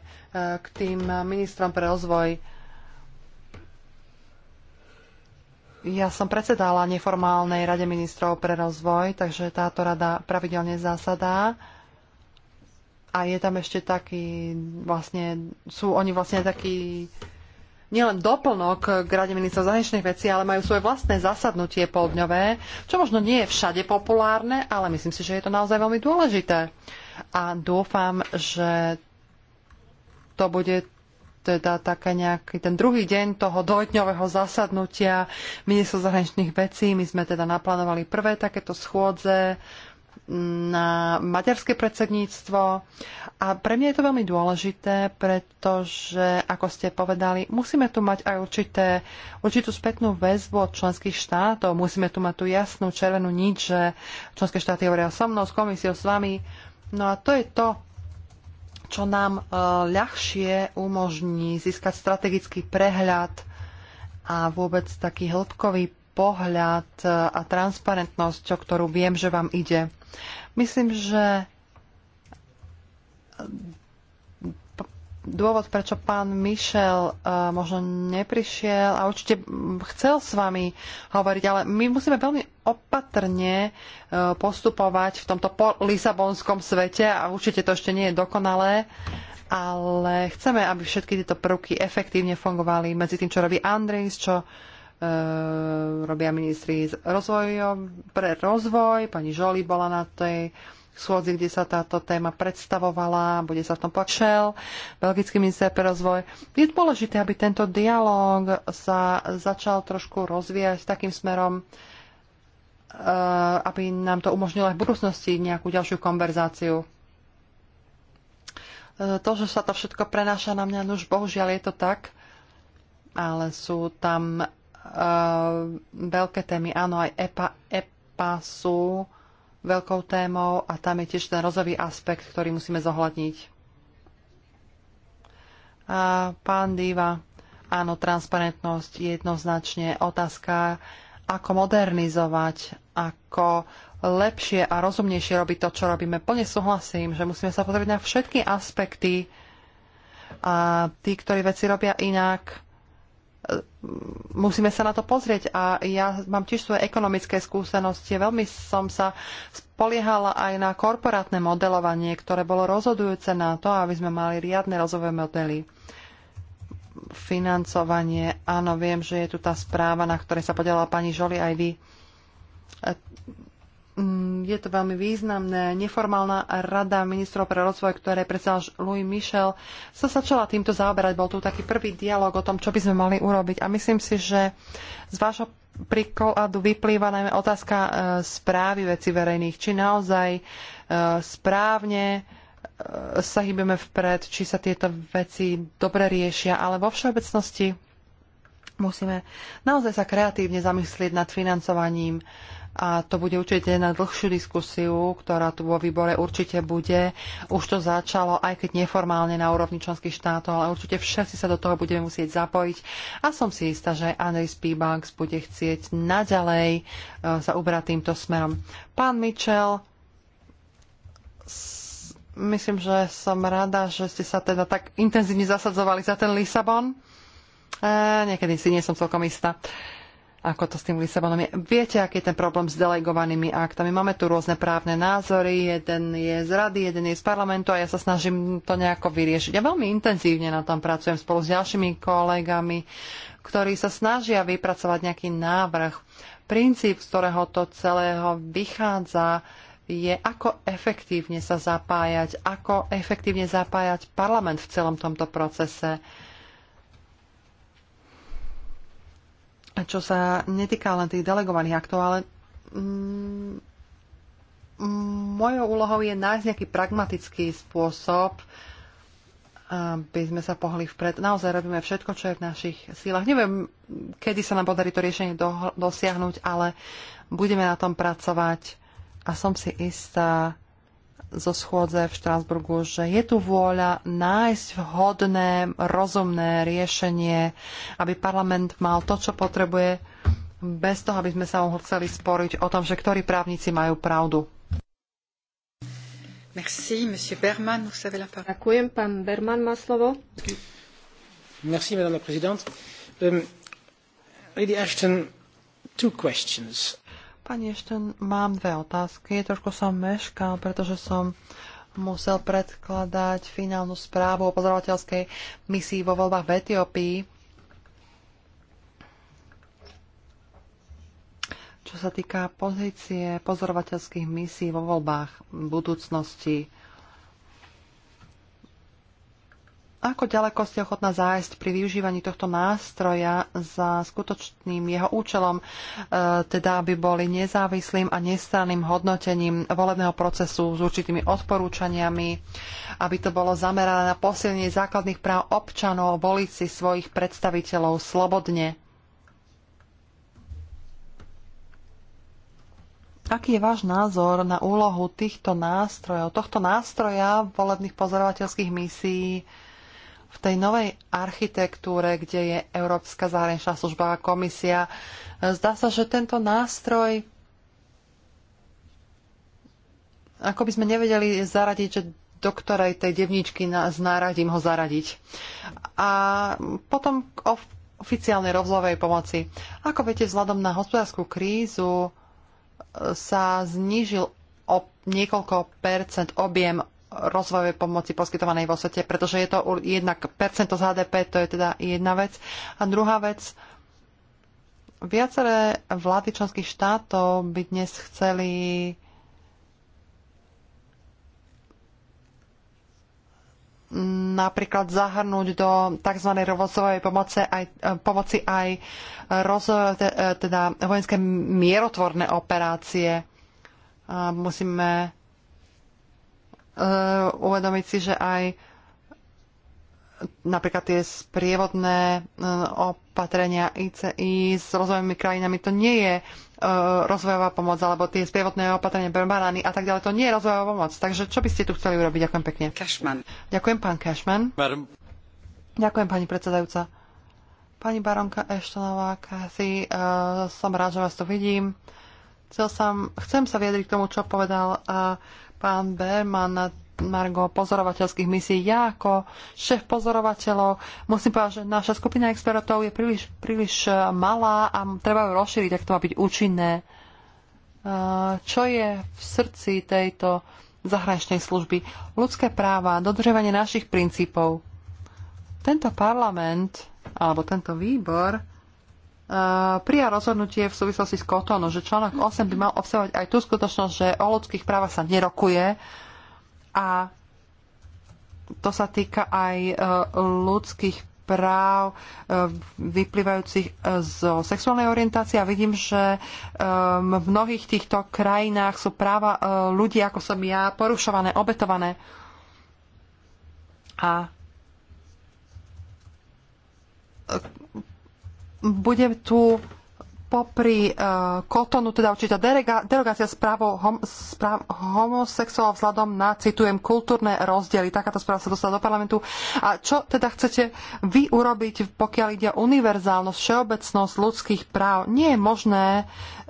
k tým ministrom pre rozvoj Ja som predsedala neformálnej rade ministrov pre rozvoj, takže táto rada pravidelne zasadá. A je tam ešte taký, vlastne, sú oni vlastne taký nielen doplnok k Rade ministrov zahraničných vecí, ale majú svoje vlastné zasadnutie poldňové, čo možno nie je všade populárne, ale myslím si, že je to naozaj veľmi dôležité. A dúfam, že to bude teda také nejaký ten druhý deň toho dvojdňového zasadnutia ministrov zahraničných vecí. My sme teda naplánovali prvé takéto schôdze na maďarské predsedníctvo. A pre mňa je to veľmi dôležité, pretože, ako ste povedali, musíme tu mať aj určité, určitú spätnú väzbu od členských štátov. Musíme tu mať tú jasnú červenú nič, že členské štáty hovoria so mnou, s komisiou, s vami. No a to je to, čo nám e, ľahšie umožní získať strategický prehľad a vôbec taký hĺbkový pohľad e, a transparentnosť, o ktorú viem, že vám ide. Myslím, že dôvod, prečo pán Michel uh, možno neprišiel a určite chcel s vami hovoriť, ale my musíme veľmi opatrne uh, postupovať v tomto lisabonskom svete a určite to ešte nie je dokonalé, ale chceme, aby všetky tieto prvky efektívne fungovali medzi tým, čo robí Andrejs, čo uh, Eh, robia ministri pre rozvoj. Pani Žoli bola na tej schôdzi, kde sa táto téma predstavovala, bude sa v tom počel, Belgický minister pre rozvoj. Je dôležité, aby tento dialog sa začal trošku rozvíjať takým smerom, eh, aby nám to umožnilo aj v budúcnosti nejakú ďalšiu konverzáciu. Eh, to, že sa to všetko prenáša na mňa, no už bohužiaľ je to tak, ale sú tam Eh, veľké témy. Áno, aj EPA, EPA sú veľkou témou a tam je tiež ten rozový aspekt, ktorý musíme zohľadniť. A pán Diva, áno, transparentnosť je jednoznačne otázka, ako modernizovať, ako lepšie a rozumnejšie robiť to, čo robíme. Plne súhlasím, že musíme sa pozrieť na všetky aspekty a tí, ktorí veci robia inak, musíme sa na to pozrieť a ja mám tiež svoje ekonomické skúsenosti. Veľmi som sa spoliehala aj na korporátne modelovanie, ktoré bolo rozhodujúce na to, aby sme mali riadne rozvojové modely. Financovanie, áno, viem, že je tu tá správa, na ktorej sa podelala pani Žoli aj vy. Mm, je to veľmi významné. Neformálna rada ministrov pre rozvoj, ktoré predsedal Louis Michel, sa začala týmto zaoberať. Bol tu taký prvý dialog o tom, čo by sme mali urobiť. A myslím si, že z vášho príkladu vyplýva najmä otázka e, správy veci verejných. Či naozaj e, správne e, sa hýbeme vpred, či sa tieto veci dobre riešia, ale vo všeobecnosti musíme naozaj sa kreatívne zamyslieť nad financovaním uh, a to bude určite na dlhšiu diskusiu, ktorá tu vo výbore určite bude. Už to začalo, aj keď neformálne na úrovni členských štátov, ale určite všetci sa do toho budeme musieť zapojiť. A som si istá, že Andrej Spíbanks bude chcieť naďalej e, sa ubrať týmto smerom. Pán Mitchell, myslím, že som rada, že ste sa teda tak intenzívne zasadzovali za ten Lisabon. E, niekedy si nie som celkom istá. E, ako to s tým Lisabonom je. Viete, aký je ten problém s delegovanými aktami? Máme tu rôzne právne názory, jeden je z rady, jeden je z parlamentu a ja sa snažím to nejako vyriešiť. Ja veľmi intenzívne na tom pracujem spolu s ďalšími kolegami, ktorí sa snažia vypracovať nejaký návrh. Princíp, z ktorého to celého vychádza, je, ako efektívne sa zapájať, ako efektívne zapájať parlament v celom tomto procese čo sa netýka len tých delegovaných aktov, ale mm, mojou úlohou je nájsť nejaký pragmatický spôsob, aby sme sa pohli vpred. Naozaj robíme všetko, čo je v našich sílach. Neviem, kedy sa nám podarí to riešenie do, dosiahnuť, ale budeme na tom pracovať a som si istá, zo schôdze v Štrásburgu, že je tu vôľa nájsť vhodné, rozumné riešenie, aby parlament mal to, čo potrebuje, bez toho, aby sme sa ho chceli sporiť o tom, že ktorí právnici majú pravdu. Merci, monsieur Berman, vous avez la parole. Ďakujem, pán Berman má slovo. Merci, madame la présidente. Um, Lady Ashton, two questions. Pani ešte mám dve otázky. Trošku som meškal, pretože som musel predkladať finálnu správu o pozorovateľskej misii vo voľbách v Etiópii. Čo sa týka pozície pozorovateľských misií vo voľbách v budúcnosti, ako ďaleko ste ochotná zájsť pri využívaní tohto nástroja za skutočným jeho účelom, e, teda aby boli nezávislým a nestranným hodnotením volebného procesu s určitými odporúčaniami, aby to bolo zamerané na posilnenie základných práv občanov voliť si svojich predstaviteľov slobodne. Aký je váš názor na úlohu týchto nástrojov, tohto nástroja volebných pozorovateľských misií v tej novej architektúre, kde je Európska zahraničná služba a komisia. Zdá sa, že tento nástroj ako by sme nevedeli zaradiť, že do ktorej tej devničky nás s náradím ho zaradiť. A potom k oficiálnej rozlovej pomoci. Ako viete, vzhľadom na hospodárskú krízu e, sa znížil o niekoľko percent objem rozvojovej pomoci poskytovanej vo svete, pretože je to jednak percento z HDP, to je teda jedna vec. A druhá vec, viaceré vlády členských štátov by dnes chceli napríklad zahrnúť do tzv. rozvojovej pomoci aj, pomoci aj rozvoj, teda vojenské mierotvorné operácie. Musíme Eh, uvedomiť si, že aj napríklad tie sprievodné eh, opatrenia ICI s rozvojovými krajinami, to nie je eh, rozvojová pomoc, alebo tie sprievodné opatrenia pre banány a tak ďalej, to nie je rozvojová pomoc. Takže čo by ste tu chceli urobiť? Ďakujem pekne. Cashman. Ďakujem, pán Cashman. Madam. Ďakujem, pani predsedajúca. Pani baronka Eštonová, Kathy, uh, som rád, že vás tu vidím. Chcel som, chcem sa viedriť k tomu, čo povedal uh, pán Berman na Margo pozorovateľských misií. Ja ako šéf pozorovateľov musím povedať, že naša skupina expertov je príliš, príliš eh, malá a treba ju rozšíriť, ak to má byť účinné. Eh, čo je v srdci tejto zahraničnej služby? Ľudské práva, dodržovanie našich princípov. Tento parlament alebo tento výbor Eh, prijal rozhodnutie v súvislosti s Kotonu, že článok 8 by mal obsahovať aj tú skutočnosť, že o ľudských právach sa nerokuje a to sa týka aj eh, ľudských práv eh, vyplývajúcich zo sexuálnej orientácie a vidím, že ehm, v mnohých týchto krajinách sú práva ľudí, ako som ja, porušované, obetované. A bude tu popri uh, kotonu teda určitá derogácia správo hom, správ homosexuálov vzhľadom na, citujem, kultúrne rozdiely. Takáto správa sa dostala do parlamentu. A čo teda chcete vy urobiť, pokiaľ ide o univerzálnosť, všeobecnosť ľudských práv? Nie je možné uh,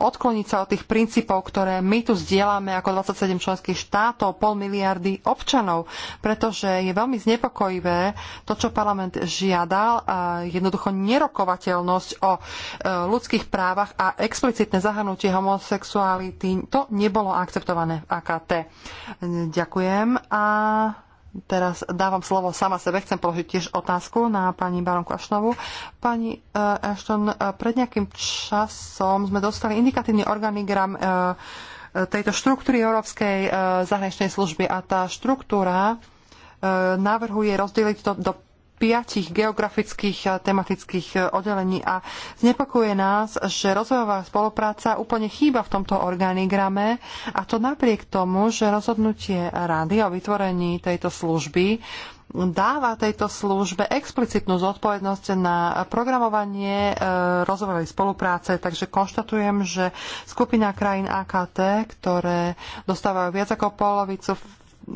odkloniť sa od tých princípov, ktoré my tu zdieľame ako 27 členských štátov, pol miliardy občanov, pretože je veľmi znepokojivé to, čo parlament žiadal, uh, jednoducho nerokovateľnosť o uh, ľudských právach a explicitné zahrnutie homosexuality, to nebolo akceptované v AKT. Ďakujem a teraz dávam slovo sama sebe. Chcem položiť tiež otázku na pani Baronku Ašnovu. Pani eh, Ashton, eh, pred nejakým časom sme dostali indikatívny organigram eh, tejto štruktúry Európskej zahraničnej služby a tá štruktúra navrhuje rozdeliť to do piatich geografických eh, tematických eh, oddelení a znepokuje nás, že rozvojová spolupráca úplne chýba v tomto organigrame a to napriek tomu, že rozhodnutie rady o vytvorení tejto služby dáva tejto službe explicitnú zodpovednosť na programovanie eh, rozvojovej spolupráce, takže konštatujem, že skupina krajín AKT, ktoré dostávajú viac ako polovicu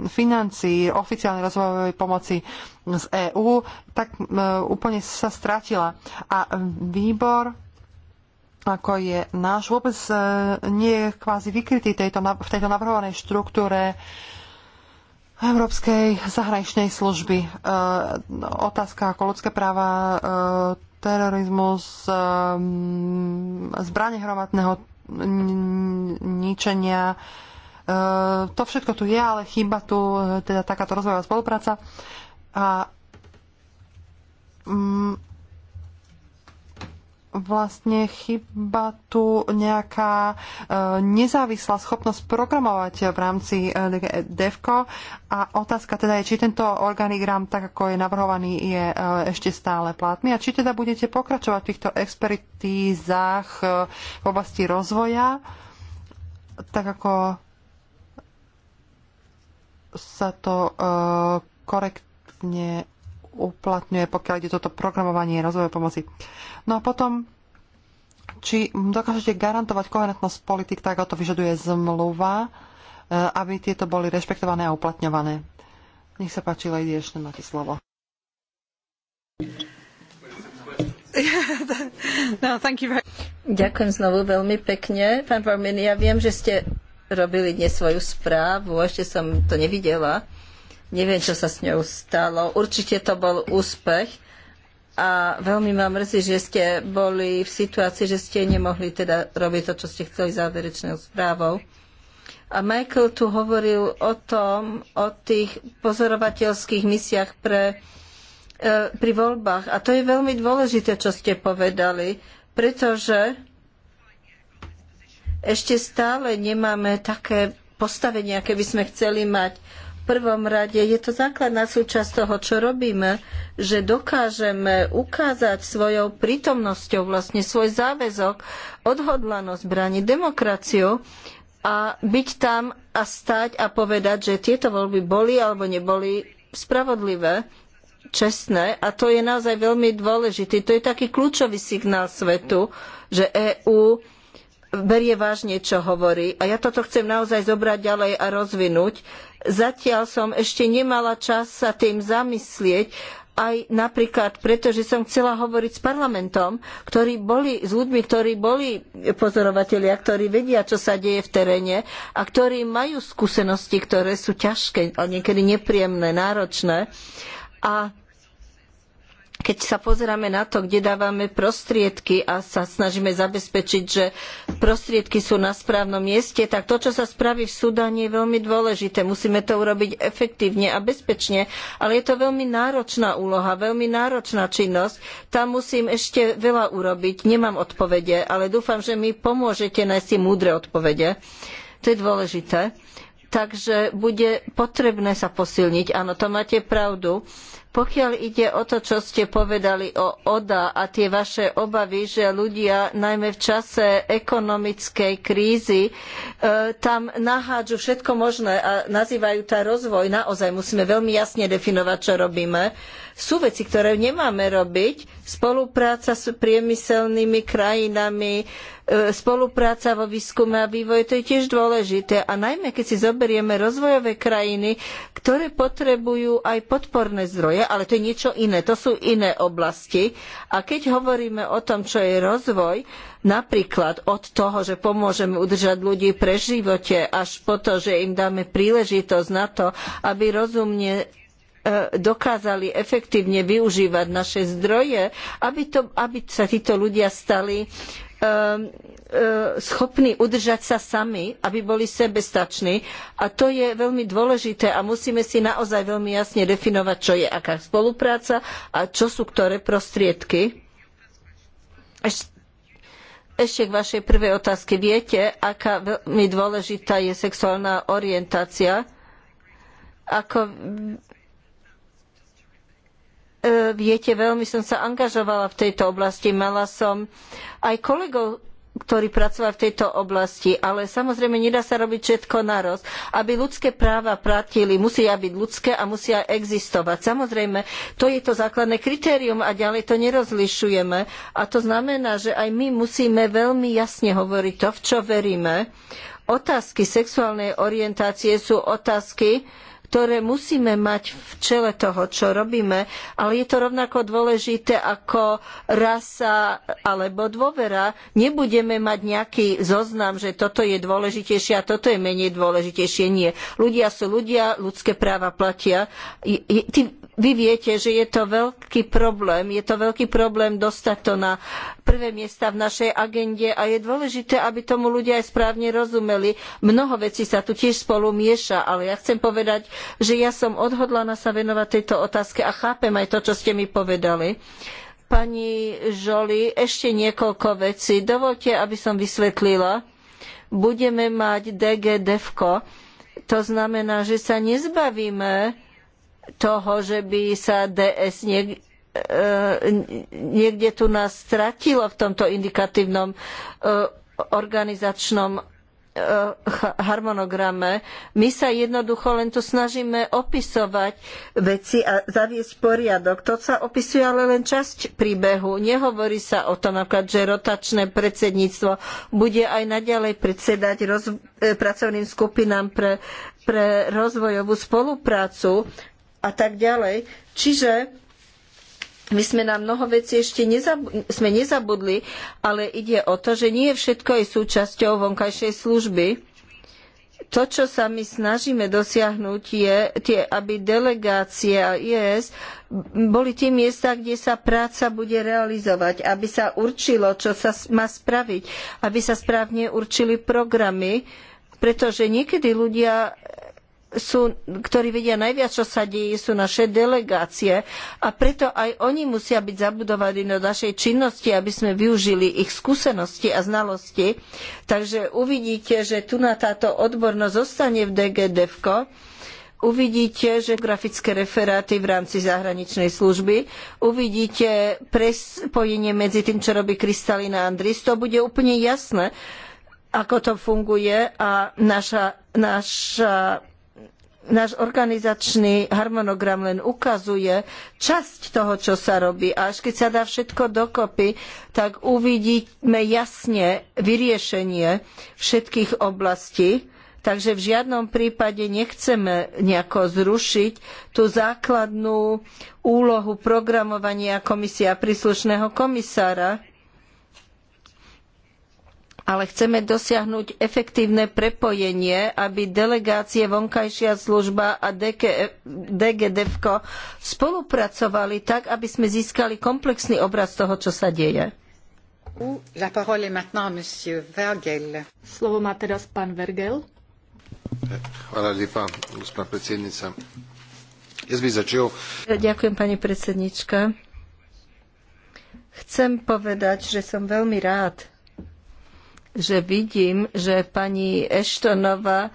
financií, oficiálnej rozvojovej pomoci z EÚ, tak e, úplne sa stratila. A výbor ako je náš, vôbec e, nie je kvázi vykrytý tejto, v tejto navrhovanej štruktúre Európskej zahraničnej služby. E, otázka ako ľudské práva, e, terorizmus, e, zbranie hromadného ničenia, e, Eh, to všetko tu je, ale chýba tu eh, teda takáto rozvojová spolupráca. A mm, vlastne chyba tu nejaká eh, nezávislá schopnosť programovať v rámci e, DEVKO a otázka teda je, či tento organigram, tak ako je navrhovaný, je ešte stále platný a či teda budete pokračovať v týchto expertízách v oblasti rozvoja, tak ako sa to e, korektne uplatňuje, pokiaľ ide toto programovanie rozvoje pomoci. No a potom, či dokážete garantovať koherentnosť politik, tak ako to vyžaduje zmluva, e, aby tieto boli rešpektované a uplatňované. Nech sa páči, Lady ešte máte slovo. no, Ďakujem znovu veľmi pekne. Pán Vormin, ja viem, že ste robili dnes svoju správu, ešte som to nevidela. Neviem, čo sa s ňou stalo. Určite to bol úspech. A veľmi ma mrzí, že ste boli v situácii, že ste nemohli teda robiť to, čo ste chceli záverečnou správou. A Michael tu hovoril o tom, o tých pozorovateľských misiách pre, e, pri voľbách. A to je veľmi dôležité, čo ste povedali, pretože ešte stále nemáme také postavenie, aké by sme chceli mať. V prvom rade je to základná súčasť toho, čo robíme, že dokážeme ukázať svojou prítomnosťou vlastne svoj záväzok, odhodlanosť brániť demokraciu a byť tam a stať a povedať, že tieto voľby boli alebo neboli spravodlivé, čestné a to je naozaj veľmi dôležité. To je taký kľúčový signál svetu, že EÚ berie vážne, čo hovorí. A ja toto chcem naozaj zobrať ďalej a rozvinúť. Zatiaľ som ešte nemala čas sa tým zamyslieť, aj napríklad preto, že som chcela hovoriť s parlamentom, ktorí boli, s ľuďmi, ktorí boli pozorovatelia, ktorí vedia, čo sa deje v teréne a ktorí majú skúsenosti, ktoré sú ťažké a niekedy nepríjemné, náročné. A keď sa pozeráme na to, kde dávame prostriedky a sa snažíme zabezpečiť, že prostriedky sú na správnom mieste, tak to, čo sa spraví v Sudáne, je veľmi dôležité. Musíme to urobiť efektívne a bezpečne, ale je to veľmi náročná úloha, veľmi náročná činnosť. Tam musím ešte veľa urobiť. Nemám odpovede, ale dúfam, že mi pomôžete nájsť si múdre odpovede. To je dôležité takže bude potrebné sa posilniť. Áno, to máte pravdu. Pokiaľ ide o to, čo ste povedali o ODA a tie vaše obavy, že ľudia najmä v čase ekonomickej krízy e, tam nahádžu všetko možné a nazývajú to rozvoj, naozaj musíme veľmi jasne definovať, čo robíme. Sú veci, ktoré nemáme robiť, spolupráca s priemyselnými krajinami, E, spolupráca vo výskume a vývoji, to je tiež dôležité. A najmä, keď si zoberieme rozvojové krajiny, ktoré potrebujú aj podporné zdroje, ale to je niečo iné, to sú iné oblasti. A keď hovoríme o tom, čo je rozvoj, napríklad od toho, že pomôžeme udržať ľudí pre živote, až po to, že im dáme príležitosť na to, aby rozumne e, dokázali efektívne využívať naše zdroje, aby, to, aby sa títo ľudia stali Um, uh, schopní udržať sa sami, aby boli sebestační. A to je veľmi dôležité a musíme si naozaj veľmi jasne definovať, čo je aká spolupráca a čo sú ktoré prostriedky. Ešte k vašej prvej otázke. Viete, aká veľmi dôležitá je sexuálna orientácia? Ako E, viete, veľmi som sa angažovala v tejto oblasti. Mala som aj kolegov, ktorí pracovali v tejto oblasti, ale samozrejme nedá sa robiť všetko naroz. Aby ľudské práva platili, musia byť ľudské a musia existovať. Samozrejme, to je to základné kritérium a ďalej to nerozlišujeme. A to znamená, že aj my musíme veľmi jasne hovoriť to, v čo veríme. Otázky sexuálnej orientácie sú otázky, ktoré musíme mať v čele toho, čo robíme, ale je to rovnako dôležité ako rasa alebo dôvera. Nebudeme mať nejaký zoznam, že toto je dôležitejšie a toto je menej dôležitejšie. Nie. Ľudia sú ľudia, ľudské práva platia. vy viete, že je to veľký problém. Je to veľký problém dostať to na prvé miesta v našej agende a je dôležité, aby tomu ľudia aj správne rozumeli. Mnoho vecí sa tu tiež spolu mieša, ale ja chcem povedať, že ja som odhodlaná sa venovať tejto otázke a chápem aj to, čo ste mi povedali. Pani Žoli, ešte niekoľko vecí. Dovolte, aby som vysvetlila. Budeme mať DG DEFCO, to znamená, že sa nezbavíme toho, že by sa DS niekde niekde tu nás stratilo v tomto indikatívnom e, organizačnom Eh, harmonograme. My sa jednoducho len tu snažíme opisovať veci a zaviesť poriadok. To sa opisuje ale len časť príbehu. Nehovorí sa o tom napríklad, že rotačné predsedníctvo bude aj naďalej predsedať roz, eh, pracovným skupinám pre, pre rozvojovú spoluprácu a tak ďalej. Čiže my sme na mnoho vecí ešte nezabudli, sme nezabudli, ale ide o to, že nie všetko je súčasťou vonkajšej služby. To, čo sa my snažíme dosiahnuť, je, tie, aby delegácie a IES boli tie miesta, kde sa práca bude realizovať, aby sa určilo, čo sa má spraviť, aby sa správne určili programy, pretože niekedy ľudia sú, ktorí vedia najviac, čo sa deje, sú naše delegácie a preto aj oni musia byť zabudovaní do našej činnosti, aby sme využili ich skúsenosti a znalosti. Takže uvidíte, že tu na táto odbornosť zostane v DG e uvidíte, že grafické referáty v rámci zahraničnej služby, uvidíte prespojenie medzi tým, čo robí Kristalina Andris, to bude úplne jasné, ako to funguje a naša, naša náš organizačný harmonogram len ukazuje časť toho, čo sa robí. A až keď sa dá všetko dokopy, tak uvidíme jasne vyriešenie všetkých oblastí. Takže v žiadnom prípade nechceme nejako zrušiť tú základnú úlohu programovania komisia príslušného komisára ale chceme dosiahnuť efektívne prepojenie, aby delegácie, vonkajšia služba a DGDFko spolupracovali tak, aby sme získali komplexný obraz toho, čo sa deje. Slovo má teraz pán Vergel. Ďakujem, pani predsednička. Chcem povedať, že som veľmi rád, že vidím, že pani Eštonova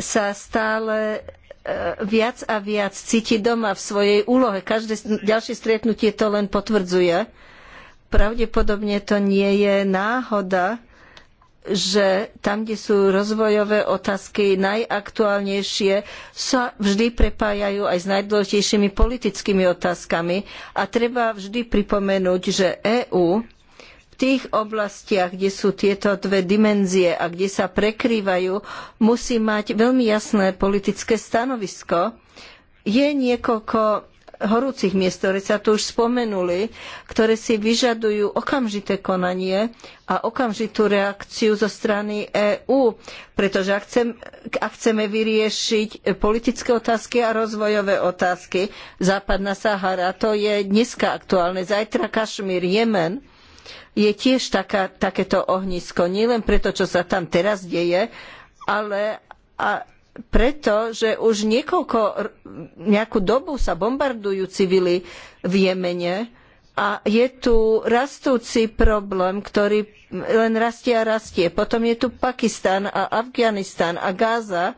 sa stále e, viac a viac cíti doma v svojej úlohe. Každé ďalšie stretnutie to len potvrdzuje. Pravdepodobne to nie je náhoda, že tam, kde sú rozvojové otázky najaktuálnejšie, sa vždy prepájajú aj s najdôležitejšími politickými otázkami. A treba vždy pripomenúť, že EÚ tých oblastiach, kde sú tieto dve dimenzie a kde sa prekrývajú, musí mať veľmi jasné politické stanovisko. Je niekoľko horúcich miest, ktoré sa tu už spomenuli, ktoré si vyžadujú okamžité konanie a okamžitú reakciu zo strany EÚ, pretože ak, chcem, ak chceme vyriešiť politické otázky a rozvojové otázky, západná Sahara, to je dneska aktuálne, zajtra Kašmír, Jemen, je tiež taká, takéto ohnisko. Nielen preto, čo sa tam teraz deje, ale a preto, že už niekoľko, nejakú dobu sa bombardujú civily v Jemene a je tu rastúci problém, ktorý len rastie a rastie. Potom je tu Pakistan a Afganistan a Gáza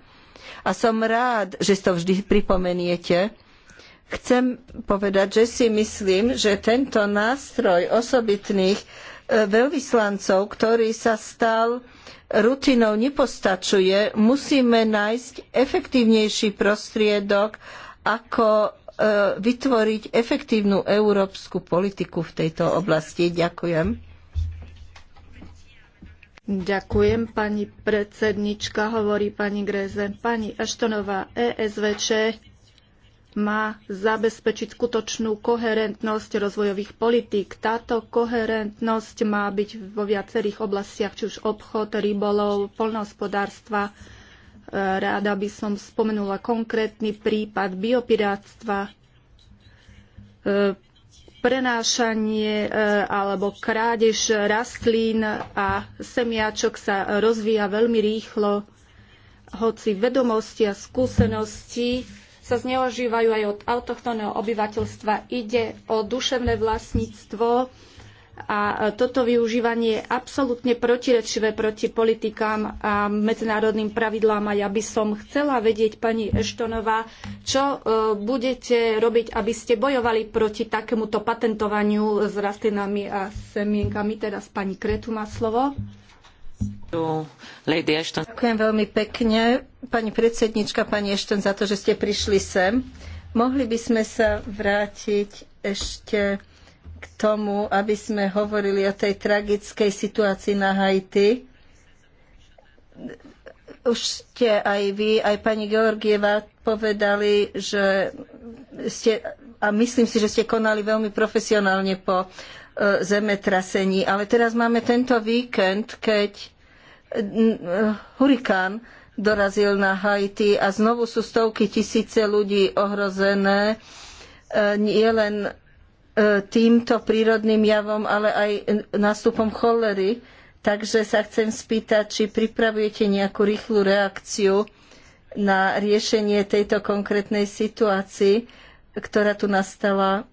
a som rád, že si to vždy pripomeniete, Chcem povedať, že si myslím, že tento nástroj osobitných e, veľvyslancov, ktorý sa stal rutinou, nepostačuje. Musíme nájsť efektívnejší prostriedok, ako e, vytvoriť efektívnu európsku politiku v tejto oblasti. Ďakujem. Ďakujem, pani predsednička, hovorí pani Greze. Pani Aštonová, ESVČ má zabezpečiť skutočnú koherentnosť rozvojových politík. Táto koherentnosť má byť vo viacerých oblastiach, či už obchod, rybolov, polnohospodárstva. Ráda by som spomenula konkrétny prípad biopiráctva, prenášanie e, alebo krádež rastlín a semiačok sa rozvíja veľmi rýchlo, hoci vedomosti a skúsenosti sa zneužívajú aj od autochtónneho obyvateľstva. Ide o duševné vlastníctvo a toto využívanie je absolútne protirečivé proti politikám a medzinárodným pravidlám a ja by som chcela vedieť, pani Eštonová, čo e, budete robiť, aby ste bojovali proti takémuto patentovaniu s rastlinami a semienkami. Teraz pani Kretu má slovo. Ďakujem veľmi pekne, pani predsednička, pani Ešton, za to, že ste prišli sem. Mohli by sme sa vrátiť ešte k tomu, aby sme hovorili o tej tragickej situácii na Haiti. Už ste aj vy, aj pani Georgieva povedali, že ste, a myslím si, že ste konali veľmi profesionálne po E, zemetrasení. Ale teraz máme tento víkend, keď e, hurikán dorazil na Haiti a znovu sú stovky tisíce ľudí ohrozené e, nielen týmto prírodným javom, ale aj nástupom cholery. Takže sa chcem spýtať, či pripravujete nejakú rýchlu reakciu na riešenie tejto konkrétnej situácii, ktorá tu nastala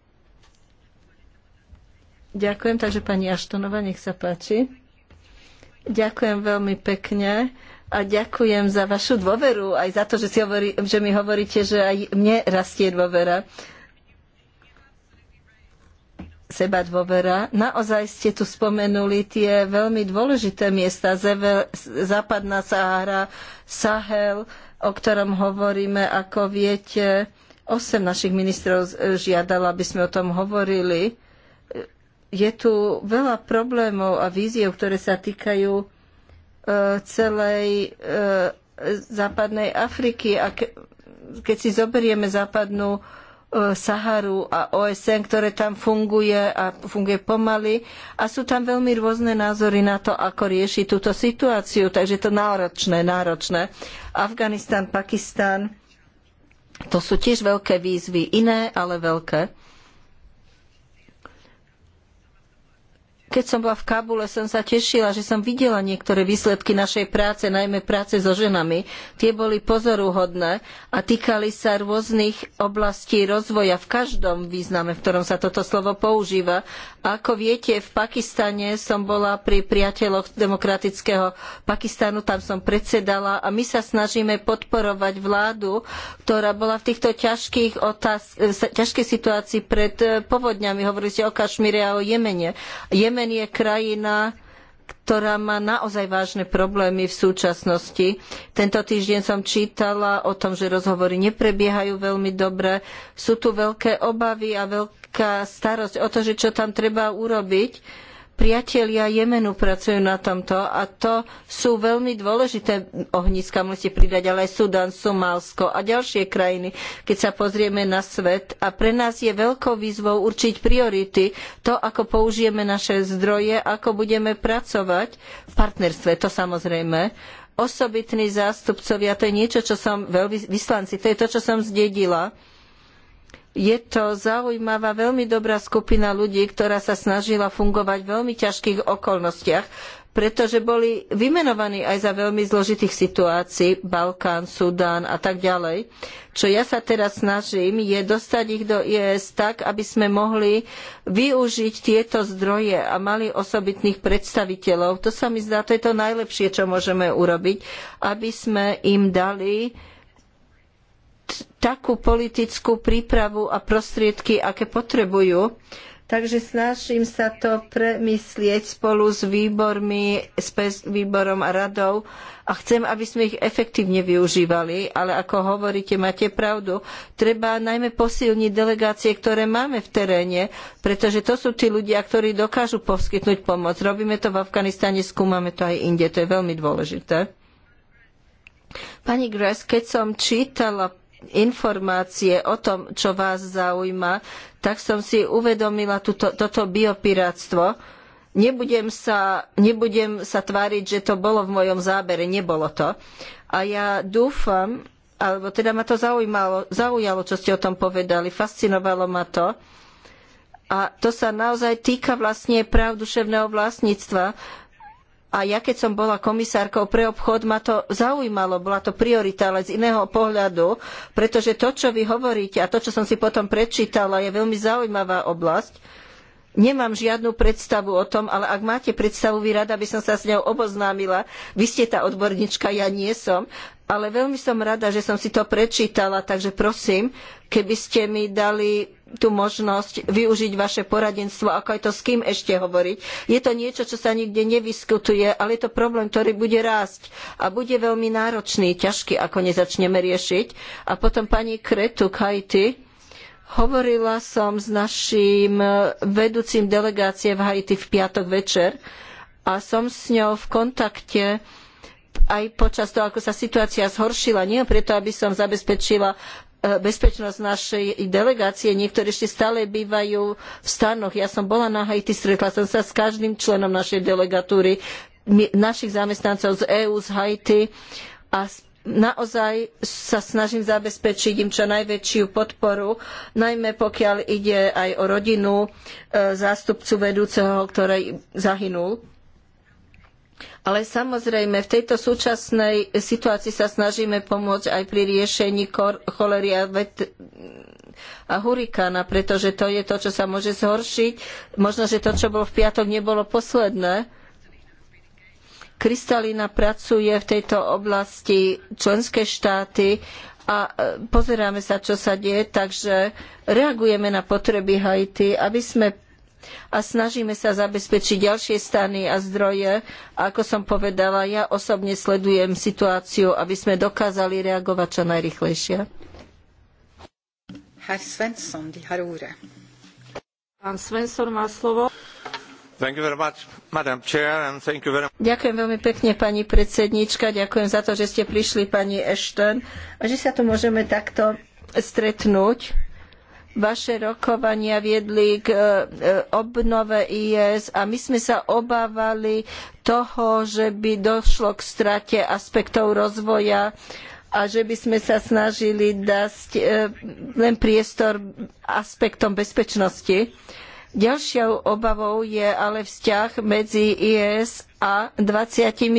Ďakujem, takže pani Aštonova, nech sa páči. Ďakujem veľmi pekne a ďakujem za vašu dôveru, aj za to, že, si hovorí, že mi hovoríte, že aj mne rastie dôvera. Seba dôvera. Naozaj ste tu spomenuli tie veľmi dôležité miesta, Zeve, západná Sahara, Sahel, o ktorom hovoríme, ako viete, osem našich ministrov žiadalo, aby sme o tom hovorili je tu veľa problémov a víziev, ktoré sa týkajú e, celej e, západnej Afriky. A keď si zoberieme západnú e, Saharu a OSN, ktoré tam funguje a funguje pomaly a sú tam veľmi rôzne názory na to, ako riešiť túto situáciu, takže je to náročné, náročné. Afganistan, Pakistan, to sú tiež veľké výzvy, iné, ale veľké. keď som bola v Kabule, som sa tešila, že som videla niektoré výsledky našej práce, najmä práce so ženami. Tie boli pozoruhodné a týkali sa rôznych oblastí rozvoja v každom význame, v ktorom sa toto slovo používa. A ako viete, v Pakistane som bola pri priateľoch demokratického Pakistanu, tam som predsedala a my sa snažíme podporovať vládu, ktorá bola v týchto ťažkých otáz- ťažkej situácii pred eh, povodňami. Hovorili ste o Kašmíre a o Jemene. Jemen Jemen je krajina, ktorá má naozaj vážne problémy v súčasnosti. Tento týždeň som čítala o tom, že rozhovory neprebiehajú veľmi dobre. Sú tu veľké obavy a veľká starosť o to, že čo tam treba urobiť Priatelia Jemenu pracujú na tomto a to sú veľmi dôležité ohniska, musíte pridať, ale aj Sudan, Somálsko a ďalšie krajiny, keď sa pozrieme na svet. A pre nás je veľkou výzvou určiť priority, to, ako použijeme naše zdroje, ako budeme pracovať v partnerstve, to samozrejme, osobitní zástupcovia, to je niečo, čo som, vyslanci, to je to, čo som zdedila je to zaujímavá, veľmi dobrá skupina ľudí, ktorá sa snažila fungovať v veľmi ťažkých okolnostiach, pretože boli vymenovaní aj za veľmi zložitých situácií, Balkán, Sudán a tak ďalej. Čo ja sa teraz snažím, je dostať ich do IS e tak, aby sme mohli využiť tieto zdroje a mali osobitných predstaviteľov. To sa mi zdá, to je to najlepšie, čo môžeme urobiť, aby sme im dali takú politickú prípravu a prostriedky, aké potrebujú. Takže snažím sa to premyslieť spolu s výbormi, s výborom a radou a chcem, aby sme ich efektívne využívali, ale ako hovoríte, máte pravdu, treba najmä posilniť delegácie, ktoré máme v teréne, pretože to sú tí ľudia, ktorí dokážu poskytnúť pomoc. Robíme to v Afganistane, skúmame to aj inde, to je veľmi dôležité. Pani Grass, keď som čítala informácie o tom, čo vás zaujíma, tak som si uvedomila toto biopiráctvo. Nebudem sa, nebudem sa tváriť, že to bolo v mojom zábere, nebolo to. A ja dúfam, alebo teda ma to zaujímalo, zaujalo, čo ste o tom povedali, fascinovalo ma to. A to sa naozaj týka vlastne práv duševného vlastníctva, a ja keď som bola komisárkou pre obchod, ma to zaujímalo, bola to priorita, ale z iného pohľadu, pretože to, čo vy hovoríte a to, čo som si potom prečítala, je veľmi zaujímavá oblasť. Nemám žiadnu predstavu o tom, ale ak máte predstavu, vy rada by som sa s ňou oboznámila. Vy ste tá odborníčka, ja nie som. Ale veľmi som rada, že som si to prečítala, takže prosím, keby ste mi dali tú možnosť využiť vaše poradenstvo, ako je to s kým ešte hovoriť. Je to niečo, čo sa nikde nevyskutuje, ale je to problém, ktorý bude rásť a bude veľmi náročný, ťažký, ako nezačneme riešiť. A potom pani Kretu Haiti, hovorila som s naším vedúcim delegácie v Haiti v piatok večer a som s ňou v kontakte aj počas toho, ako sa situácia zhoršila, nie preto, aby som zabezpečila bezpečnosť našej delegácie. Niektorí ešte stále bývajú v stanoch. Ja som bola na Haiti, stretla som sa s každým členom našej delegatúry, našich zamestnancov z EÚ, z Haiti a naozaj sa snažím zabezpečiť im čo najväčšiu podporu, najmä pokiaľ ide aj o rodinu e, zástupcu vedúceho, ktorý zahynul ale samozrejme, v tejto súčasnej situácii sa snažíme pomôcť aj pri riešení cholery a, vet- a hurikána, pretože to je to, čo sa môže zhoršiť. Možno, že to, čo bolo v piatok, nebolo posledné. Kristalina pracuje v tejto oblasti členské štáty a e, pozeráme sa, čo sa deje, takže reagujeme na potreby Haiti, aby sme a snažíme sa zabezpečiť ďalšie stany a zdroje. A ako som povedala, ja osobne sledujem situáciu, aby sme dokázali reagovať čo najrychlejšie. Herr Svensson, die Pán Svensson má slovo. Ďakujem veľmi pekne, pani predsednička. Ďakujem za to, že ste prišli, pani Ashton, a že sa tu môžeme takto stretnúť. Vaše rokovania viedli k e, obnove IS a my sme sa obávali toho, že by došlo k strate aspektov rozvoja a že by sme sa snažili dať e, len priestor aspektom bezpečnosti. Ďalšou obavou je ale vzťah medzi IS e a 27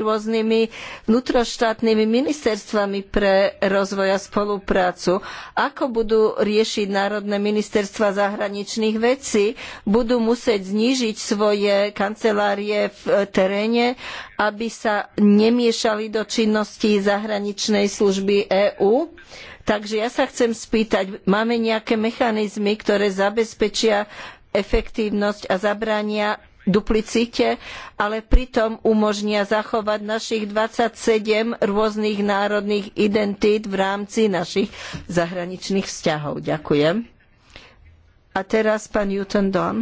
rôznymi vnútroštátnymi ministerstvami pre rozvoj a spoluprácu. Ako budú riešiť Národné ministerstva zahraničných vecí? Budú musieť znížiť svoje kancelárie v teréne, aby sa nemiešali do činnosti zahraničnej služby EÚ? Takže ja sa chcem spýtať, máme nejaké mechanizmy, ktoré zabezpečia efektívnosť a zabránia duplicite, ale pritom umožnia zachovať našich 27 rôznych národných identít v rámci našich zahraničných vzťahov. Ďakujem. A teraz pán Newton Don.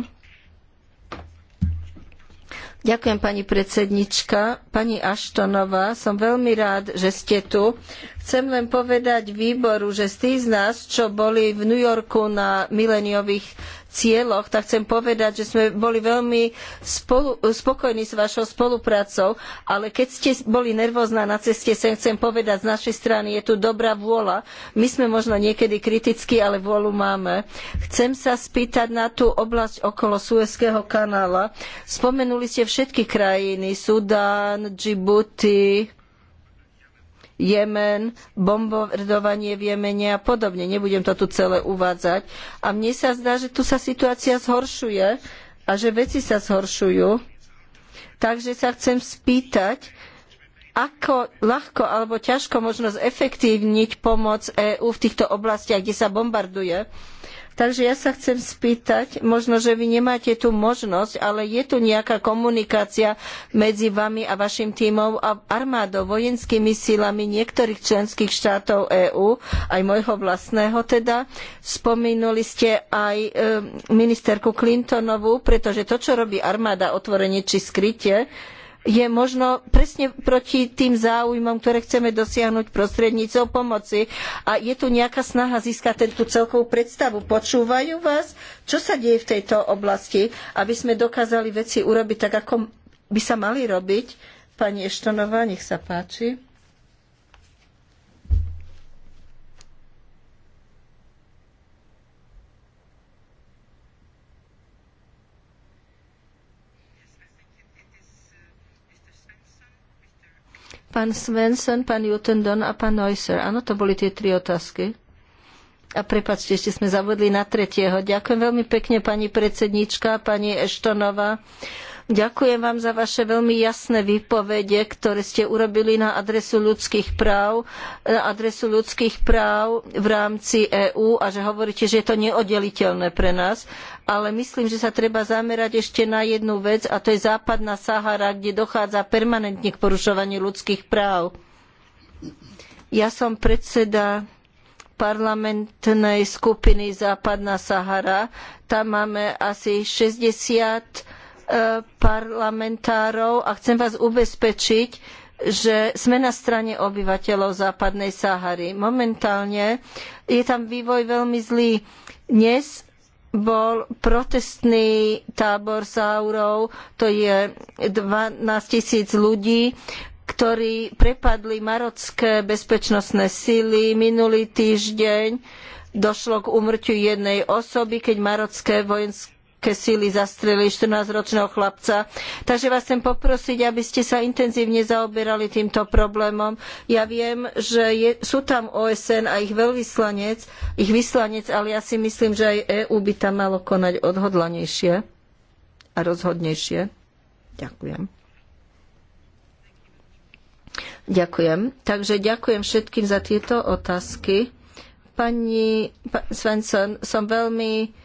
Ďakujem, pani predsednička. Pani Ashtonová, som veľmi rád, že ste tu Chcem len povedať výboru, že z tých z nás, čo boli v New Yorku na mileniových cieľoch, tak chcem povedať, že sme boli veľmi spolu, spokojní s vašou spoluprácou, ale keď ste boli nervózna na ceste sem, chcem povedať, z našej strany je tu dobrá vôľa. My sme možno niekedy kritickí, ale vôľu máme. Chcem sa spýtať na tú oblasť okolo Suezského kanála. Spomenuli ste všetky krajiny, Sudán, Džibuti, Jemen, bombardovanie v Jemene a podobne. Nebudem to tu celé uvádzať. A mne sa zdá, že tu sa situácia zhoršuje a že veci sa zhoršujú. Takže sa chcem spýtať, ako ľahko alebo ťažko možno zefektívniť pomoc EÚ v týchto oblastiach, kde sa bombarduje Takže ja sa chcem spýtať, možno, že vy nemáte tú možnosť, ale je tu nejaká komunikácia medzi vami a vašim tímom a armádou, vojenskými silami niektorých členských štátov EÚ, aj môjho vlastného teda. Spomínuli ste aj e, ministerku Clintonovú, pretože to, čo robí armáda otvorene či skryte, je možno presne proti tým záujmom, ktoré chceme dosiahnuť prostrednícov pomoci. A je tu nejaká snaha získať tú celkovú predstavu. Počúvajú vás? Čo sa deje v tejto oblasti, aby sme dokázali veci urobiť tak, ako by sa mali robiť? Pani Eštonová, nech sa páči. Pán Svensson, pán Jutendon a pán Neusser. Áno, to boli tie tri otázky. A prepačte, ešte sme zavodli na tretieho. Ďakujem veľmi pekne, pani predsednička, pani Eštonová. Ďakujem vám za vaše veľmi jasné výpovede, ktoré ste urobili na adresu ľudských práv, na e, adresu ľudských práv v rámci EÚ a že hovoríte, že je to neoddeliteľné pre nás ale myslím, že sa treba zamerať ešte na jednu vec a to je západná Sahara, kde dochádza permanentne k porušovaniu ľudských práv. Ja som predseda parlamentnej skupiny Západná Sahara. Tam máme asi 60 e, parlamentárov a chcem vás ubezpečiť, že sme na strane obyvateľov Západnej Sahary. Momentálne je tam vývoj veľmi zlý. Dnes bol protestný tábor Saurov, to je 12 tisíc ľudí, ktorí prepadli marocké bezpečnostné síly minulý týždeň. Došlo k úmrtiu jednej osoby, keď marocké vojenské veľké sily zastrelili 14-ročného chlapca. Takže vás chcem poprosiť, aby ste sa intenzívne zaoberali týmto problémom. Ja viem, že je, sú tam OSN a ich veľvyslanec, ich vyslanec, ale ja si myslím, že aj EÚ by tam malo konať odhodlanejšie a rozhodnejšie. Ďakujem. Ďakujem. Takže ďakujem všetkým za tieto otázky. Pani Svensson, som veľmi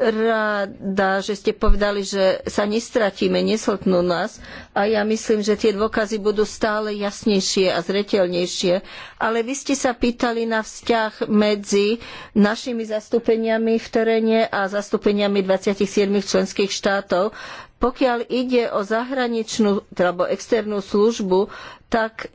rada, že ste povedali, že sa nestratíme, nesltnú nás. A ja myslím, že tie dôkazy budú stále jasnejšie a zretelnejšie. Ale vy ste sa pýtali na vzťah medzi našimi zastúpeniami v teréne a zastúpeniami 27 členských štátov. Pokiaľ ide o zahraničnú teda, alebo externú službu, tak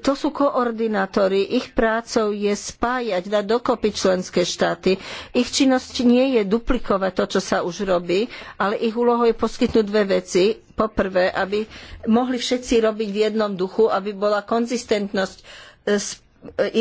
to sú koordinátori, ich prácou je spájať, dať dokopy členské štáty. Ich činnosť nie je duplikovať to, čo sa už robí, ale ich úlohou je poskytnúť dve veci. Po prvé, aby mohli všetci robiť v jednom duchu, aby bola konzistentnosť e, e,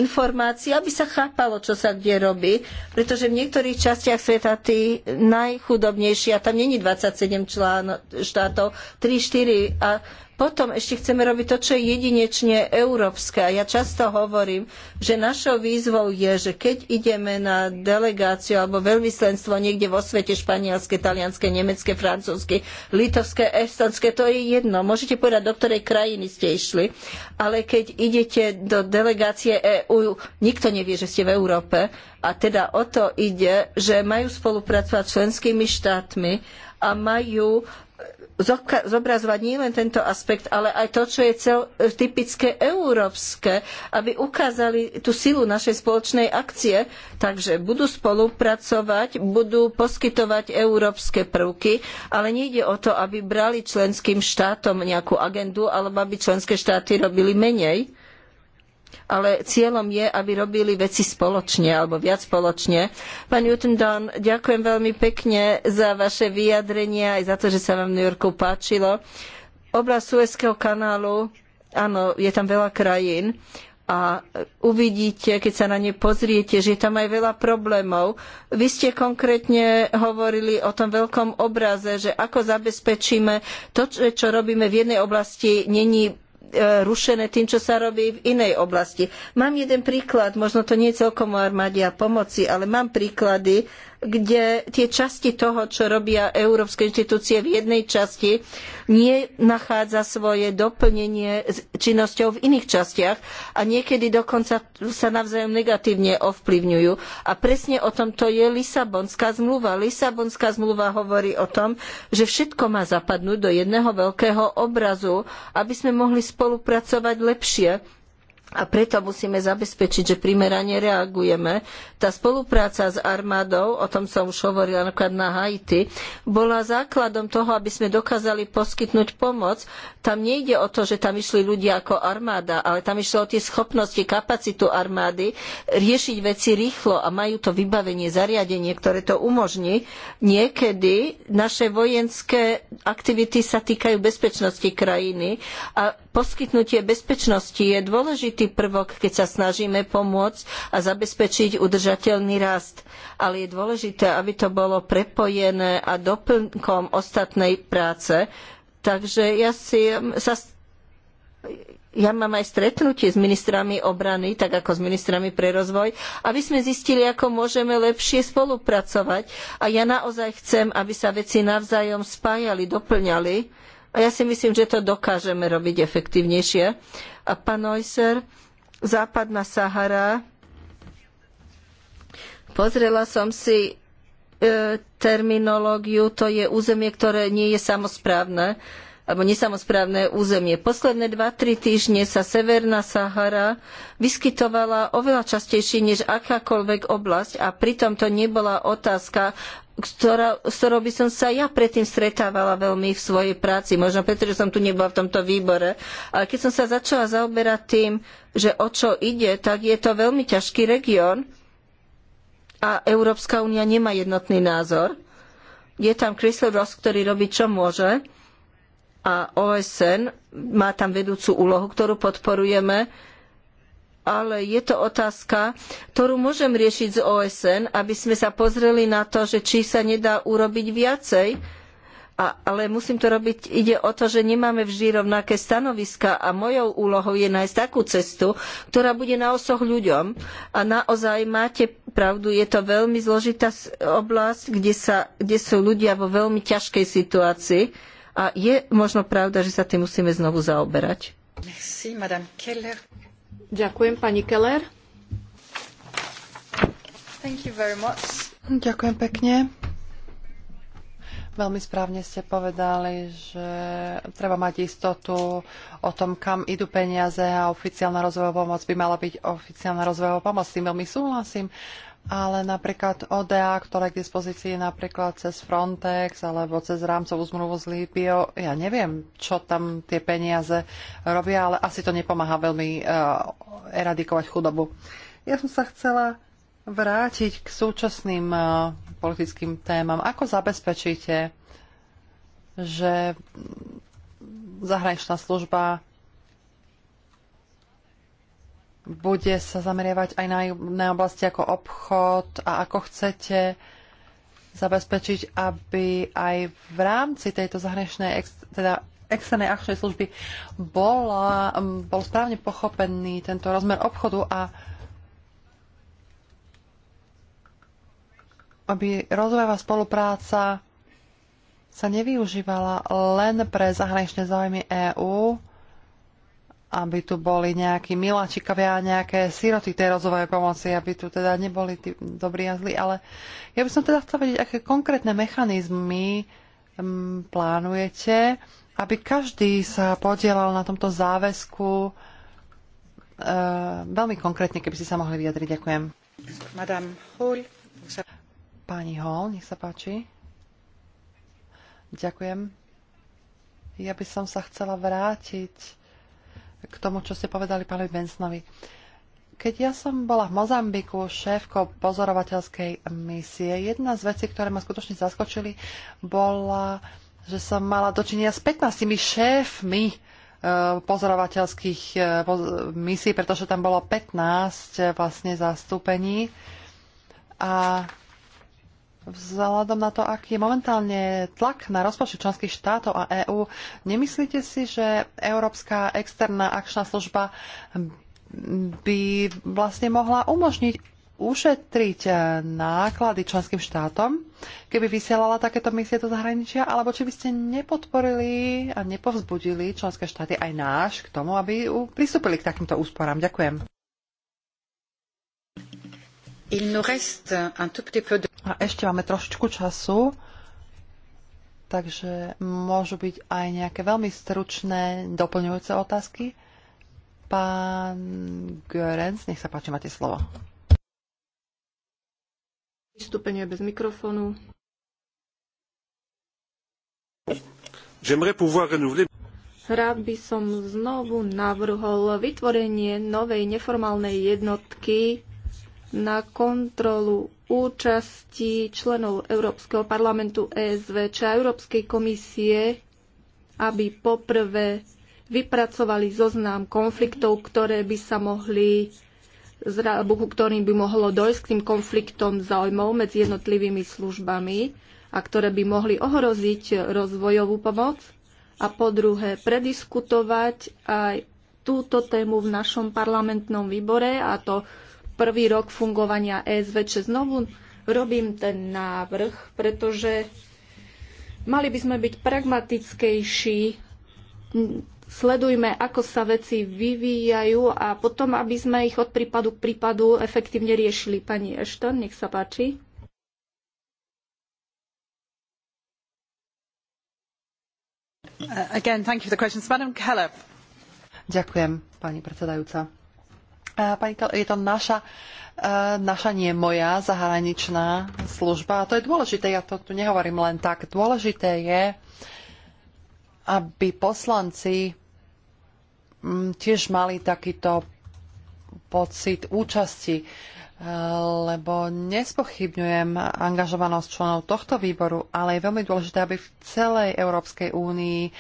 informácií, aby sa chápalo, čo sa kde robí, pretože v niektorých častiach sveta tí najchudobnejší, a tam není 27 člán, štátov, 3-4 a potom ešte chceme robiť to, čo je jedinečne európske. A ja často hovorím, že našou výzvou je, že keď ideme na delegáciu alebo veľvyslenstvo niekde vo svete španielske, talianske, nemecké, francúzske, litovské, estonské, to je jedno. Môžete povedať, do ktorej krajiny ste išli, ale keď idete do delegácie EÚ, nikto nevie, že ste v Európe. A teda o to ide, že majú spolupracovať s členskými štátmi a majú zobrazovať nielen tento aspekt, ale aj to, čo je cel, typické európske, aby ukázali tú silu našej spoločnej akcie. Takže budú spolupracovať, budú poskytovať európske prvky, ale nejde o to, aby brali členským štátom nejakú agendu alebo aby členské štáty robili menej ale cieľom je, aby robili veci spoločne alebo viac spoločne. Pani Newton ďakujem veľmi pekne za vaše vyjadrenia aj za to, že sa vám v New Yorku páčilo. Oblasť Suezského kanálu, áno, je tam veľa krajín a uvidíte, keď sa na ne pozriete, že je tam aj veľa problémov. Vy ste konkrétne hovorili o tom veľkom obraze, že ako zabezpečíme to, čo robíme v jednej oblasti, není E, rušené tým, čo sa robí v inej oblasti. Mám jeden príklad, možno to nie je celkom o armáde a pomoci, ale mám príklady kde tie časti toho, čo robia európske inštitúcie v jednej časti, nenachádza svoje doplnenie s činnosťou v iných častiach a niekedy dokonca sa navzájom negatívne ovplyvňujú. A presne o tom to je Lisabonská zmluva. Lisabonská zmluva hovorí o tom, že všetko má zapadnúť do jedného veľkého obrazu, aby sme mohli spolupracovať lepšie a preto musíme zabezpečiť, že primerane reagujeme. Tá spolupráca s armádou, o tom som už hovorila napríklad na Haiti, bola základom toho, aby sme dokázali poskytnúť pomoc. Tam nejde o to, že tam išli ľudia ako armáda, ale tam išlo o tie schopnosti, kapacitu armády riešiť veci rýchlo a majú to vybavenie, zariadenie, ktoré to umožní. Niekedy naše vojenské aktivity sa týkajú bezpečnosti krajiny a Poskytnutie bezpečnosti je dôležitý prvok, keď sa snažíme pomôcť a zabezpečiť udržateľný rast, ale je dôležité, aby to bolo prepojené a doplnkom ostatnej práce. Takže ja si sa ja mám aj stretnutie s ministrami obrany, tak ako s ministrami pre rozvoj, aby sme zistili, ako môžeme lepšie spolupracovať. A ja naozaj chcem, aby sa veci navzájom spájali, doplňali a ja si myslím, že to dokážeme robiť efektívnejšie. A pán Ojser, západná Sahara. Pozrela som si e, terminológiu, to je územie, ktoré nie je samosprávne alebo nesamosprávne územie. Posledné 2-3 týždne sa Severná Sahara vyskytovala oveľa častejšie než akákoľvek oblasť a pritom to nebola otázka ktorá, s ktorou by som sa ja predtým stretávala veľmi v svojej práci, možno preto, že som tu nebola v tomto výbore. Ale keď som sa začala zaoberať tým, že o čo ide, tak je to veľmi ťažký región a Európska únia nemá jednotný názor. Je tam Chrysler Ross, ktorý robí, čo môže a OSN má tam vedúcu úlohu, ktorú podporujeme ale je to otázka, ktorú môžem riešiť z OSN, aby sme sa pozreli na to, že či sa nedá urobiť viacej, a, ale musím to robiť, ide o to, že nemáme vždy rovnaké stanoviska a mojou úlohou je nájsť takú cestu, ktorá bude na osoch ľuďom. A naozaj máte pravdu, je to veľmi zložitá oblasť, kde, sa, kde sú ľudia vo veľmi ťažkej situácii a je možno pravda, že sa tým musíme znovu zaoberať. Merci, Ďakujem, pani Keller. Thank you very much. Ďakujem pekne. Veľmi správne ste povedali, že treba mať istotu o tom, kam idú peniaze a oficiálna rozvojová pomoc by mala byť oficiálna rozvojová pomoc. S tým veľmi súhlasím ale napríklad ODA, ktoré k dispozícii napríklad cez Frontex alebo cez rámcovú zmluvu z Lípio, ja neviem, čo tam tie peniaze robia, ale asi to nepomáha veľmi uh, eradikovať chudobu. Ja som sa chcela vrátiť k súčasným uh, politickým témam. Ako zabezpečíte, že zahraničná služba bude sa zameriavať aj na, na oblasti ako obchod a ako chcete zabezpečiť, aby aj v rámci tejto zahraničnej ex, teda externej akčnej služby bola, bol správne pochopený tento rozmer obchodu a aby rozvojová spolupráca sa nevyužívala len pre zahraničné záujmy EÚ, aby tu boli nejakí miláčikovia, nejaké siroty tej rozvojovej pomoci, aby tu teda neboli tí dobrí a zlí, ale ja by som teda chcela vedieť, aké konkrétne mechanizmy um, plánujete, aby každý sa podielal na tomto záväzku. Uh, veľmi konkrétne, keby ste sa mohli vyjadriť. Ďakujem. Madame Hall. Pani Hall, nech sa páči. Ďakujem. Ja by som sa chcela vrátiť k tomu, čo ste povedali pánovi Bensnovi. Keď ja som bola v Mozambiku šéfkou pozorovateľskej misie, jedna z vecí, ktoré ma skutočne zaskočili, bola, že som mala dočinenia s 15 šéfmi e, pozorovateľských e, misií, pretože tam bolo 15 e, vlastne zastúpení. A vzhľadom na to, aký je momentálne tlak na rozpočet členských štátov a EÚ, nemyslíte si, že Európska externá akčná služba by vlastne mohla umožniť ušetriť náklady členským štátom, keby vysielala takéto misie do zahraničia, alebo či by ste nepodporili a nepovzbudili členské štáty aj náš k tomu, aby pristúpili k takýmto úsporám. Ďakujem. A ešte máme trošičku času, takže môžu byť aj nejaké veľmi stručné doplňujúce otázky. Pán Görenc, nech sa páči, máte slovo. Vystúpenie bez mikrofónu. Rád by som znovu navrhol vytvorenie novej neformálnej jednotky na kontrolu účasti členov Európskeho parlamentu ESV či Európskej komisie, aby poprvé vypracovali zoznam konfliktov, ktoré by sa mohli ktorým by mohlo dojsť k tým konfliktom záujmov medzi jednotlivými službami a ktoré by mohli ohroziť rozvojovú pomoc. A po druhé, prediskutovať aj túto tému v našom parlamentnom výbore a to prvý rok fungovania ESVČ. Znovu robím ten návrh, pretože mali by sme byť pragmatickejší, sledujme, ako sa veci vyvíjajú a potom, aby sme ich od prípadu k prípadu efektívne riešili. Pani Ešton, nech sa páči. Uh, again, Ďakujem, pani predsedajúca Pani Kal, je to naša, e, naša nie moja zahraničná služba. A to je dôležité, ja to tu nehovorím len tak. Dôležité je, aby poslanci tiež mali takýto pocit účasti lebo nespochybňujem angažovanosť členov tohto výboru, ale je veľmi dôležité, aby v celej Európskej únii e,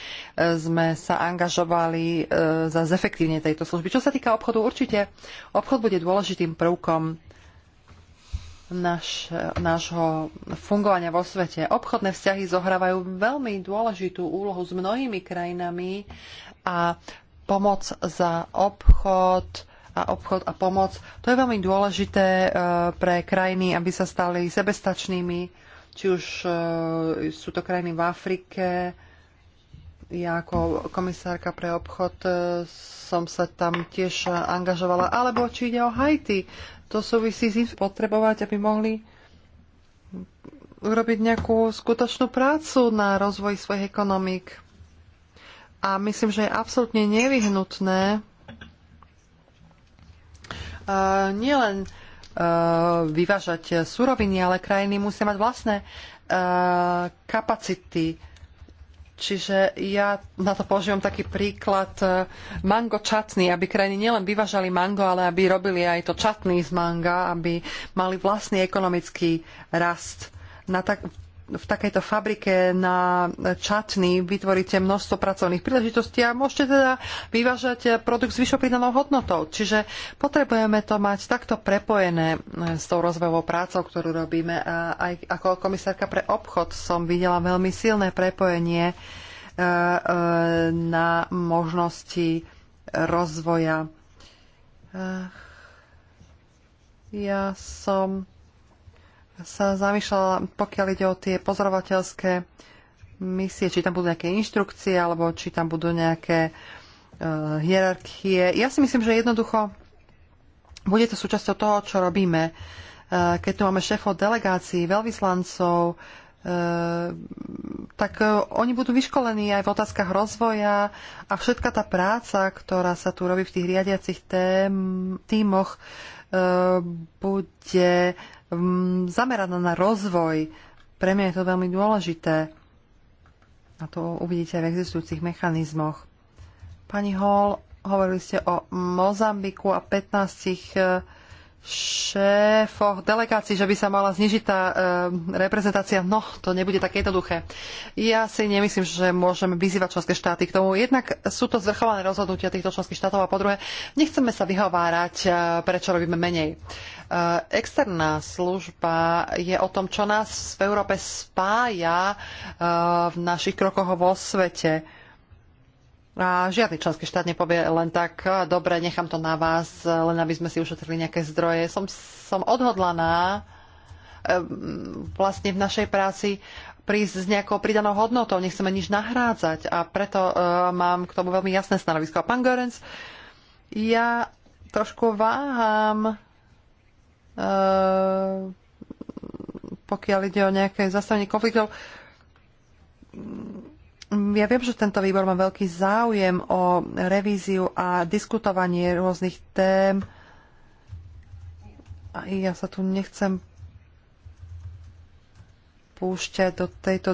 sme sa angažovali e, za zefektívne tejto služby. Čo sa týka obchodu, určite obchod bude dôležitým prvkom naš, nášho fungovania vo svete. Obchodné vzťahy zohrávajú veľmi dôležitú úlohu s mnohými krajinami a pomoc za obchod a obchod a pomoc. To je veľmi dôležité e, pre krajiny, aby sa stali sebestačnými, či už e, sú to krajiny v Afrike. Ja ako komisárka pre obchod e, som sa tam tiež angažovala. Alebo či ide o Haiti. To súvisí s tým potrebovať, aby mohli urobiť nejakú skutočnú prácu na rozvoj svojich ekonomík. A myslím, že je absolútne nevyhnutné nielen e, vyvážať suroviny, ale krajiny musia mať vlastné e, kapacity. Čiže ja na to používam taký príklad e, mango čatný, aby krajiny nielen vyvážali mango, ale aby robili aj to čatný z manga, aby mali vlastný ekonomický rast. Na tak, v takejto fabrike na čatny vytvoríte množstvo pracovných príležitostí a môžete teda vyvážať produkt s vyššou pridanou hodnotou. Čiže potrebujeme to mať takto prepojené e, s tou rozvojovou prácou, ktorú robíme. A aj ako komisárka pre obchod som videla veľmi silné prepojenie e, e, na možnosti rozvoja. Ja som sa zamýšľala, pokiaľ ide o tie pozorovateľské misie, či tam budú nejaké inštrukcie, alebo či tam budú nejaké uh, hierarchie. Ja si myslím, že jednoducho bude to súčasťou toho, čo robíme. Uh, keď tu máme šéfov delegácií, veľvyslancov, Uh, tak uh, oni budú vyškolení aj v otázkach rozvoja a všetka tá práca, ktorá sa tu robí v tých riadiacich tém, tímoch, uh, bude Ehm, zameraná na rozvoj. Pre mňa je to veľmi dôležité a to uvidíte aj v existujúcich mechanizmoch. Pani Hall, hovorili ste o Mozambiku a 15 šéfoch delegácií, že by sa mala znižiť tá e, reprezentácia. No, to nebude také jednoduché. Ja si nemyslím, že môžeme vyzývať členské štáty k tomu. Jednak sú to zvrchované rozhodnutia týchto členských štátov a po druhé, nechceme sa vyhovárať, eh, prečo robíme menej. E, externá služba je o tom, čo nás v Európe spája e, v našich krokoch vo svete a žiadny členský štát nepovie len tak, dobre, nechám to na vás, len aby sme si ušetrili nejaké zdroje. Som, som odhodlaná vlastne v našej práci prísť s nejakou pridanou hodnotou, nechceme nič nahrádzať a preto uh, mám k tomu veľmi jasné stanovisko. A pán Görens, ja trošku váham, uh, pokiaľ ide o nejaké zastavenie konfliktov. Ja viem, že tento výbor má veľký záujem o revíziu a diskutovanie rôznych tém. A ja sa tu nechcem púšťať do tejto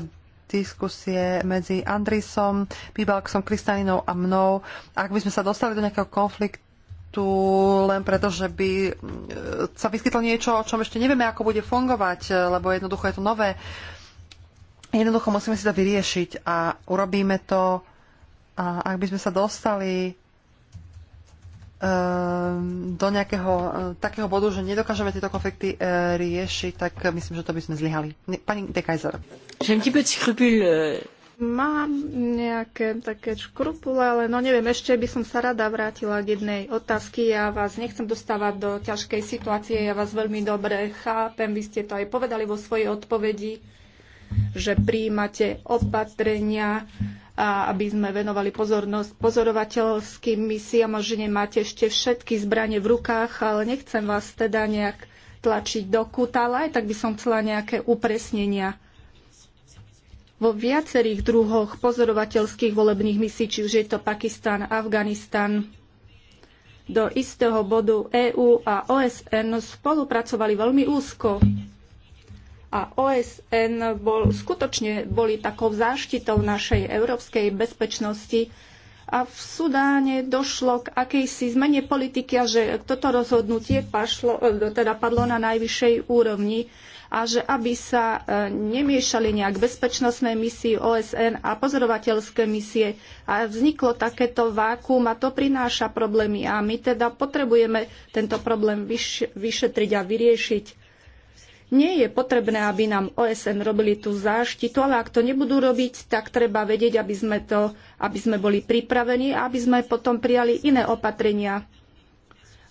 diskusie medzi Andrisom, Pibalksom, Kristalinou a mnou. Ak by sme sa dostali do nejakého konfliktu len preto, že by e, sa vyskytlo niečo, o čom ešte nevieme, ako bude fungovať, lebo jednoducho je to nové, Jednoducho musíme si to vyriešiť a urobíme to. A ak by sme sa dostali ehm, do nejakého eh, takého bodu, že nedokážeme tieto konflikty eh, riešiť, tak myslím, že to by sme zlyhali. Pani De Kaiser. Euh. Mám nejaké také škrupule, ale no neviem, ešte by som sa rada vrátila k jednej otázky. Ja vás nechcem dostávať do ťažkej situácie, ja vás veľmi dobre chápem, vy ste to aj povedali vo svojej odpovedi že príjmate opatrenia, a aby sme venovali pozornosť pozorovateľským misiám a že nemáte ešte všetky zbranie v rukách, ale nechcem vás teda nejak tlačiť do kúta, ale aj tak by som chcela nejaké upresnenia. Vo viacerých druhoch pozorovateľských volebných misí, či už je to Pakistan, Afganistan, do istého bodu EÚ a OSN spolupracovali veľmi úzko a OSN bol, skutočne boli takou záštitou našej európskej bezpečnosti a v Sudáne došlo k akejsi zmene politiky a že toto rozhodnutie pašlo, e, teda padlo na najvyššej úrovni a že aby sa e, nemiešali nejak bezpečnostné misie OSN a pozorovateľské misie a vzniklo takéto vákuum a to prináša problémy a my teda potrebujeme tento problém vyš- vyšetriť a vyriešiť. Nie je potrebné, aby nám OSN robili tú záštitu, ale ak to nebudú robiť, tak treba vedieť, aby sme, to, aby sme boli pripravení a aby sme potom prijali iné opatrenia.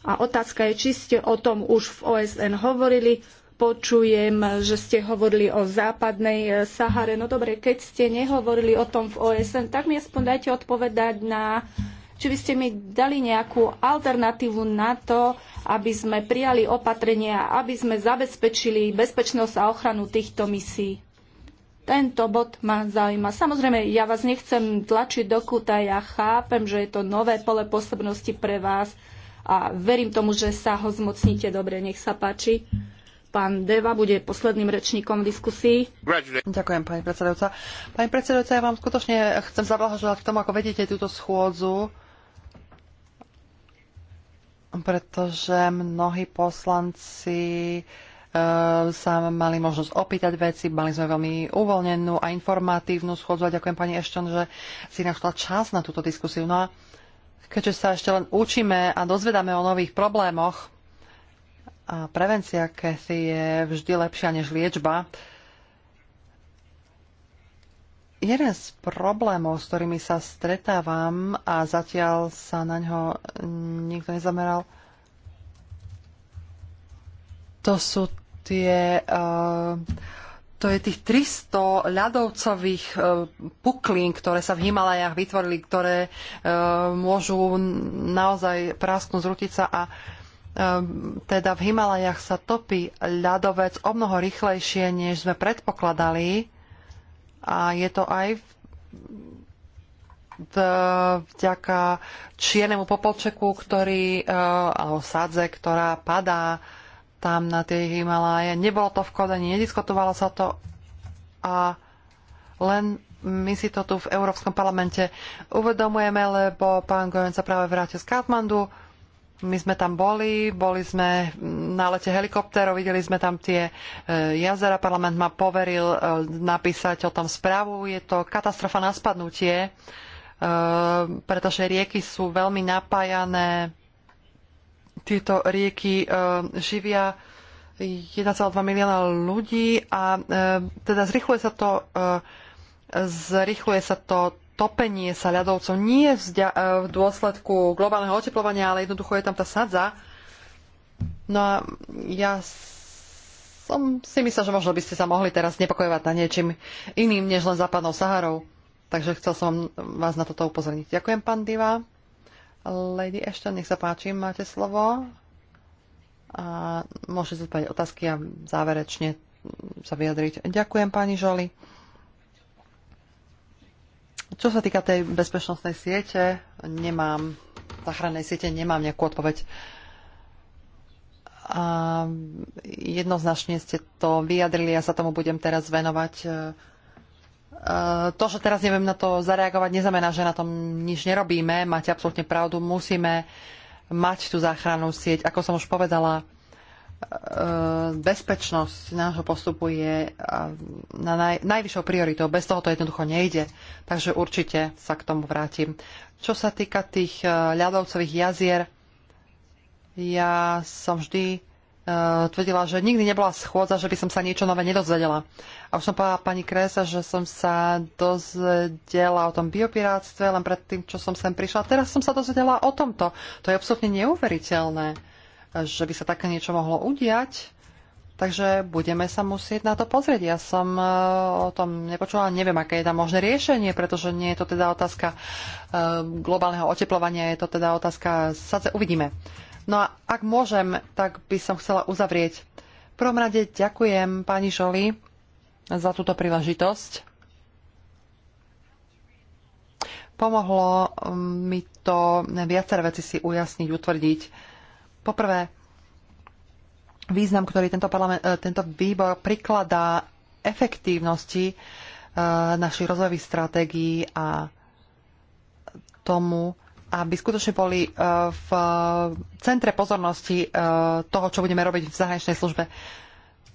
A otázka je, či ste o tom už v OSN hovorili. Počujem, že ste hovorili o západnej eh, Sahare. No dobre, keď ste nehovorili o tom v OSN, tak mi aspoň dajte odpovedať na či by ste mi dali nejakú alternatívu na to, aby sme prijali opatrenia, aby sme zabezpečili bezpečnosť a ochranu týchto misií. Tento bod ma zaujíma. Samozrejme, ja vás nechcem tlačiť do kúta, ja chápem, že je to nové pole pôsobnosti pre vás a verím tomu, že sa ho zmocníte dobre. Nech sa páči. Pán Deva bude posledným rečníkom v diskusii. Ďakujem, pani predsedajúca. Pani predsedajúca, ja vám skutočne chcem zablahoželať k tomu, ako vedete túto schôdzu pretože mnohí poslanci eh, sa mali možnosť opýtať veci, mali sme veľmi uvoľnenú a informatívnu schôdzu a ďakujem pani Ešton, že si našla čas na túto diskusiu. No a keďže sa ešte len učíme a dozvedáme o nových problémoch, a prevencia keď je vždy lepšia než liečba, Jeden z problémov, s ktorými sa stretávam a zatiaľ sa na ňo nikto nezameral, to sú tie... Uh, to je tých 300 ľadovcových uh, puklín, ktoré sa v Himalajách vytvorili, ktoré uh, môžu naozaj prasknúť z rutica a teda v Himalajach sa topí ľadovec o mnoho rýchlejšie, než sme predpokladali a je to aj v, vďaka čiernemu popolčeku, ktorý, e, alebo sadze, ktorá padá tam na tie Himaláje. Nebolo to v kodení, nediskutovalo sa to a len my si to tu v Európskom parlamente uvedomujeme, lebo pán Gojen sa práve vrátil z Katmandu my sme tam boli, boli sme na lete helikoptérov, videli sme tam tie e, jazera, parlament ma poveril e, napísať o tom správu. Je to katastrofa na spadnutie, e, pretože rieky sú veľmi napájané. Tieto rieky živia 1,2 milióna ľudí a teda zrychluje sa to, zrychluje sa to topenie sa ľadovcov nie e, v dôsledku globálneho oteplovania, ale jednoducho je tam tá sadza. No a ja som si myslel, že možno by ste sa mohli teraz nepokojovať na niečím iným, než len západnou Saharou. Takže chcel som vás na toto upozorniť. Ďakujem, pán Diva. Lady Ashton, nech sa páči, máte slovo. A môžete zodpovedať otázky a záverečne sa vyjadriť. Ďakujem, pani Žoli. Čo sa týka tej bezpečnostnej siete, nemám, záchrannej siete nemám nejakú odpoveď. A jednoznačne ste to vyjadrili, ja sa tomu budem teraz venovať. E, to, že teraz neviem na to zareagovať, neznamená, že na tom nič nerobíme. Máte absolútne pravdu, musíme mať tú záchrannú sieť. Ako som už povedala, E, bezpečnosť nášho postupu je na naj, najvyššou prioritou. Bez toho to jednoducho nejde. Takže určite sa k tomu vrátim. Čo sa týka tých e, ľadovcových jazier, ja som vždy uh, tvrdila, že nikdy nebola schôdza, že by som sa niečo nové nedozvedela. A už som povedala pani Kresa, že som sa dozvedela o tom biopiráctve len pred tým, čo som sem prišla. Teraz som sa dozvedela o tomto. To je absolútne neuveriteľné že by sa také niečo mohlo udiať. Takže budeme sa musieť na to pozrieť. Ja som e, o tom nepočula, neviem, aké je tam možné riešenie, pretože nie je to teda otázka e, globálneho oteplovania, je to teda otázka, sa uvidíme. No a ak môžem, tak by som chcela uzavrieť. V prvom rade ďakujem pani Žoli za túto príležitosť. Pomohlo mm, mi to viaceré veci si ujasniť, utvrdiť. Poprvé, význam, ktorý tento, e, tento výbor prikladá efektívnosti e, našich rozvojových stratégií a tomu, aby skutočne boli e, v centre pozornosti toho, čo budeme robiť v zahraničnej službe.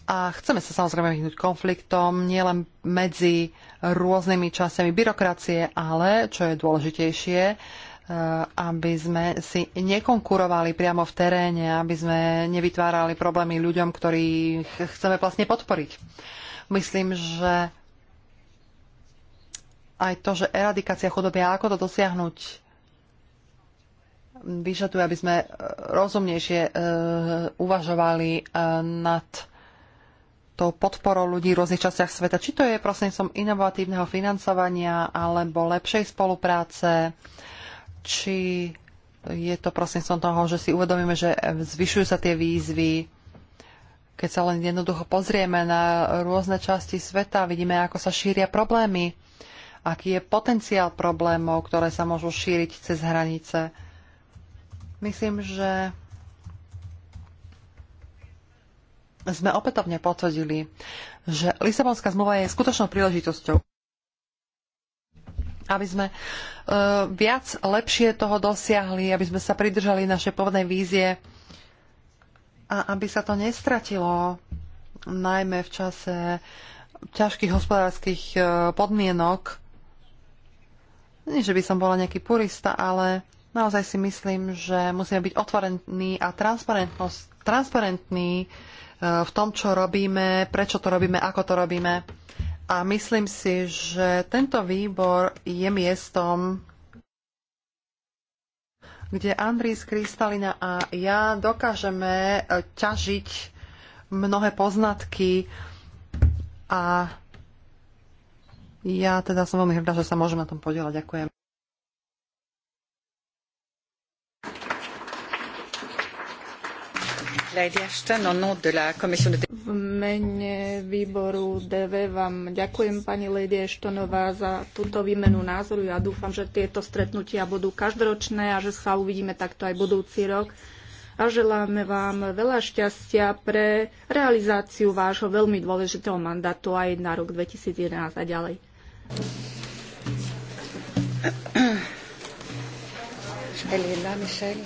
A chceme sa samozrejme vyhnúť konfliktom nielen medzi rôznymi časami byrokracie, ale, čo je dôležitejšie, Eh, aby sme si nekonkurovali priamo v teréne, aby sme nevytvárali problémy ľuďom, ktorých chceme vlastne podporiť. Myslím, že aj to, že eradikácia chudoby a ako to dosiahnuť, vyžaduje, aby sme rozumnejšie eh, uvažovali eh, nad tou podporou ľudí v rôznych častiach sveta. Či to je prosím som inovatívneho financovania alebo lepšej spolupráce, či je to prosím som toho, že si uvedomíme, že zvyšujú sa tie výzvy, keď sa len jednoducho pozrieme na rôzne časti sveta, vidíme, ako sa šíria problémy, aký je potenciál problémov, ktoré sa môžu šíriť cez hranice. Myslím, že sme opätovne potvrdili, že Lisabonská zmluva je skutočnou príležitosťou aby sme e, viac lepšie toho dosiahli, aby sme sa pridržali naše pôvodnej vízie a aby sa to nestratilo, najmä v čase ťažkých hospodárskych e, podmienok. Nie, že by som bola nejaký purista, ale naozaj si myslím, že musíme byť otvorení a transparentní e, v tom, čo robíme, prečo to robíme, ako to robíme a myslím si, že tento výbor je miestom, kde Andrís Kristalina a ja dokážeme e, ťažiť mnohé poznatky a ja teda som veľmi hrdá, že sa môžem na tom podielať. Ďakujem. V mene výboru DV vám ďakujem, pani Lady Ashtonová, za túto výmenu názoru. Ja dúfam, že tieto stretnutia budú každoročné a že sa uvidíme takto aj budúci rok. A želáme vám veľa šťastia pre realizáciu vášho veľmi dôležitého mandátu aj na rok 2011 a ďalej. Elena, Michelle.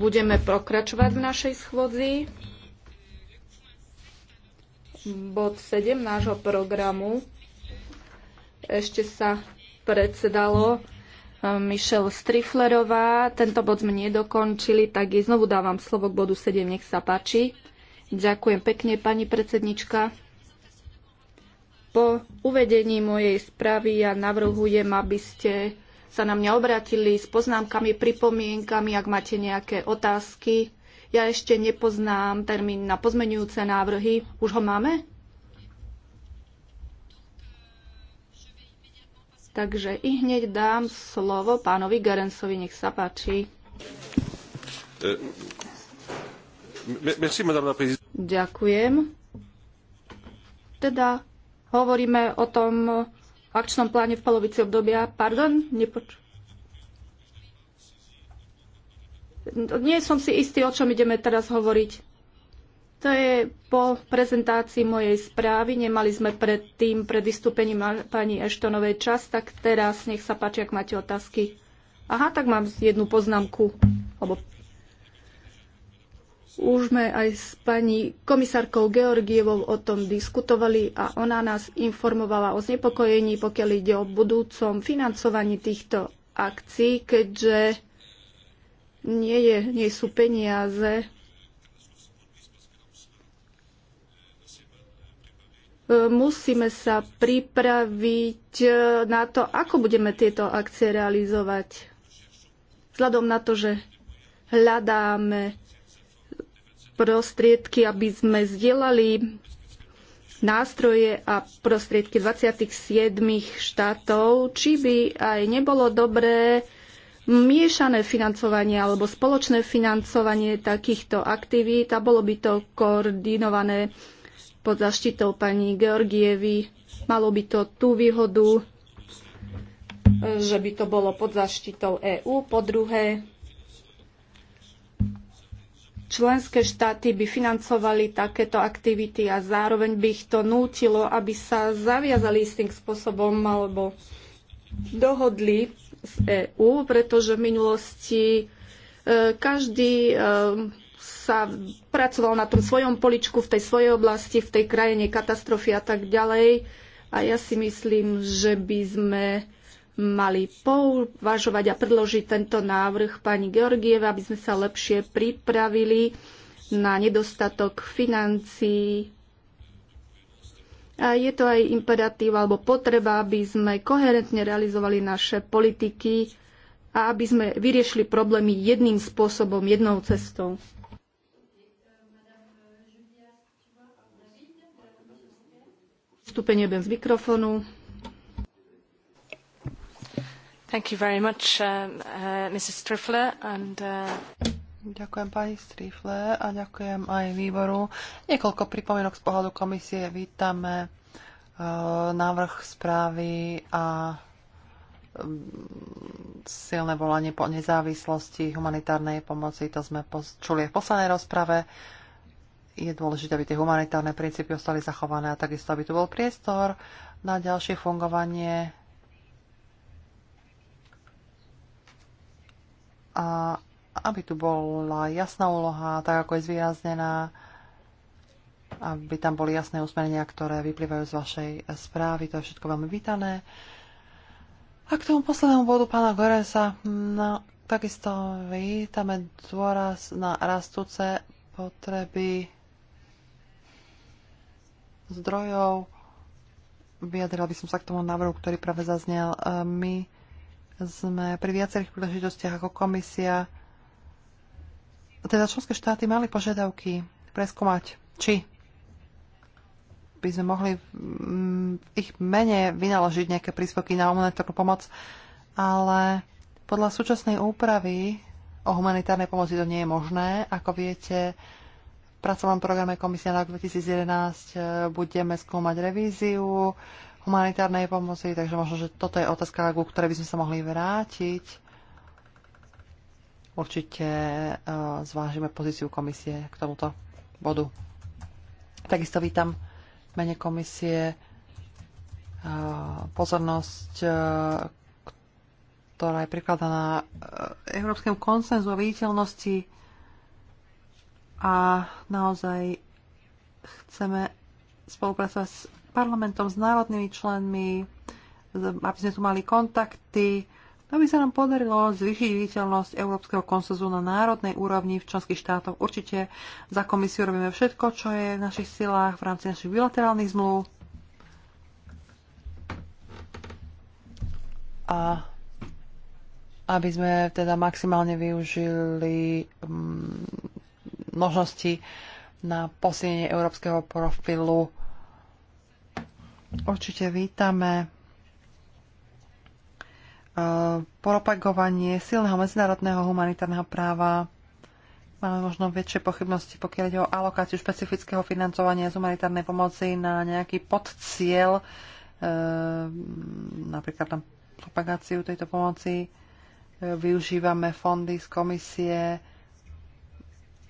Budeme pokračovať v našej schôdzi. Bod 7 nášho programu. Ešte sa predsedalo eh, Michelle Striflerová. Tento bod sme nedokončili, tak jej znovu dávam slovo k bodu 7. Nech sa páči. Ďakujem pekne, pani predsednička. Po uvedení mojej správy ja navrhujem, aby ste sa na mňa obratili s poznámkami, pripomienkami, ak máte nejaké otázky. Ja ešte nepoznám termín na pozmenujúce návrhy. Už ho máme? Takže i hneď dám slovo pánovi Garensovi, nech sa páči. E, Ďakujem. Teda hovoríme o tom, akčnom pláne v polovici obdobia. Pardon, nepoč- Nie som si istý, o čom ideme teraz hovoriť. To je po prezentácii mojej správy. Nemali sme predtým, pred vystúpením pani Eštonovej čas, tak teraz nech sa páči, ak máte otázky. Aha, tak mám jednu poznámku, alebo už sme aj s pani komisárkou Georgievou o tom diskutovali a ona nás informovala o znepokojení, pokiaľ ide o budúcom financovaní týchto akcií, keďže nie, je, nie sú peniaze. Musíme sa pripraviť e, na to, ako budeme tieto akcie realizovať. Vzhľadom na to, že hľadáme prostriedky, aby sme zdieľali nástroje a prostriedky 27 štátov, či by aj nebolo dobré miešané financovanie alebo spoločné financovanie takýchto aktivít a bolo by to koordinované pod zaštitou pani Georgievy. Malo by to tú výhodu, že by to bolo pod zaštitou EÚ. Po druhé, Členské štáty by financovali takéto aktivity a zároveň by ich to nútilo, aby sa zaviazali istým spôsobom alebo dohodli z EÚ, pretože v minulosti e, každý e, sa pracoval na tom svojom poličku, v tej svojej oblasti, v tej krajine katastrofy a tak ďalej. A ja si myslím, že by sme mali považovať a predložiť tento návrh pani Georgieva, aby sme sa lepšie pripravili na nedostatok financií. A je to aj imperatív alebo potreba, aby sme koherentne realizovali naše politiky a aby sme vyriešili problémy jedným spôsobom, jednou cestou. Vstúpenie bez mikrofónu. Thank you very much, uh, uh Mrs. and, uh... Ďakujem pani Strifle a ďakujem aj výboru. Niekoľko pripomienok z pohľadu komisie. Vítame uh, návrh správy a um, silné volanie po nezávislosti humanitárnej pomoci, to sme čuli aj v poslednej rozprave. Je dôležité, aby tie humanitárne princípy ostali zachované a takisto, aby tu bol priestor na ďalšie fungovanie a aby tu bola jasná úloha, tak ako je zvýraznená, aby tam boli jasné usmerenia, ktoré vyplývajú z vašej správy. To je všetko veľmi vítané. A k tomu poslednému bodu pána Goresa, no, takisto vítame dôraz na rastúce potreby zdrojov. Vyjadrila by som sa k tomu návrhu, ktorý práve zaznel. E, my sme pri viacerých príležitostiach ako komisia, teda členské štáty mali požiadavky preskúmať, či by sme mohli v mm, ich mene vynaložiť nejaké príspevky na humanitárnu pomoc, ale podľa súčasnej úpravy o humanitárnej pomoci to nie je možné. Ako viete, v pracovnom programe Komisia na rok 2011 e, budeme skúmať revíziu humanitárnej pomoci, takže možno, že toto je otázka, ku ktorej by sme sa mohli vrátiť. Určite e, zvážime pozíciu komisie k tomuto bodu. Takisto vítam mene komisie e, pozornosť, e, ktorá je prikladaná európskemu konsenzu o viditeľnosti a naozaj chceme spolupracovať s parlamentom, s národnými členmi, aby sme tu mali kontakty, aby sa nám podarilo zvýšiť viditeľnosť európskeho konsenzu na národnej úrovni v členských štátoch. Určite za komisiu robíme všetko, čo je v našich silách v rámci našich bilaterálnych zmluv. A aby sme teda maximálne využili mm, možnosti na posilnenie európskeho profilu Určite vítame e, propagovanie silného medzinárodného humanitárneho práva. Máme možno väčšie pochybnosti, pokiaľ ide o alokáciu špecifického financovania z humanitárnej pomoci na nejaký podcieľ, e, napríklad na propagáciu tejto pomoci. E, využívame fondy z komisie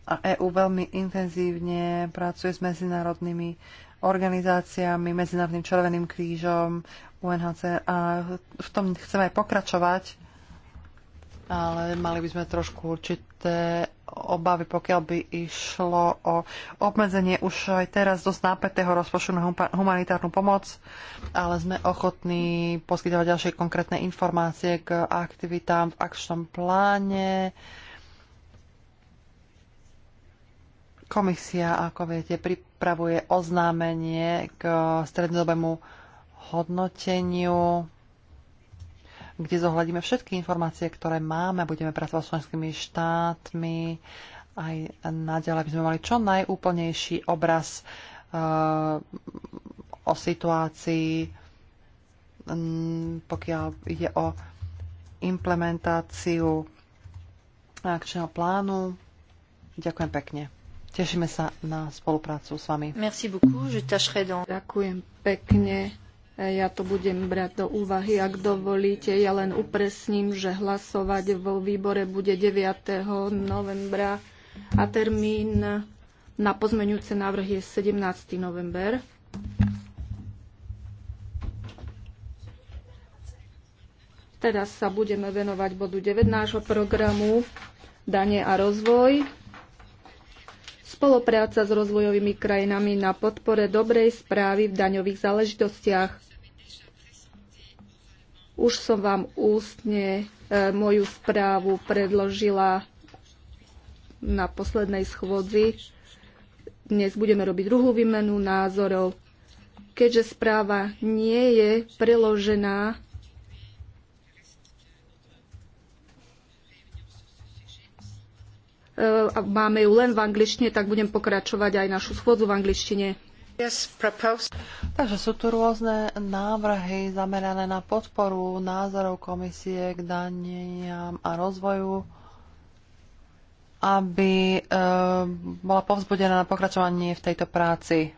a EU veľmi intenzívne pracuje s medzinárodnými organizáciami, Medzinárodným červeným krížom, UNHCR a v tom chceme aj pokračovať, ale mali by sme trošku určité obavy, pokiaľ by išlo o obmedzenie už aj teraz dosť nápetého rozpočtu na humanitárnu pomoc, ale sme ochotní poskytovať ďalšie konkrétne informácie k aktivitám v akčnom pláne. Komisia, ako viete, pri pripravuje oznámenie k strednodobému hodnoteniu, kde zohľadíme všetky informácie, ktoré máme. Budeme pracovať s členskými štátmi aj naďalej, aby sme mali čo najúplnejší obraz uh, o situácii, um, pokiaľ ide o implementáciu akčného plánu. Ďakujem pekne. Tešíme sa na spoluprácu s vami. Merci beaucoup, je tâcherai dans... Ďakujem pekne. Ja to budem brať do úvahy, ak dovolíte. Ja len upresním, že hlasovať vo výbore bude 9. novembra a termín na pozmeňujúce návrhy je 17. november. Teraz sa budeme venovať bodu 9 nášho programu Dane a rozvoj spolupráca s rozvojovými krajinami na podpore dobrej správy v daňových záležitostiach. Už som vám ústne e, moju správu predložila na poslednej schôdzi. Dnes budeme robiť druhú výmenu názorov. Keďže správa nie je preložená E, a máme ju len v angličtine, tak budem pokračovať aj našu schôdzu v angličtine. Yes, Takže sú tu rôzne návrhy zamerané na podporu názorov komisie k daniam a rozvoju, aby e, bola povzbudená na pokračovanie v tejto práci.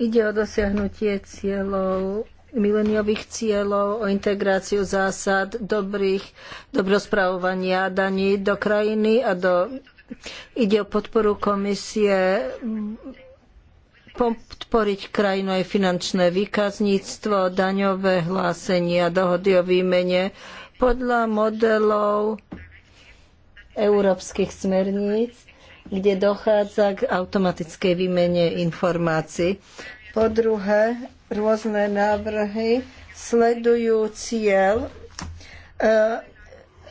Ide o dosiahnutie cieľov mileniových cieľov, o integráciu zásad dobrých, dobrospravovania daní do krajiny a do, ide o podporu komisie podporiť krajinu aj finančné výkazníctvo, daňové hlásenia, dohody o výmene podľa modelov európskych smerníc, kde dochádza k automatickej výmene informácií. Po druhé, rôzne návrhy sledujú cieľ eh,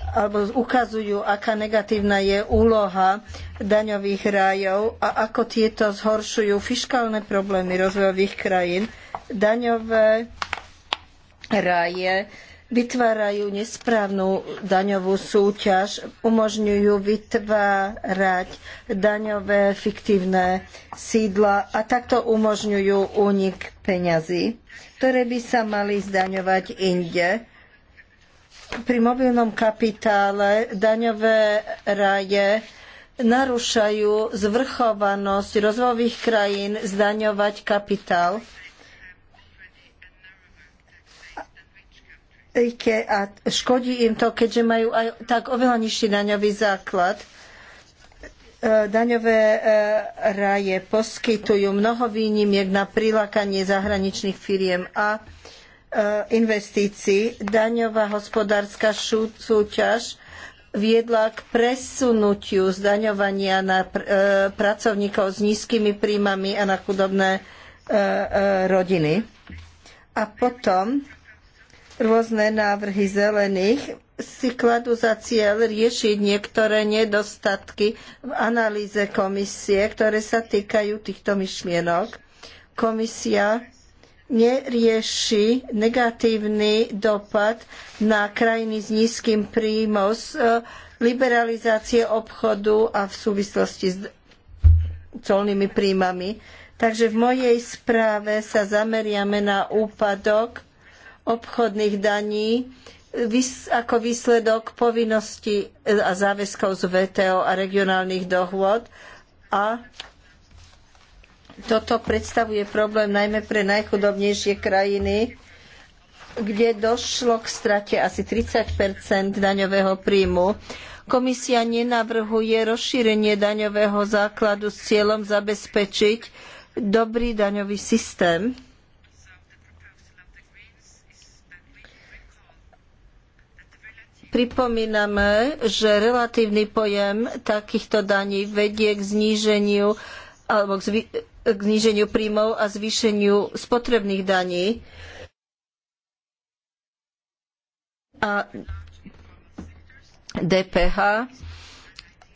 alebo ukazujú, aká negatívna je úloha daňových rájov a ako tieto zhoršujú fiskálne problémy rozvojových krajín. Daňové ráje vytvárajú nesprávnu daňovú súťaž, umožňujú vytvárať daňové fiktívne sídla a takto umožňujú únik peňazí, ktoré by sa mali zdaňovať inde. Pri mobilnom kapitále daňové raje narúšajú zvrchovanosť rozvojových krajín zdaňovať kapitál Afrike a škodí im to, keďže majú aj tak oveľa nižší daňový základ. E, daňové e, raje poskytujú mnoho výnimiek na prilákanie zahraničných firiem a e, investícií. Daňová hospodárska súťaž viedla k presunutiu zdaňovania na pr pracovníkov s nízkymi príjmami a na chudobné rodiny. A potom rôzne návrhy zelených si kladú za cieľ riešiť niektoré nedostatky v analýze komisie, ktoré sa týkajú týchto myšlienok. Komisia nerieši negatívny dopad na krajiny s nízkym príjmom z e, liberalizácie obchodu a v súvislosti s colnými príjmami. Takže v mojej správe sa zameriame na úpadok obchodných daní ako výsledok povinností e, a záväzkov z VTO a regionálnych dohôd a toto predstavuje problém najmä pre najchudobnejšie krajiny, kde došlo k strate asi 30 daňového príjmu. Komisia nenavrhuje rozšírenie daňového základu s cieľom zabezpečiť dobrý daňový systém Pripomíname, že relatívny pojem takýchto daní vedie k zníženiu alebo k, k zníženiu príjmov a zvýšeniu spotrebných daní. A DPH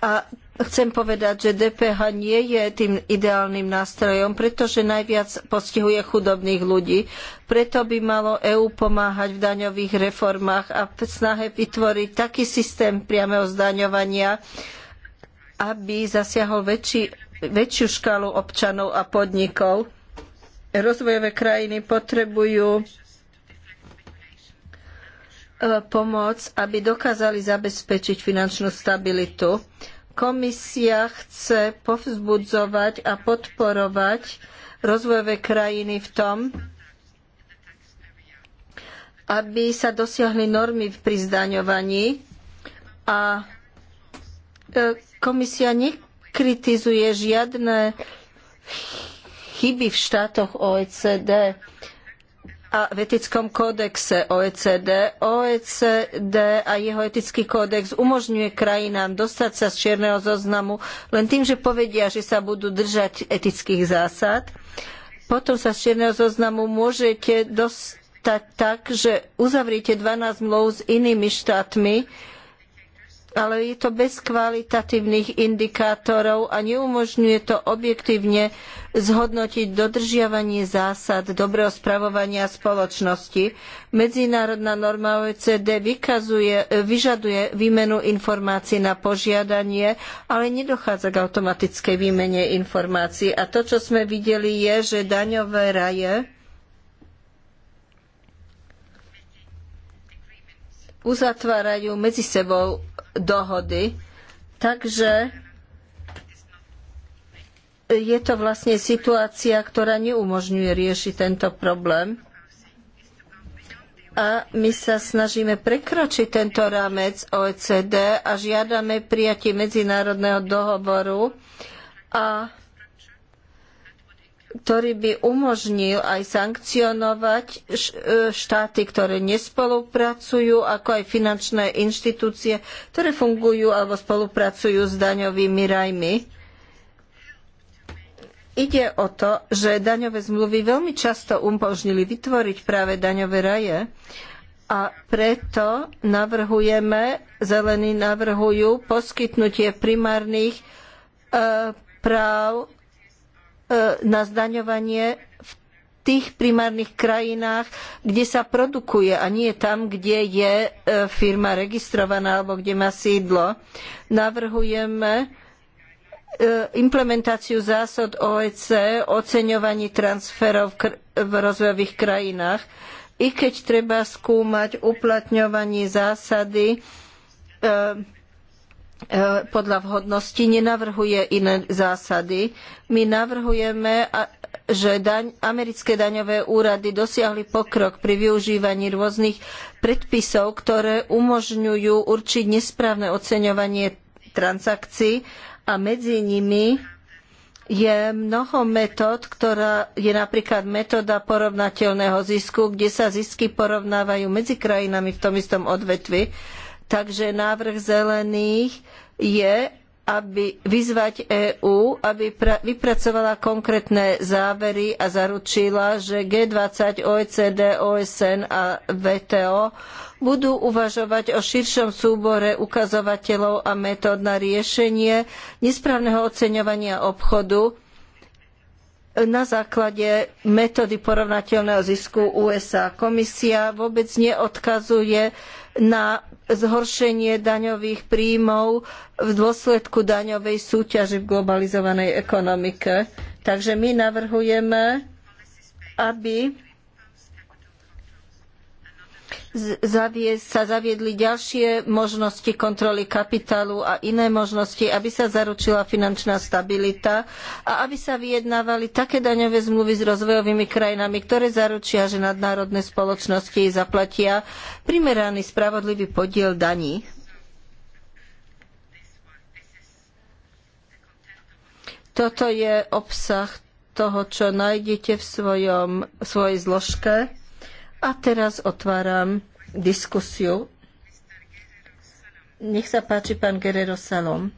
a chcem povedať, že DPH nie je tým ideálnym nástrojom, pretože najviac postihuje chudobných ľudí. Preto by malo EÚ pomáhať v daňových reformách a v snahe vytvoriť taký systém priameho zdaňovania, aby zasiahol väčší, väčšiu škálu občanov a podnikov. Rozvojové krajiny potrebujú e, pomoc, aby dokázali zabezpečiť finančnú stabilitu. Komisia chce povzbudzovať a podporovať rozvojové krajiny v tom, aby sa dosiahli normy pri zdaňovaní a e, komisia nekritizuje žiadne chyby v štátoch OECD a v etickom kódexe OECD. OECD a jeho etický kódex umožňuje krajinám dostať sa z čierneho zoznamu len tým, že povedia, že sa budú držať etických zásad. Potom sa z čierneho zoznamu môžete dostať tak, že uzavriete 12 mlov s inými štátmi, ale je to bez kvalitatívnych indikátorov a neumožňuje to objektívne zhodnotiť dodržiavanie zásad dobrého spravovania spoločnosti. Medzinárodná norma OECD vykazuje, vyžaduje výmenu informácií na požiadanie, ale nedochádza k automatickej výmene informácií. A to, čo sme videli, je, že daňové raje uzatvárajú medzi sebou dohody. Takže je to vlastne situácia, ktorá neumožňuje riešiť tento problém. A my sa snažíme prekročiť tento rámec OECD a žiadame prijatie medzinárodného dohovoru a ktorý by umožnil aj sankcionovať e, štáty, ktoré nespolupracujú, ako aj finančné inštitúcie, ktoré fungujú alebo spolupracujú s daňovými rajmi. Ide o to, že daňové zmluvy veľmi často umožnili vytvoriť práve daňové raje a preto navrhujeme, zelení navrhujú poskytnutie primárnych e, práv E, na zdaňovanie v tých primárnych krajinách, kde sa produkuje a nie tam, kde je e, firma registrovaná alebo kde má sídlo. Navrhujeme e, implementáciu zásad OEC, oceňovanie transferov v rozvojových krajinách, i keď treba skúmať uplatňovanie zásady E, podľa vhodnosti, nenavrhuje iné zásady. My navrhujeme, že daň, americké daňové úrady dosiahli pokrok pri využívaní rôznych predpisov, ktoré umožňujú určiť nesprávne oceňovanie transakcií a medzi nimi je mnoho metód, ktorá je napríklad metóda porovnateľného zisku, kde sa zisky porovnávajú medzi krajinami v tom istom odvetvi. Takže návrh zelených je, aby vyzvať EÚ, aby vypracovala konkrétne závery a zaručila, že G20, OECD, OSN a WTO budú uvažovať o širšom súbore ukazovateľov a metód na riešenie nesprávneho oceňovania obchodu na základe metódy porovnateľného zisku USA. Komisia vôbec neodkazuje na zhoršenie daňových príjmov v dôsledku daňovej súťaže v globalizovanej ekonomike. Takže my navrhujeme, aby zaviesť, sa zaviedli ďalšie možnosti kontroly kapitálu a iné možnosti, aby sa zaručila finančná stabilita a aby sa vyjednávali také daňové zmluvy s rozvojovými krajinami, ktoré zaručia, že nadnárodné spoločnosti zaplatia primeraný spravodlivý podiel daní. Toto je obsah toho, čo nájdete v svojom, svojej zložke. A teraz otváram diskusiu. Nech sa páči pán Guerrero Salom.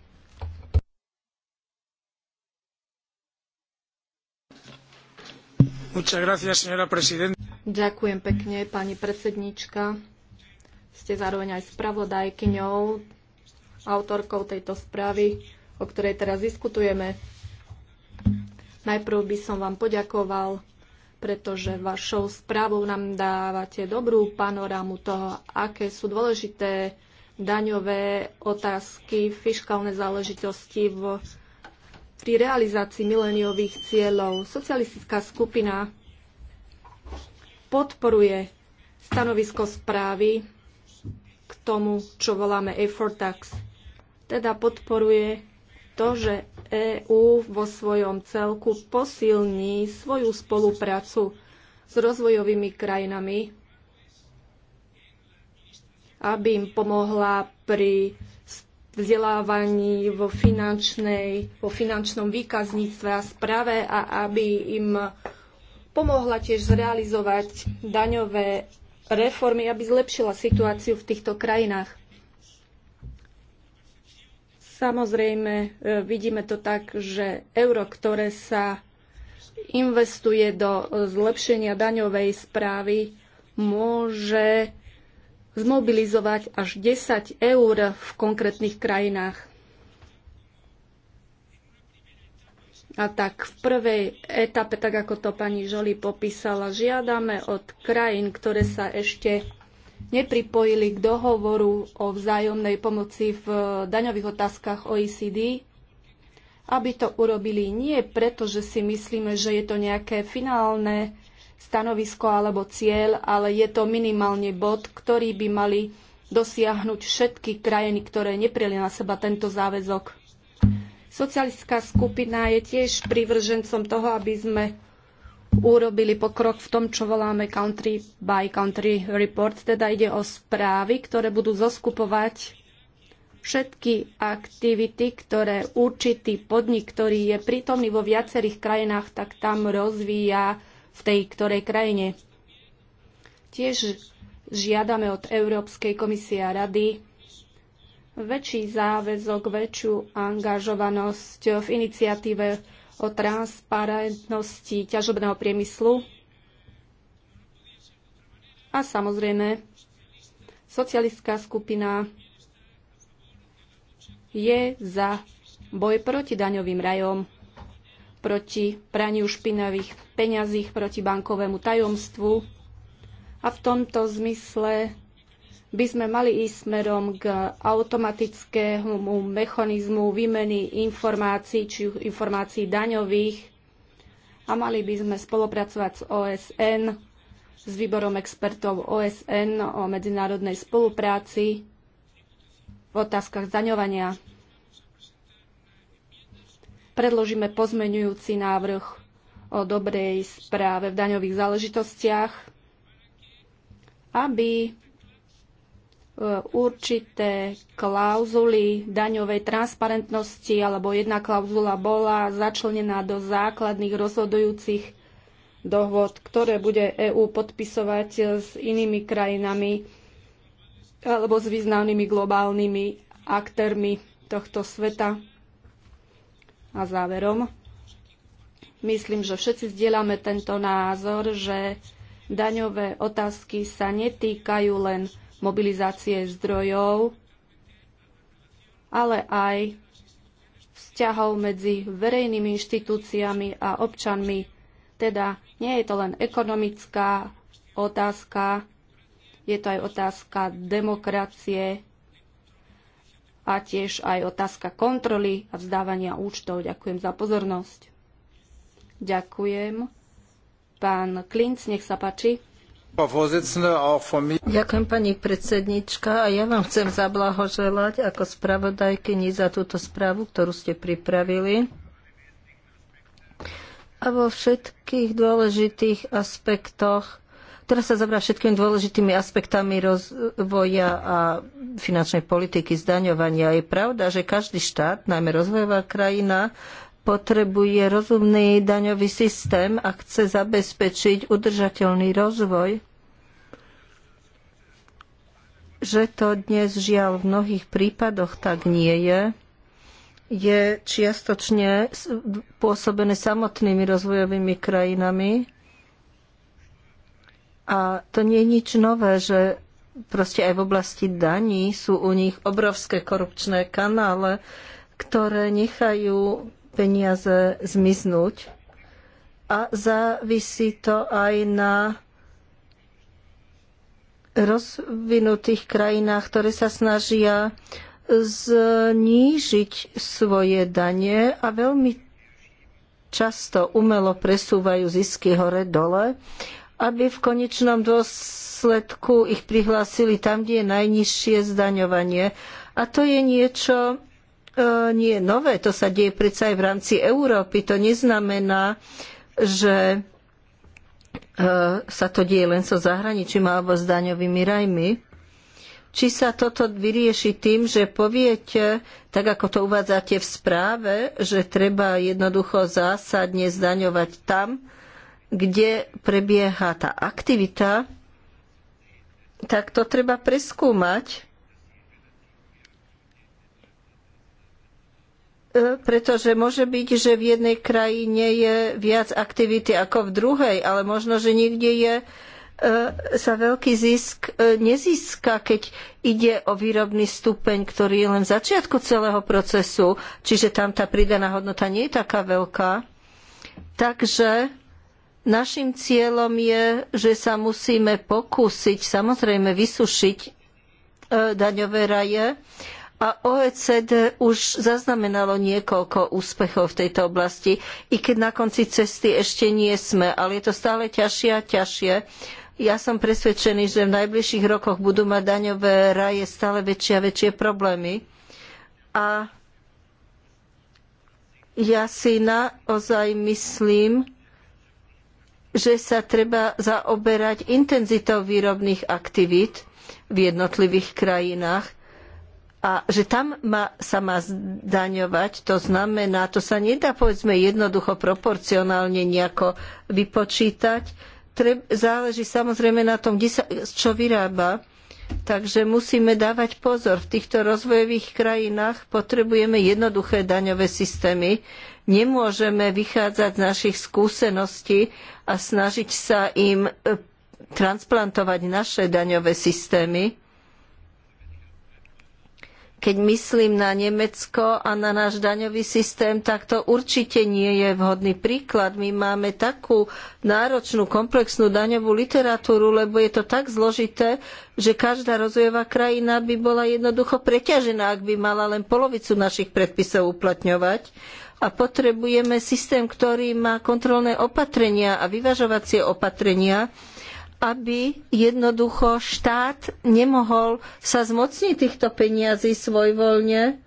Ďakujem pekne, pani predsedníčka. Ste zároveň aj spravodajkyňou, autorkou tejto správy, o ktorej teraz diskutujeme. Najprv by som vám poďakoval pretože vašou správou nám dávate dobrú panorámu toho, aké sú dôležité daňové otázky, fiskálne záležitosti v, pri realizácii mileniových cieľov. Socialistická skupina podporuje stanovisko správy k tomu, čo voláme effort tax. Teda podporuje to, že EÚ vo svojom celku posilní svoju spoluprácu s rozvojovými krajinami, aby im pomohla pri vzdelávaní vo, finančnej, vo finančnom výkazníctve a správe a aby im pomohla tiež zrealizovať daňové reformy, aby zlepšila situáciu v týchto krajinách. Samozrejme, e, vidíme to tak, že euro, ktoré sa investuje do e, zlepšenia daňovej správy, môže zmobilizovať až 10 eur v konkrétnych krajinách. A tak v prvej etape, tak ako to pani Žoli popísala, žiadame od krajín, ktoré sa ešte nepripojili k dohovoru o vzájomnej pomoci v daňových otázkach OECD, aby to urobili nie preto, že si myslíme, že je to nejaké finálne stanovisko alebo cieľ, ale je to minimálne bod, ktorý by mali dosiahnuť všetky krajiny, ktoré nepreli na seba tento záväzok. Socialistická skupina je tiež privržencom toho, aby sme urobili pokrok v tom, čo voláme country by country report, teda ide o správy, ktoré budú zoskupovať všetky aktivity, ktoré určitý podnik, ktorý je prítomný vo viacerých krajinách, tak tam rozvíja v tej ktorej krajine. Tiež žiadame od Európskej komisie a rady väčší záväzok, väčšiu angažovanosť v iniciatíve o transparentnosti ťažobného priemyslu. A samozrejme, socialistická skupina je za boj proti daňovým rajom, proti praniu špinavých peňazí, proti bankovému tajomstvu. A v tomto zmysle by sme mali ísť smerom k automatickému mechanizmu výmeny informácií, či informácií daňových a mali by sme spolupracovať s OSN, s výborom expertov OSN o medzinárodnej spolupráci v otázkach zdaňovania. Predložíme pozmenujúci návrh o dobrej správe v daňových záležitostiach, aby určité klauzuly daňovej transparentnosti, alebo jedna klauzula bola začlenená do základných rozhodujúcich dohod, ktoré bude EÚ podpisovať s inými krajinami alebo s významnými globálnymi aktérmi tohto sveta. A záverom, myslím, že všetci zdieľame tento názor, že daňové otázky sa netýkajú len mobilizácie zdrojov, ale aj vzťahov medzi verejnými inštitúciami a občanmi. Teda nie je to len ekonomická otázka, je to aj otázka demokracie a tiež aj otázka kontroly a vzdávania účtov. Ďakujem za pozornosť. Ďakujem. Pán Klinc, nech sa páči. Ďakujem pani predsednička a ja vám chcem zablahoželať ako spravodajkyni za túto správu, ktorú ste pripravili. A vo všetkých dôležitých aspektoch, ktorá sa zabrá všetkými dôležitými aspektami rozvoja a finančnej politiky, zdaňovania. Je pravda, že každý štát, najmä rozvojová krajina, potrebuje rozumný daňový systém a chce zabezpečiť udržateľný rozvoj, že to dnes žiaľ v mnohých prípadoch tak nie je, je čiastočne pôsobené samotnými rozvojovými krajinami. A to nie je nič nové, že proste aj v oblasti daní sú u nich obrovské korupčné kanále, ktoré nechajú peniaze zmiznúť. A závisí to aj na rozvinutých krajinách, ktoré sa snažia znížiť svoje danie a veľmi často umelo presúvajú zisky hore-dole, aby v konečnom dôsledku ich prihlásili tam, kde je najnižšie zdaňovanie. A to je niečo, E, nie je nové, to sa deje predsa aj v rámci Európy. To neznamená, že e, sa to deje len so zahraničím alebo s daňovými rajmi. Či sa toto vyrieši tým, že poviete, tak ako to uvádzate v správe, že treba jednoducho zásadne zdaňovať tam, kde prebieha tá aktivita, tak to treba preskúmať pretože môže byť, že v jednej krajine je viac aktivity ako v druhej, ale možno, že niekde je e, sa veľký zisk e, nezíska, keď ide o výrobný stupeň, ktorý je len v začiatku celého procesu, čiže tam tá pridaná hodnota nie je taká veľká. Takže našim cieľom je, že sa musíme pokúsiť samozrejme vysušiť e, daňové raje, a OECD už zaznamenalo niekoľko úspechov v tejto oblasti, i keď na konci cesty ešte nie sme, ale je to stále ťažšie a ťažšie. Ja som presvedčený, že v najbližších rokoch budú mať daňové raje stále väčšie a väčšie problémy. A ja si naozaj myslím, že sa treba zaoberať intenzitou výrobných aktivít v jednotlivých krajinách a že tam má, sa má zdaňovať, to znamená, to sa nedá povedzme jednoducho proporcionálne nejako vypočítať. Treb, záleží samozrejme na tom, kde sa, čo vyrába. Takže musíme dávať pozor. V týchto rozvojových krajinách potrebujeme jednoduché daňové systémy. Nemôžeme vychádzať z našich skúseností a snažiť sa im eh, transplantovať naše daňové systémy keď myslím na Nemecko a na náš daňový systém, tak to určite nie je vhodný príklad. My máme takú náročnú, komplexnú daňovú literatúru, lebo je to tak zložité, že každá rozvojová krajina by bola jednoducho preťažená, ak by mala len polovicu našich predpisov uplatňovať a potrebujeme systém, ktorý má kontrolné opatrenia a vyvažovacie opatrenia, aby jednoducho štát nemohol sa zmocniť týchto peniazí svojvoľne.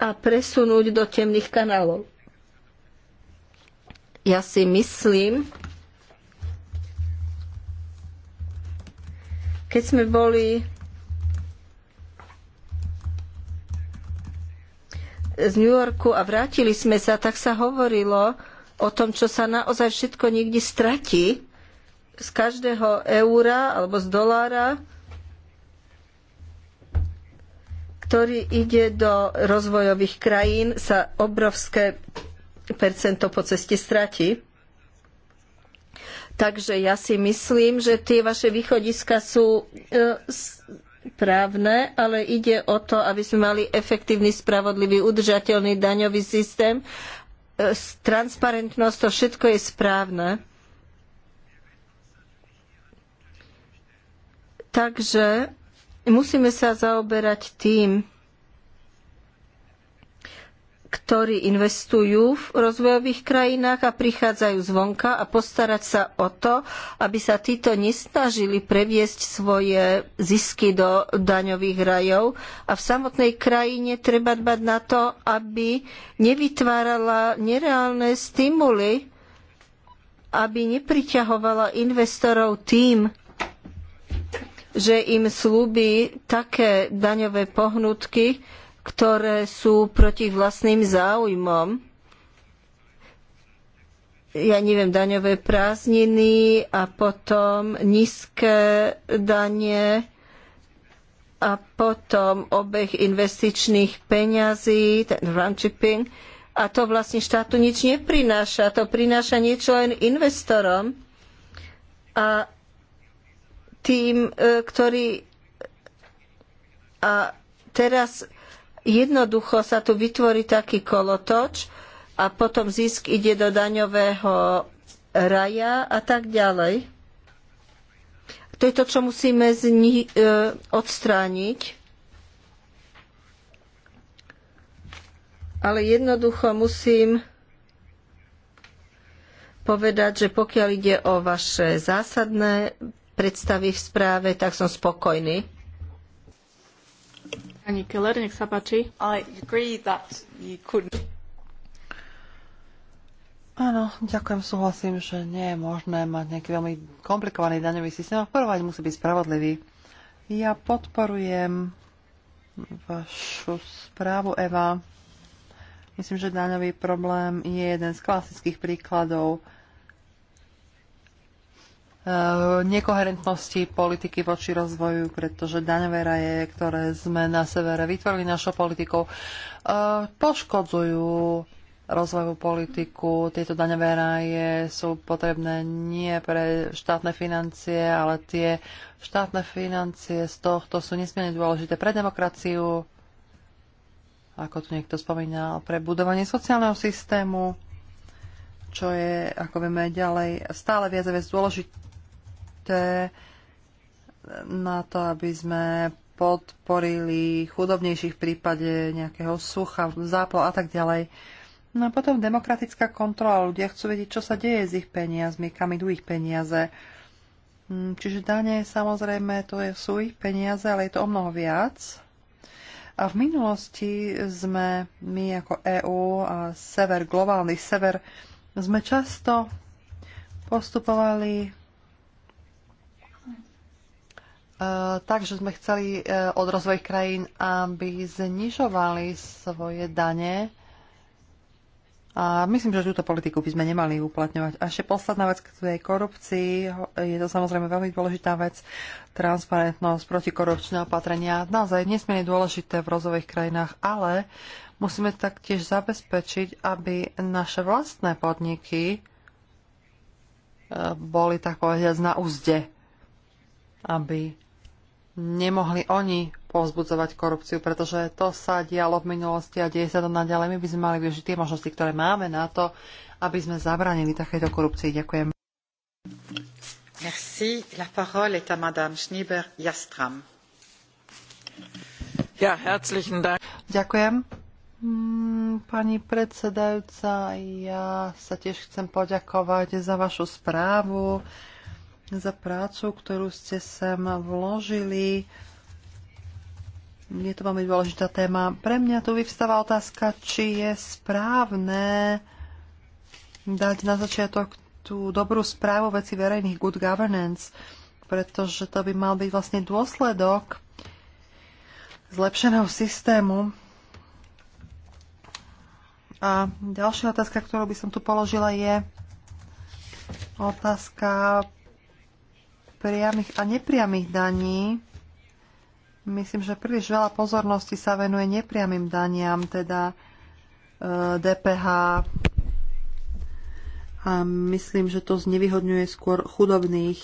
a presunúť do temných kanálov. Ja si myslím, keď sme boli z New Yorku a vrátili sme sa, tak sa hovorilo, o tom, čo sa naozaj všetko niekde stratí z každého eura alebo z dolára, ktorý ide do rozvojových krajín, sa obrovské percento po ceste stratí. Takže ja si myslím, že tie vaše východiska sú e, právne, ale ide o to, aby sme mali efektívny, spravodlivý, udržateľný daňový systém, transparentnosť, to všetko je správne. Takže musíme sa zaoberať tým, ktorí investujú v rozvojových krajinách a prichádzajú zvonka a postarať sa o to, aby sa títo nesnažili previesť svoje zisky do daňových rajov. A v samotnej krajine treba dbať na to, aby nevytvárala nereálne stimuly, aby nepriťahovala investorov tým, že im slúbi také daňové pohnutky, ktoré sú proti vlastným záujmom. Ja neviem, daňové prázdniny a potom nízke dane a potom obeh investičných peňazí, ten chipping. A to vlastne štátu nič neprináša. To prináša niečo len investorom a tým, e, ktorí... A teraz Jednoducho sa tu vytvorí taký kolotoč a potom zisk ide do daňového raja a tak ďalej. To je to, čo musíme zni- e, odstrániť. Ale jednoducho musím povedať, že pokiaľ ide o vaše zásadné predstavy v správe, tak som spokojný. Pani Keller, nech sa páči. I agree that you couldn't. Áno, ďakujem, súhlasím, že nie je možné mať nejaký veľmi komplikovaný daňový systém a prvovať musí byť spravodlivý. Ja podporujem vašu správu, Eva. Myslím, že daňový problém je jeden z klasických príkladov Eh, nekoherentnosti politiky voči rozvoju, pretože daňové raje, ktoré sme na severe vytvorili našou politikou, eh, poškodzujú rozvojovú politiku. Tieto daňové ráje sú potrebné nie pre štátne financie, ale tie štátne financie z tohto sú nesmierne dôležité pre demokraciu, ako tu niekto spomínal, pre budovanie sociálneho systému, čo je, ako vieme, ďalej stále viac a viac dôležité dôležité na to, aby sme podporili chudobnejších v prípade nejakého sucha, záplav a tak ďalej. No a potom demokratická kontrola. Ľudia chcú vedieť, čo sa deje s ich peniazmi, kam idú ich peniaze. Hm, čiže dane, samozrejme, to je, sú ich peniaze, ale je to o mnoho viac. A v minulosti sme my ako EÚ a sever, globálny sever, sme často postupovali Eh, takže sme chceli eh, od rozvojových krajín, aby znižovali svoje dane. A myslím, že túto politiku by sme nemali uplatňovať. A ešte posledná vec k tej korupcii. Je to samozrejme veľmi dôležitá vec. Transparentnosť, protikorupčné opatrenia. Naozaj nesmierne dôležité v rozvojových krajinách, ale musíme taktiež zabezpečiť, aby naše vlastné podniky eh, boli tak povediať na úzde, aby nemohli oni povzbudzovať korupciu, pretože to sa dialo v minulosti a deje sa to naďalej. My by sme mali využiť tie možnosti, ktoré máme na to, aby sme zabránili takéto korupcii. Ďakujem. Merci. La parole est à Madame Schnieber Jastram. Ja, herzlichen Dank. Ďakujem. Mm, pani predsedajúca, ja sa tiež chcem poďakovať za vašu správu za prácu, ktorú ste sem vložili. Je to veľmi dôležitá téma. Pre mňa tu vyvstáva otázka, či je správne dať na začiatok tú dobrú správu veci verejných good governance, pretože to by mal byť vlastne dôsledok zlepšeného systému. A ďalšia otázka, ktorú by som tu položila, je otázka priamých a nepriamých daní. Myslím, že príliš veľa pozornosti sa venuje nepriamým daniam, teda e, DPH. A myslím, že to znevýhodňuje skôr chudobných,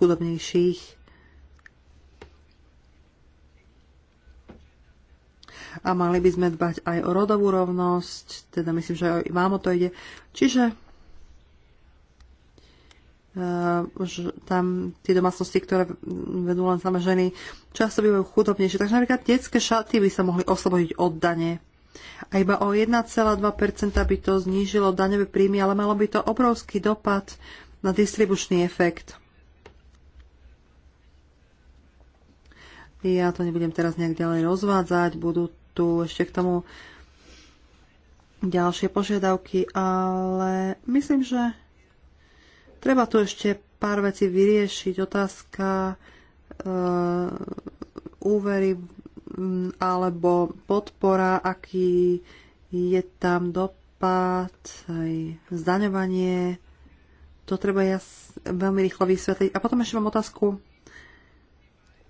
chudobnejších. A mali by sme dbať aj o rodovú rovnosť, teda myslím, že aj vám o to ide. Čiže Eh, tam tie domácnosti, ktoré vedú len samé ženy, často bývajú chudobnejšie. Takže napríklad detské šaty by sa mohli oslobodiť od dane. A iba o 1,2% by to znížilo daňové príjmy, ale malo by to obrovský dopad na distribučný efekt. Ja to nebudem teraz nejak ďalej rozvádzať, budú tu ešte k tomu ďalšie požiadavky, ale myslím, že Treba tu ešte pár vecí vyriešiť. Otázka e, úvery mm, alebo podpora, aký je tam dopad, aj zdaňovanie. To treba ja veľmi rýchlo vysvetliť. A potom ešte mám otázku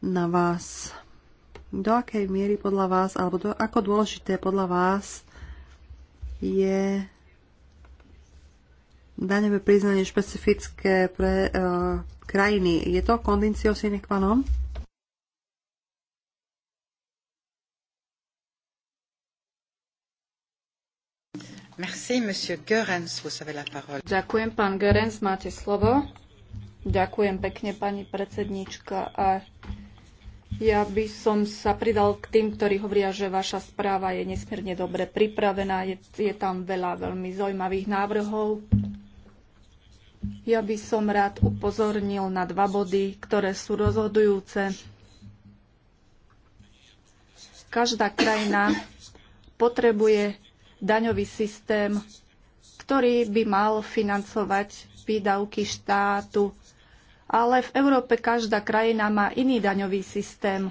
na vás. Do akej miery podľa vás, alebo do, ako dôležité podľa vás je daňové priznanie špecifické pre e, krajiny. Je to kondicio sine qua non? Merci, monsieur Görens, vous avez la parole. Ďakujem, pán Görens, máte slovo. Ďakujem pekne, pani predsednička. A ja by som sa pridal k tým, ktorí hovoria, že vaša správa je nesmierne dobre pripravená, je, je tam veľa veľmi zaujímavých návrhov ja by som rád upozornil na dva body, ktoré sú rozhodujúce. Každá krajina potrebuje daňový systém, ktorý by mal financovať výdavky štátu. Ale v Európe každá krajina má iný daňový systém.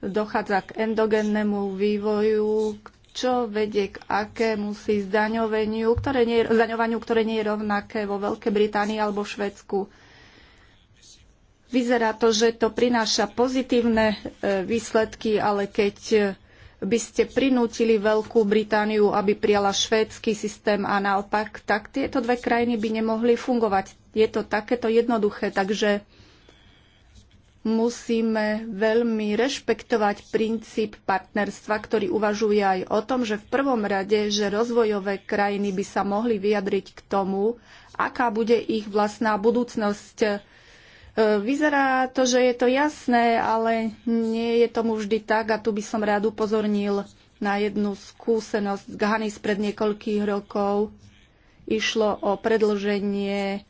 Dochádza k endogénnemu vývoju, k čo vedie k akému si zdaňovaniu, ktoré nie, zdaňovaniu, ktoré nie je rovnaké vo Veľkej Británii alebo v Švedsku. Vyzerá to, že to prináša pozitívne e, výsledky, ale keď e, by ste prinútili Veľkú Britániu, aby prijala švédsky systém a naopak, tak tieto dve krajiny by nemohli fungovať. Je to takéto jednoduché, takže musíme veľmi rešpektovať princíp partnerstva, ktorý uvažuje aj o tom, že v prvom rade, že rozvojové krajiny by sa mohli vyjadriť k tomu, aká bude ich vlastná budúcnosť. E, vyzerá to, že je to jasné, ale nie je tomu vždy tak a tu by som rád upozornil na jednu skúsenosť z Ghany spred niekoľkých rokov. Išlo o predlženie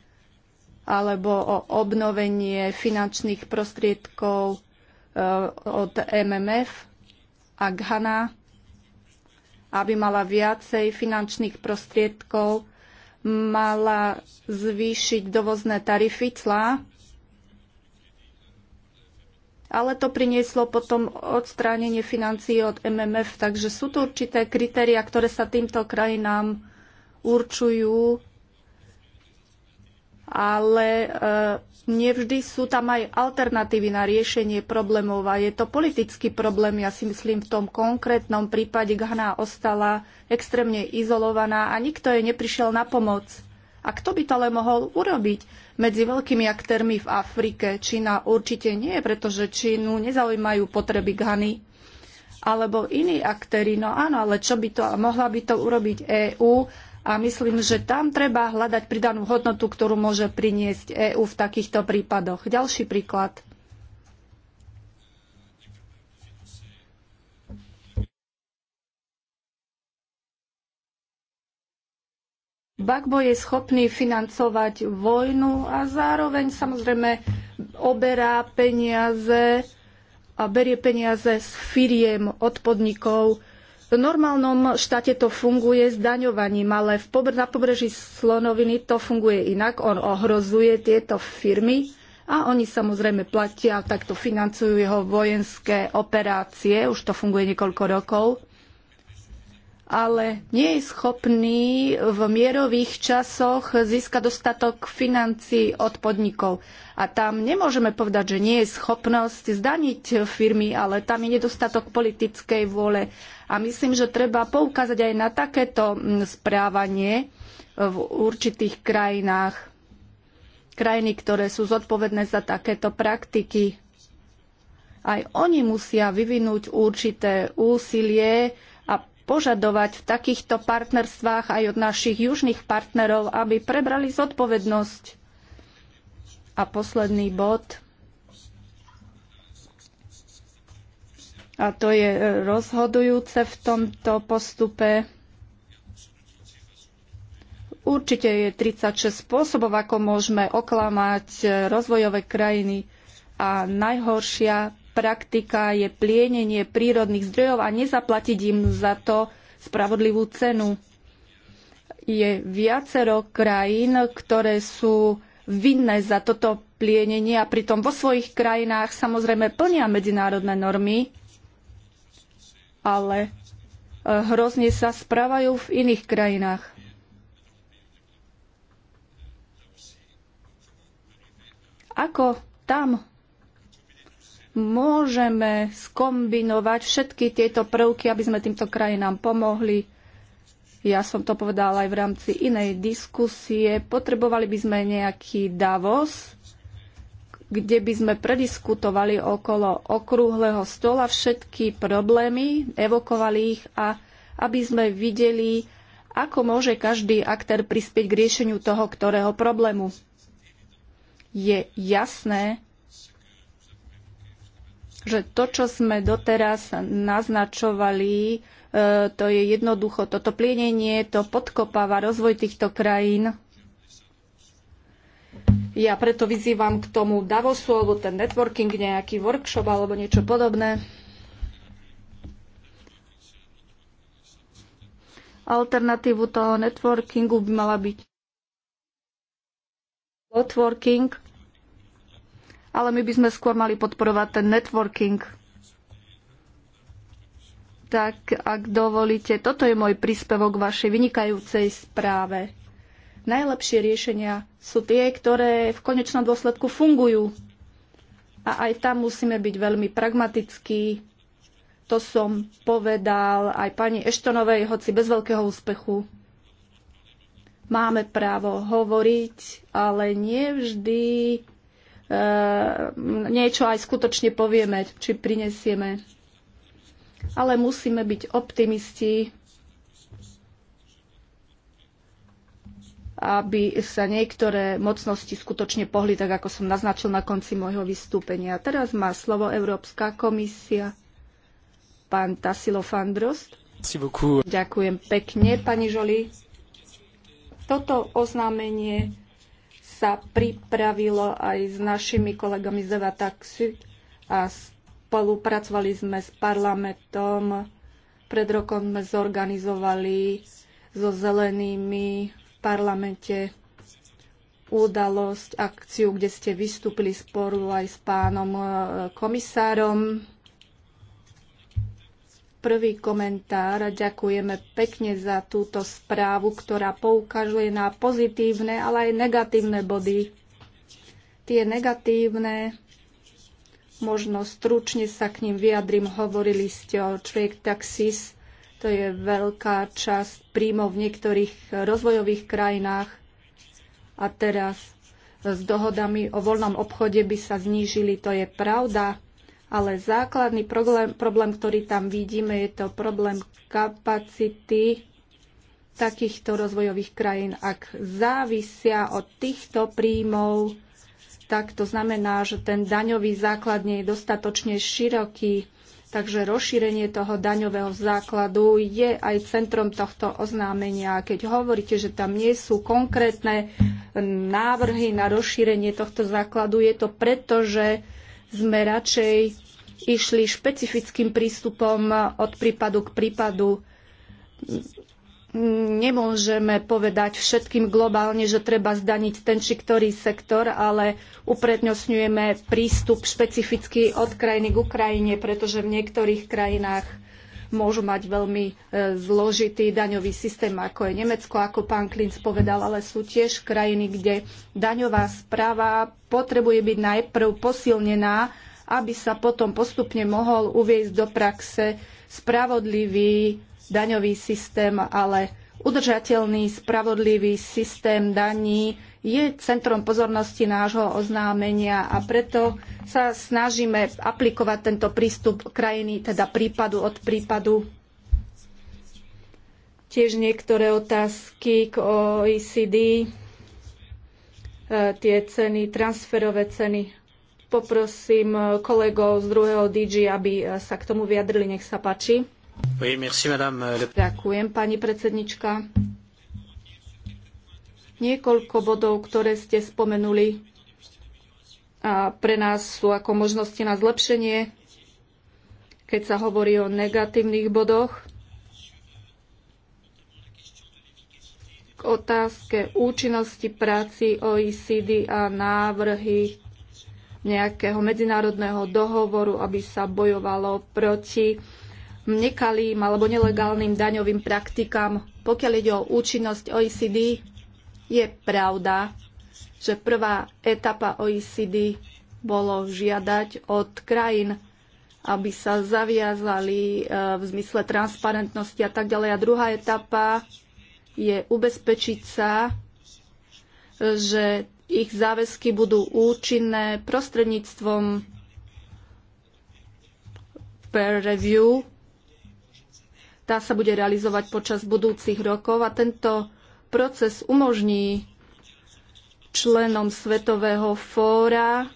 alebo o obnovenie finančných prostriedkov e, od MMF a Ghana, aby mala viacej finančných prostriedkov, mala zvýšiť dovozné tarify clá, ale to prinieslo potom odstránenie financií od MMF, takže sú to určité kritéria, ktoré sa týmto krajinám určujú ale e, nevždy sú tam aj alternatívy na riešenie problémov a je to politický problém. Ja si myslím, v tom konkrétnom prípade Ghana ostala extrémne izolovaná a nikto jej neprišiel na pomoc. A kto by to ale mohol urobiť medzi veľkými aktérmi v Afrike? Čína určite nie, pretože Čínu nezaujímajú potreby Ghany alebo iní aktéry. No áno, ale čo by to, mohla by to urobiť EÚ a myslím, že tam treba hľadať pridanú hodnotu, ktorú môže priniesť EÚ v takýchto prípadoch. Ďalší príklad. Bagbo je schopný financovať vojnu a zároveň samozrejme oberá peniaze a berie peniaze z firiem od podnikov, v normálnom štáte to funguje s daňovaním, ale v pobr- na pobreží Slonoviny to funguje inak. On ohrozuje tieto firmy a oni samozrejme platia, takto financujú jeho vojenské operácie. Už to funguje niekoľko rokov ale nie je schopný v mierových časoch získať dostatok financí od podnikov. A tam nemôžeme povedať, že nie je schopnosť zdaniť firmy, ale tam je nedostatok politickej vôle. A myslím, že treba poukázať aj na takéto mm, správanie v určitých krajinách. Krajiny, ktoré sú zodpovedné za takéto praktiky. Aj oni musia vyvinúť určité úsilie, požadovať v takýchto partnerstvách aj od našich južných partnerov, aby prebrali zodpovednosť. A posledný bod. A to je e, rozhodujúce v tomto postupe. Určite je 36 spôsobov, ako môžeme oklamať e, rozvojové krajiny. A najhoršia praktika je plienenie prírodných zdrojov a nezaplatiť im za to spravodlivú cenu. Je viacero krajín, ktoré sú vinné za toto plienenie a pritom vo svojich krajinách samozrejme plnia medzinárodné normy, ale eh, hrozne sa správajú v iných krajinách. Ako tam môžeme skombinovať všetky tieto prvky, aby sme týmto krajinám pomohli. Ja som to povedala aj v rámci inej diskusie. Potrebovali by sme nejaký Davos, kde by sme prediskutovali okolo okrúhleho stola všetky problémy, evokovali ich a aby sme videli, ako môže každý aktér prispieť k riešeniu toho, ktorého problému. Je jasné, že to, čo sme doteraz naznačovali, e, to je jednoducho toto plienenie, to podkopáva rozvoj týchto krajín. Ja preto vyzývam k tomu Davosu alebo ten networking, nejaký workshop alebo niečo podobné. Alternatívu toho networkingu by mala byť networking ale my by sme skôr mali podporovať ten networking. Tak, ak dovolíte, toto je môj príspevok k vašej vynikajúcej správe. Najlepšie riešenia sú tie, ktoré v konečnom dôsledku fungujú. A aj tam musíme byť veľmi pragmatickí. To som povedal aj pani Eštonovej, hoci bez veľkého úspechu. Máme právo hovoriť, ale nie vždy E, niečo aj skutočne povieme, či prinesieme. Ale musíme byť optimisti, aby sa niektoré mocnosti skutočne pohli, tak ako som naznačil na konci môjho vystúpenia. Teraz má slovo Európska komisia, pán Tassilo Fandrost. Ďakujem pekne, pani Žoli. Toto oznámenie sa pripravilo aj s našimi kolegami z Evataxi a spolupracovali sme s parlamentom. Pred rokom sme zorganizovali so zelenými v parlamente udalosť, akciu, kde ste vystúpili sporu aj s pánom e, komisárom prvý komentár. Ďakujeme pekne za túto správu, ktorá poukazuje na pozitívne, ale aj negatívne body. Tie negatívne, možno stručne sa k ním vyjadrím, hovorili ste o Trade Taxis, to je veľká časť príjmo v niektorých rozvojových krajinách. A teraz s dohodami o voľnom obchode by sa znížili, to je pravda ale základný problém, problém, ktorý tam vidíme, je to problém kapacity takýchto rozvojových krajín. Ak závisia od týchto príjmov, tak to znamená, že ten daňový základ nie je dostatočne široký. Takže rozšírenie toho daňového základu je aj centrom tohto oznámenia. Keď hovoríte, že tam nie sú konkrétne návrhy na rozšírenie tohto základu, je to preto, že sme radšej išli špecifickým prístupom od prípadu k prípadu. Nemôžeme povedať všetkým globálne, že treba zdaniť ten či ktorý sektor, ale uprednostňujeme prístup špecificky od krajiny k Ukrajine, pretože v niektorých krajinách môžu mať veľmi e, zložitý daňový systém, ako je Nemecko, ako pán Klinc povedal, ale sú tiež krajiny, kde daňová správa potrebuje byť najprv posilnená, aby sa potom postupne mohol uviezť do praxe spravodlivý daňový systém, ale udržateľný, spravodlivý systém daní je centrom pozornosti nášho oznámenia a preto sa snažíme aplikovať tento prístup krajiny, teda prípadu od prípadu. Tiež niektoré otázky k OECD, e, tie ceny, transferové ceny poprosím eh, kolegov z druhého DG, aby eh, sa k tomu vyjadrili. Nech sa páči. Oui, merci, madame. Eh, Ďakujem, pani predsednička. Niekoľko bodov, ktoré ste spomenuli, a pre nás sú ako možnosti na zlepšenie, keď sa hovorí o negatívnych bodoch. K otázke účinnosti práci OECD a návrhy nejakého medzinárodného dohovoru, aby sa bojovalo proti nekalým alebo nelegálnym daňovým praktikám. Pokiaľ ide o účinnosť OECD, je pravda, že prvá etapa OECD bolo žiadať od krajín, aby sa zaviazali e, v zmysle transparentnosti a tak ďalej. A druhá etapa je ubezpečiť sa, e, že ich záväzky budú účinné prostredníctvom peer review. Tá sa bude realizovať počas budúcich rokov a tento proces umožní členom Svetového fóra,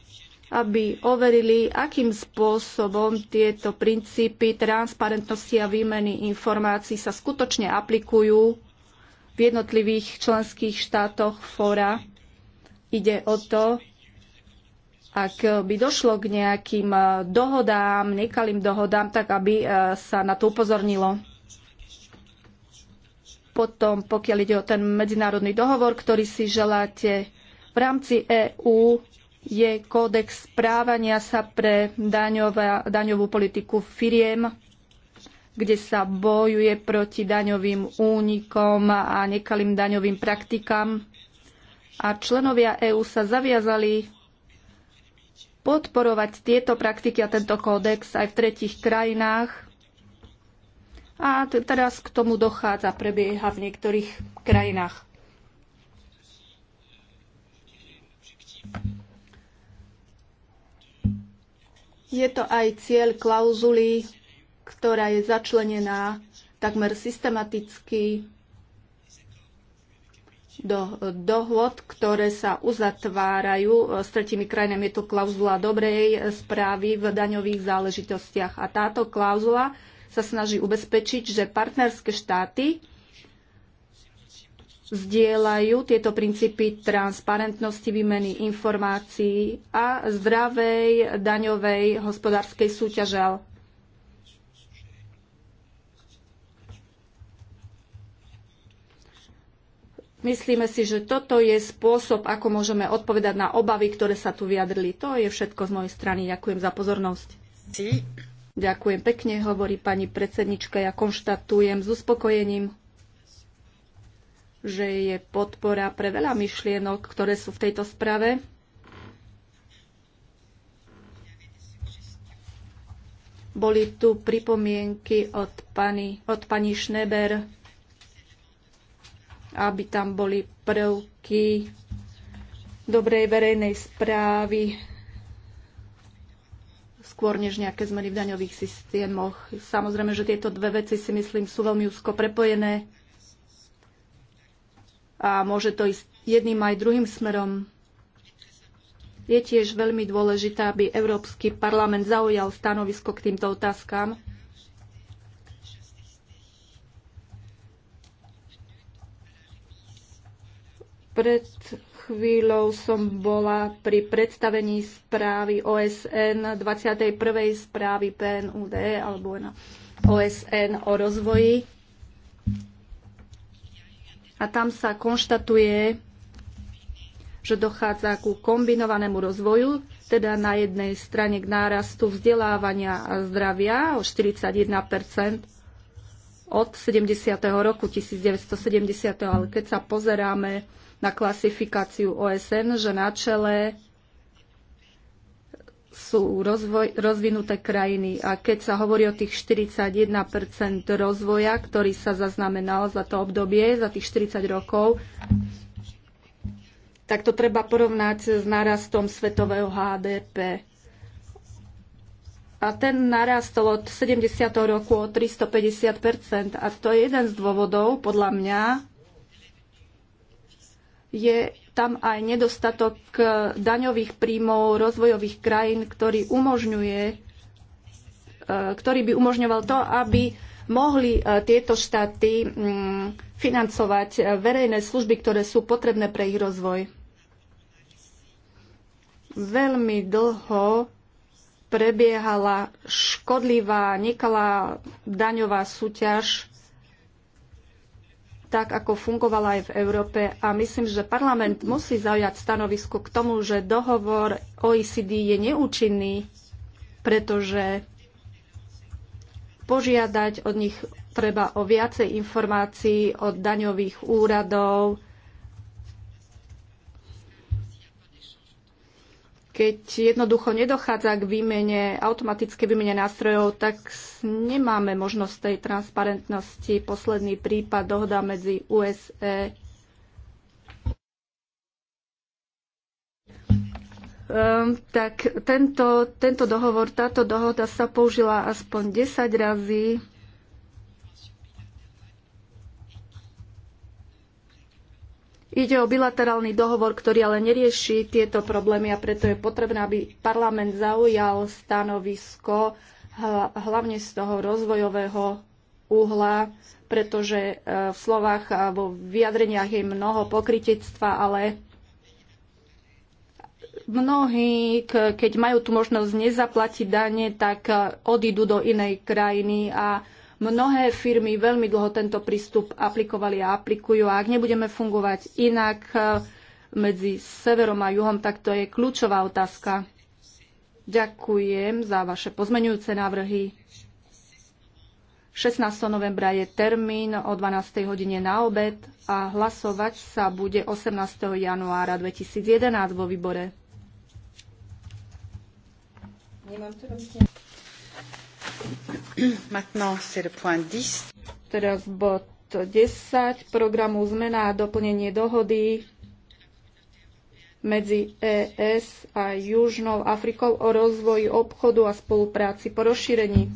aby overili, akým spôsobom tieto princípy transparentnosti a výmeny informácií sa skutočne aplikujú v jednotlivých členských štátoch fóra Ide o to, ak by došlo k nejakým eh, dohodám, nekalým dohodám, tak aby eh, sa na to upozornilo. Potom, pokiaľ ide o ten medzinárodný dohovor, ktorý si želáte, v rámci EÚ je kódex správania sa pre daňová, daňovú politiku firiem, kde sa bojuje proti daňovým únikom a nekalým daňovým praktikám a členovia EÚ sa zaviazali podporovať tieto praktiky a tento kódex aj v tretich krajinách. A teraz k tomu dochádza, prebieha v niektorých krajinách. Je to aj cieľ klauzuly, ktorá je začlenená takmer systematicky do dohod, ktoré sa uzatvárajú e, s tretimi krajinami. Je to klauzula dobrej e, správy v daňových záležitostiach. A táto klauzula sa snaží ubezpečiť, že partnerské štáty zdieľajú tieto princípy transparentnosti, výmeny informácií a zdravej daňovej hospodárskej súťaže. Myslíme si, že toto je spôsob, ako môžeme odpovedať na obavy, ktoré sa tu vyjadrili. To je všetko z mojej strany. Ďakujem za pozornosť. Sí. Ďakujem pekne, hovorí pani predsednička. Ja konštatujem s uspokojením, že je podpora pre veľa myšlienok, ktoré sú v tejto sprave. Boli tu pripomienky od pani, od pani Schneber aby tam boli prvky dobrej verejnej správy, skôr než nejaké zmeny v daňových systémoch. Samozrejme, že tieto dve veci si myslím sú veľmi úzko prepojené a môže to ísť jedným aj druhým smerom. Je tiež veľmi dôležité, aby Európsky parlament zaujal stanovisko k týmto otázkam Pred chvíľou som bola pri predstavení správy OSN, 21. správy PNUD alebo na OSN o rozvoji. A tam sa konštatuje, že dochádza ku kombinovanému rozvoju, teda na jednej strane k nárastu vzdelávania a zdravia o 41 od 70. roku 1970. Ale keď sa pozeráme na klasifikáciu OSN, že na čele sú rozvoj, rozvinuté krajiny. A keď sa hovorí o tých 41 rozvoja, ktorý sa zaznamenal za to obdobie, za tých 40 rokov, tak to treba porovnať s narastom svetového HDP. A ten narastol od 70. roku o 350 a to je jeden z dôvodov, podľa mňa, je tam aj nedostatok eh, daňových príjmov rozvojových krajín, ktorý umožňuje, eh, ktorý by umožňoval to, aby mohli eh, tieto štáty mm, financovať verejné služby, ktoré sú potrebné pre ich rozvoj. Veľmi dlho prebiehala škodlivá, nekalá daňová súťaž tak ako fungovala aj v Európe. A myslím, že parlament musí zaujať stanovisko k tomu, že dohovor OECD je neúčinný, pretože požiadať od nich treba o viacej informácií od daňových úradov, keď jednoducho nedochádza k výmene, automatické výmene nástrojov, tak nemáme možnosť tej transparentnosti. Posledný prípad dohoda medzi USA Um, e. ehm, tak tento, tento dohovor, táto dohoda sa použila aspoň 10 razy Ide o bilaterálny dohovor, ktorý ale nerieši tieto problémy a preto je potrebné, aby parlament zaujal stanovisko hlavne z toho rozvojového uhla, pretože e, v slovách a vo vyjadreniach je mnoho pokritectva, ale mnohí, keď majú tu možnosť nezaplatiť dane, tak e, odídu do inej krajiny a Mnohé firmy veľmi dlho tento prístup aplikovali a aplikujú a ak nebudeme fungovať inak eh, medzi severom a juhom, tak to je kľúčová otázka. Ďakujem za vaše pozmenujúce návrhy. 16. novembra je termín o 12. hodine na obed a hlasovať sa bude 18. januára 2011 vo výbore. Nemám to Teraz bod 10 programu zmena a doplnenie dohody medzi ES a Južnou Afrikou o rozvoji obchodu a spolupráci po rozšírení.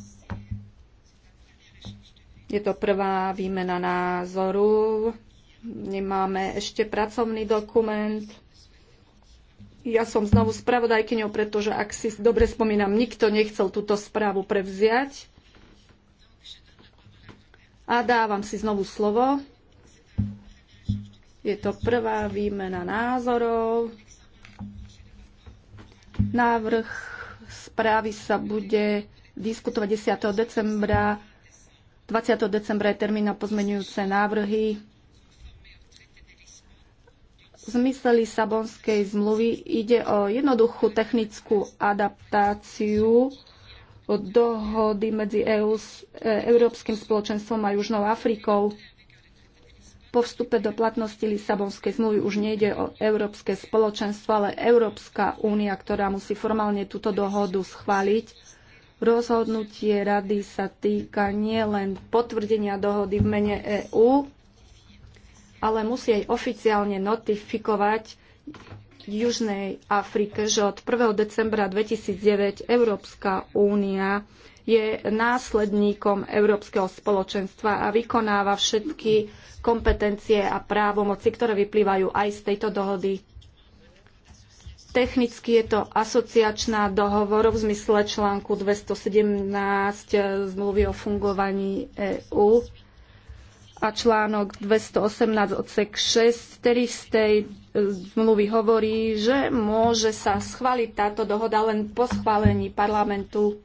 Je to prvá výmena názoru. Nemáme ešte pracovný dokument ja som znovu spravodajkyňou, pretože ak si dobre spomínam, nikto nechcel túto správu prevziať. A dávam si znovu slovo. Je to prvá výmena názorov. Návrh správy sa bude diskutovať 10. decembra. 20. decembra je termín na pozmenujúce návrhy. V zmysle Lisabonskej zmluvy ide o jednoduchú technickú adaptáciu od dohody medzi EU, e, Európskym spoločenstvom a Južnou Afrikou. Po vstupe do platnosti Lisabonskej zmluvy už nejde o Európske spoločenstvo, ale Európska únia, ktorá musí formálne túto dohodu schváliť. Rozhodnutie rady sa týka nielen potvrdenia dohody v mene EÚ, ale musí aj oficiálne notifikovať Južnej Afrike, že od 1. decembra 2009 Európska únia je následníkom Európskeho spoločenstva a vykonáva všetky kompetencie a právomoci, ktoré vyplývajú aj z tejto dohody. Technicky je to asociačná dohovor v zmysle článku 217 zmluvy o fungovaní EÚ a článok 218 odsek 6, ktorý z tej e, zmluvy hovorí, že môže sa schváliť táto dohoda len po schválení parlamentu.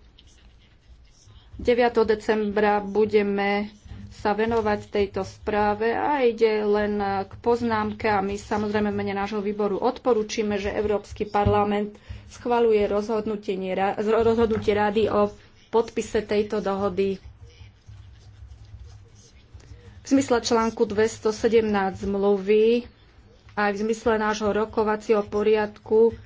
9. decembra budeme sa venovať tejto správe a ide len e, k poznámke a my samozrejme mene nášho výboru odporúčime, že Európsky parlament schvaluje rozhodnutie, rozhodnutie rady o podpise tejto dohody. V zmysle článku 217 zmluvy aj v zmysle nášho rokovacieho poriadku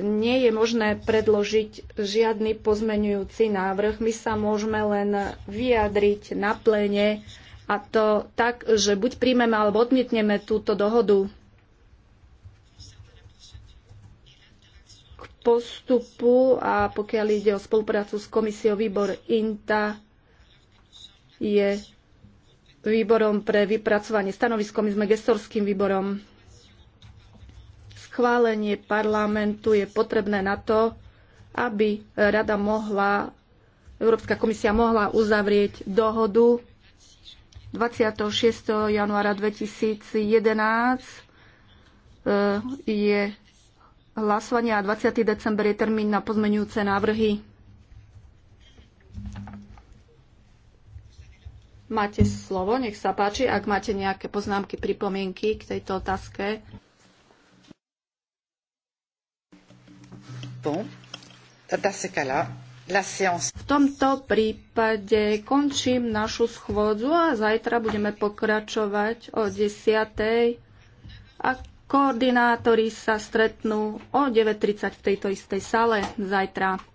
nie je možné predložiť žiadny pozmenujúci návrh. My sa môžeme len vyjadriť na pléne a to tak, že buď príjmeme alebo odmietneme túto dohodu. K postupu a pokiaľ ide o spoluprácu s komisiou výbor INTA je výborom pre vypracovanie stanoviskom, my sme gestorským výborom. Schválenie parlamentu je potrebné na to, aby rada mohla, Európska komisia mohla uzavrieť dohodu 26. januára 2011 e, je hlasovanie a 20. december je termín na pozmenujúce návrhy. Máte slovo, nech sa páči, ak máte nejaké poznámky, pripomienky k tejto otázke. Bon. V tomto prípade končím našu schôdzu a zajtra budeme pokračovať o 10. A koordinátori sa stretnú o 9.30 v tejto istej sale zajtra.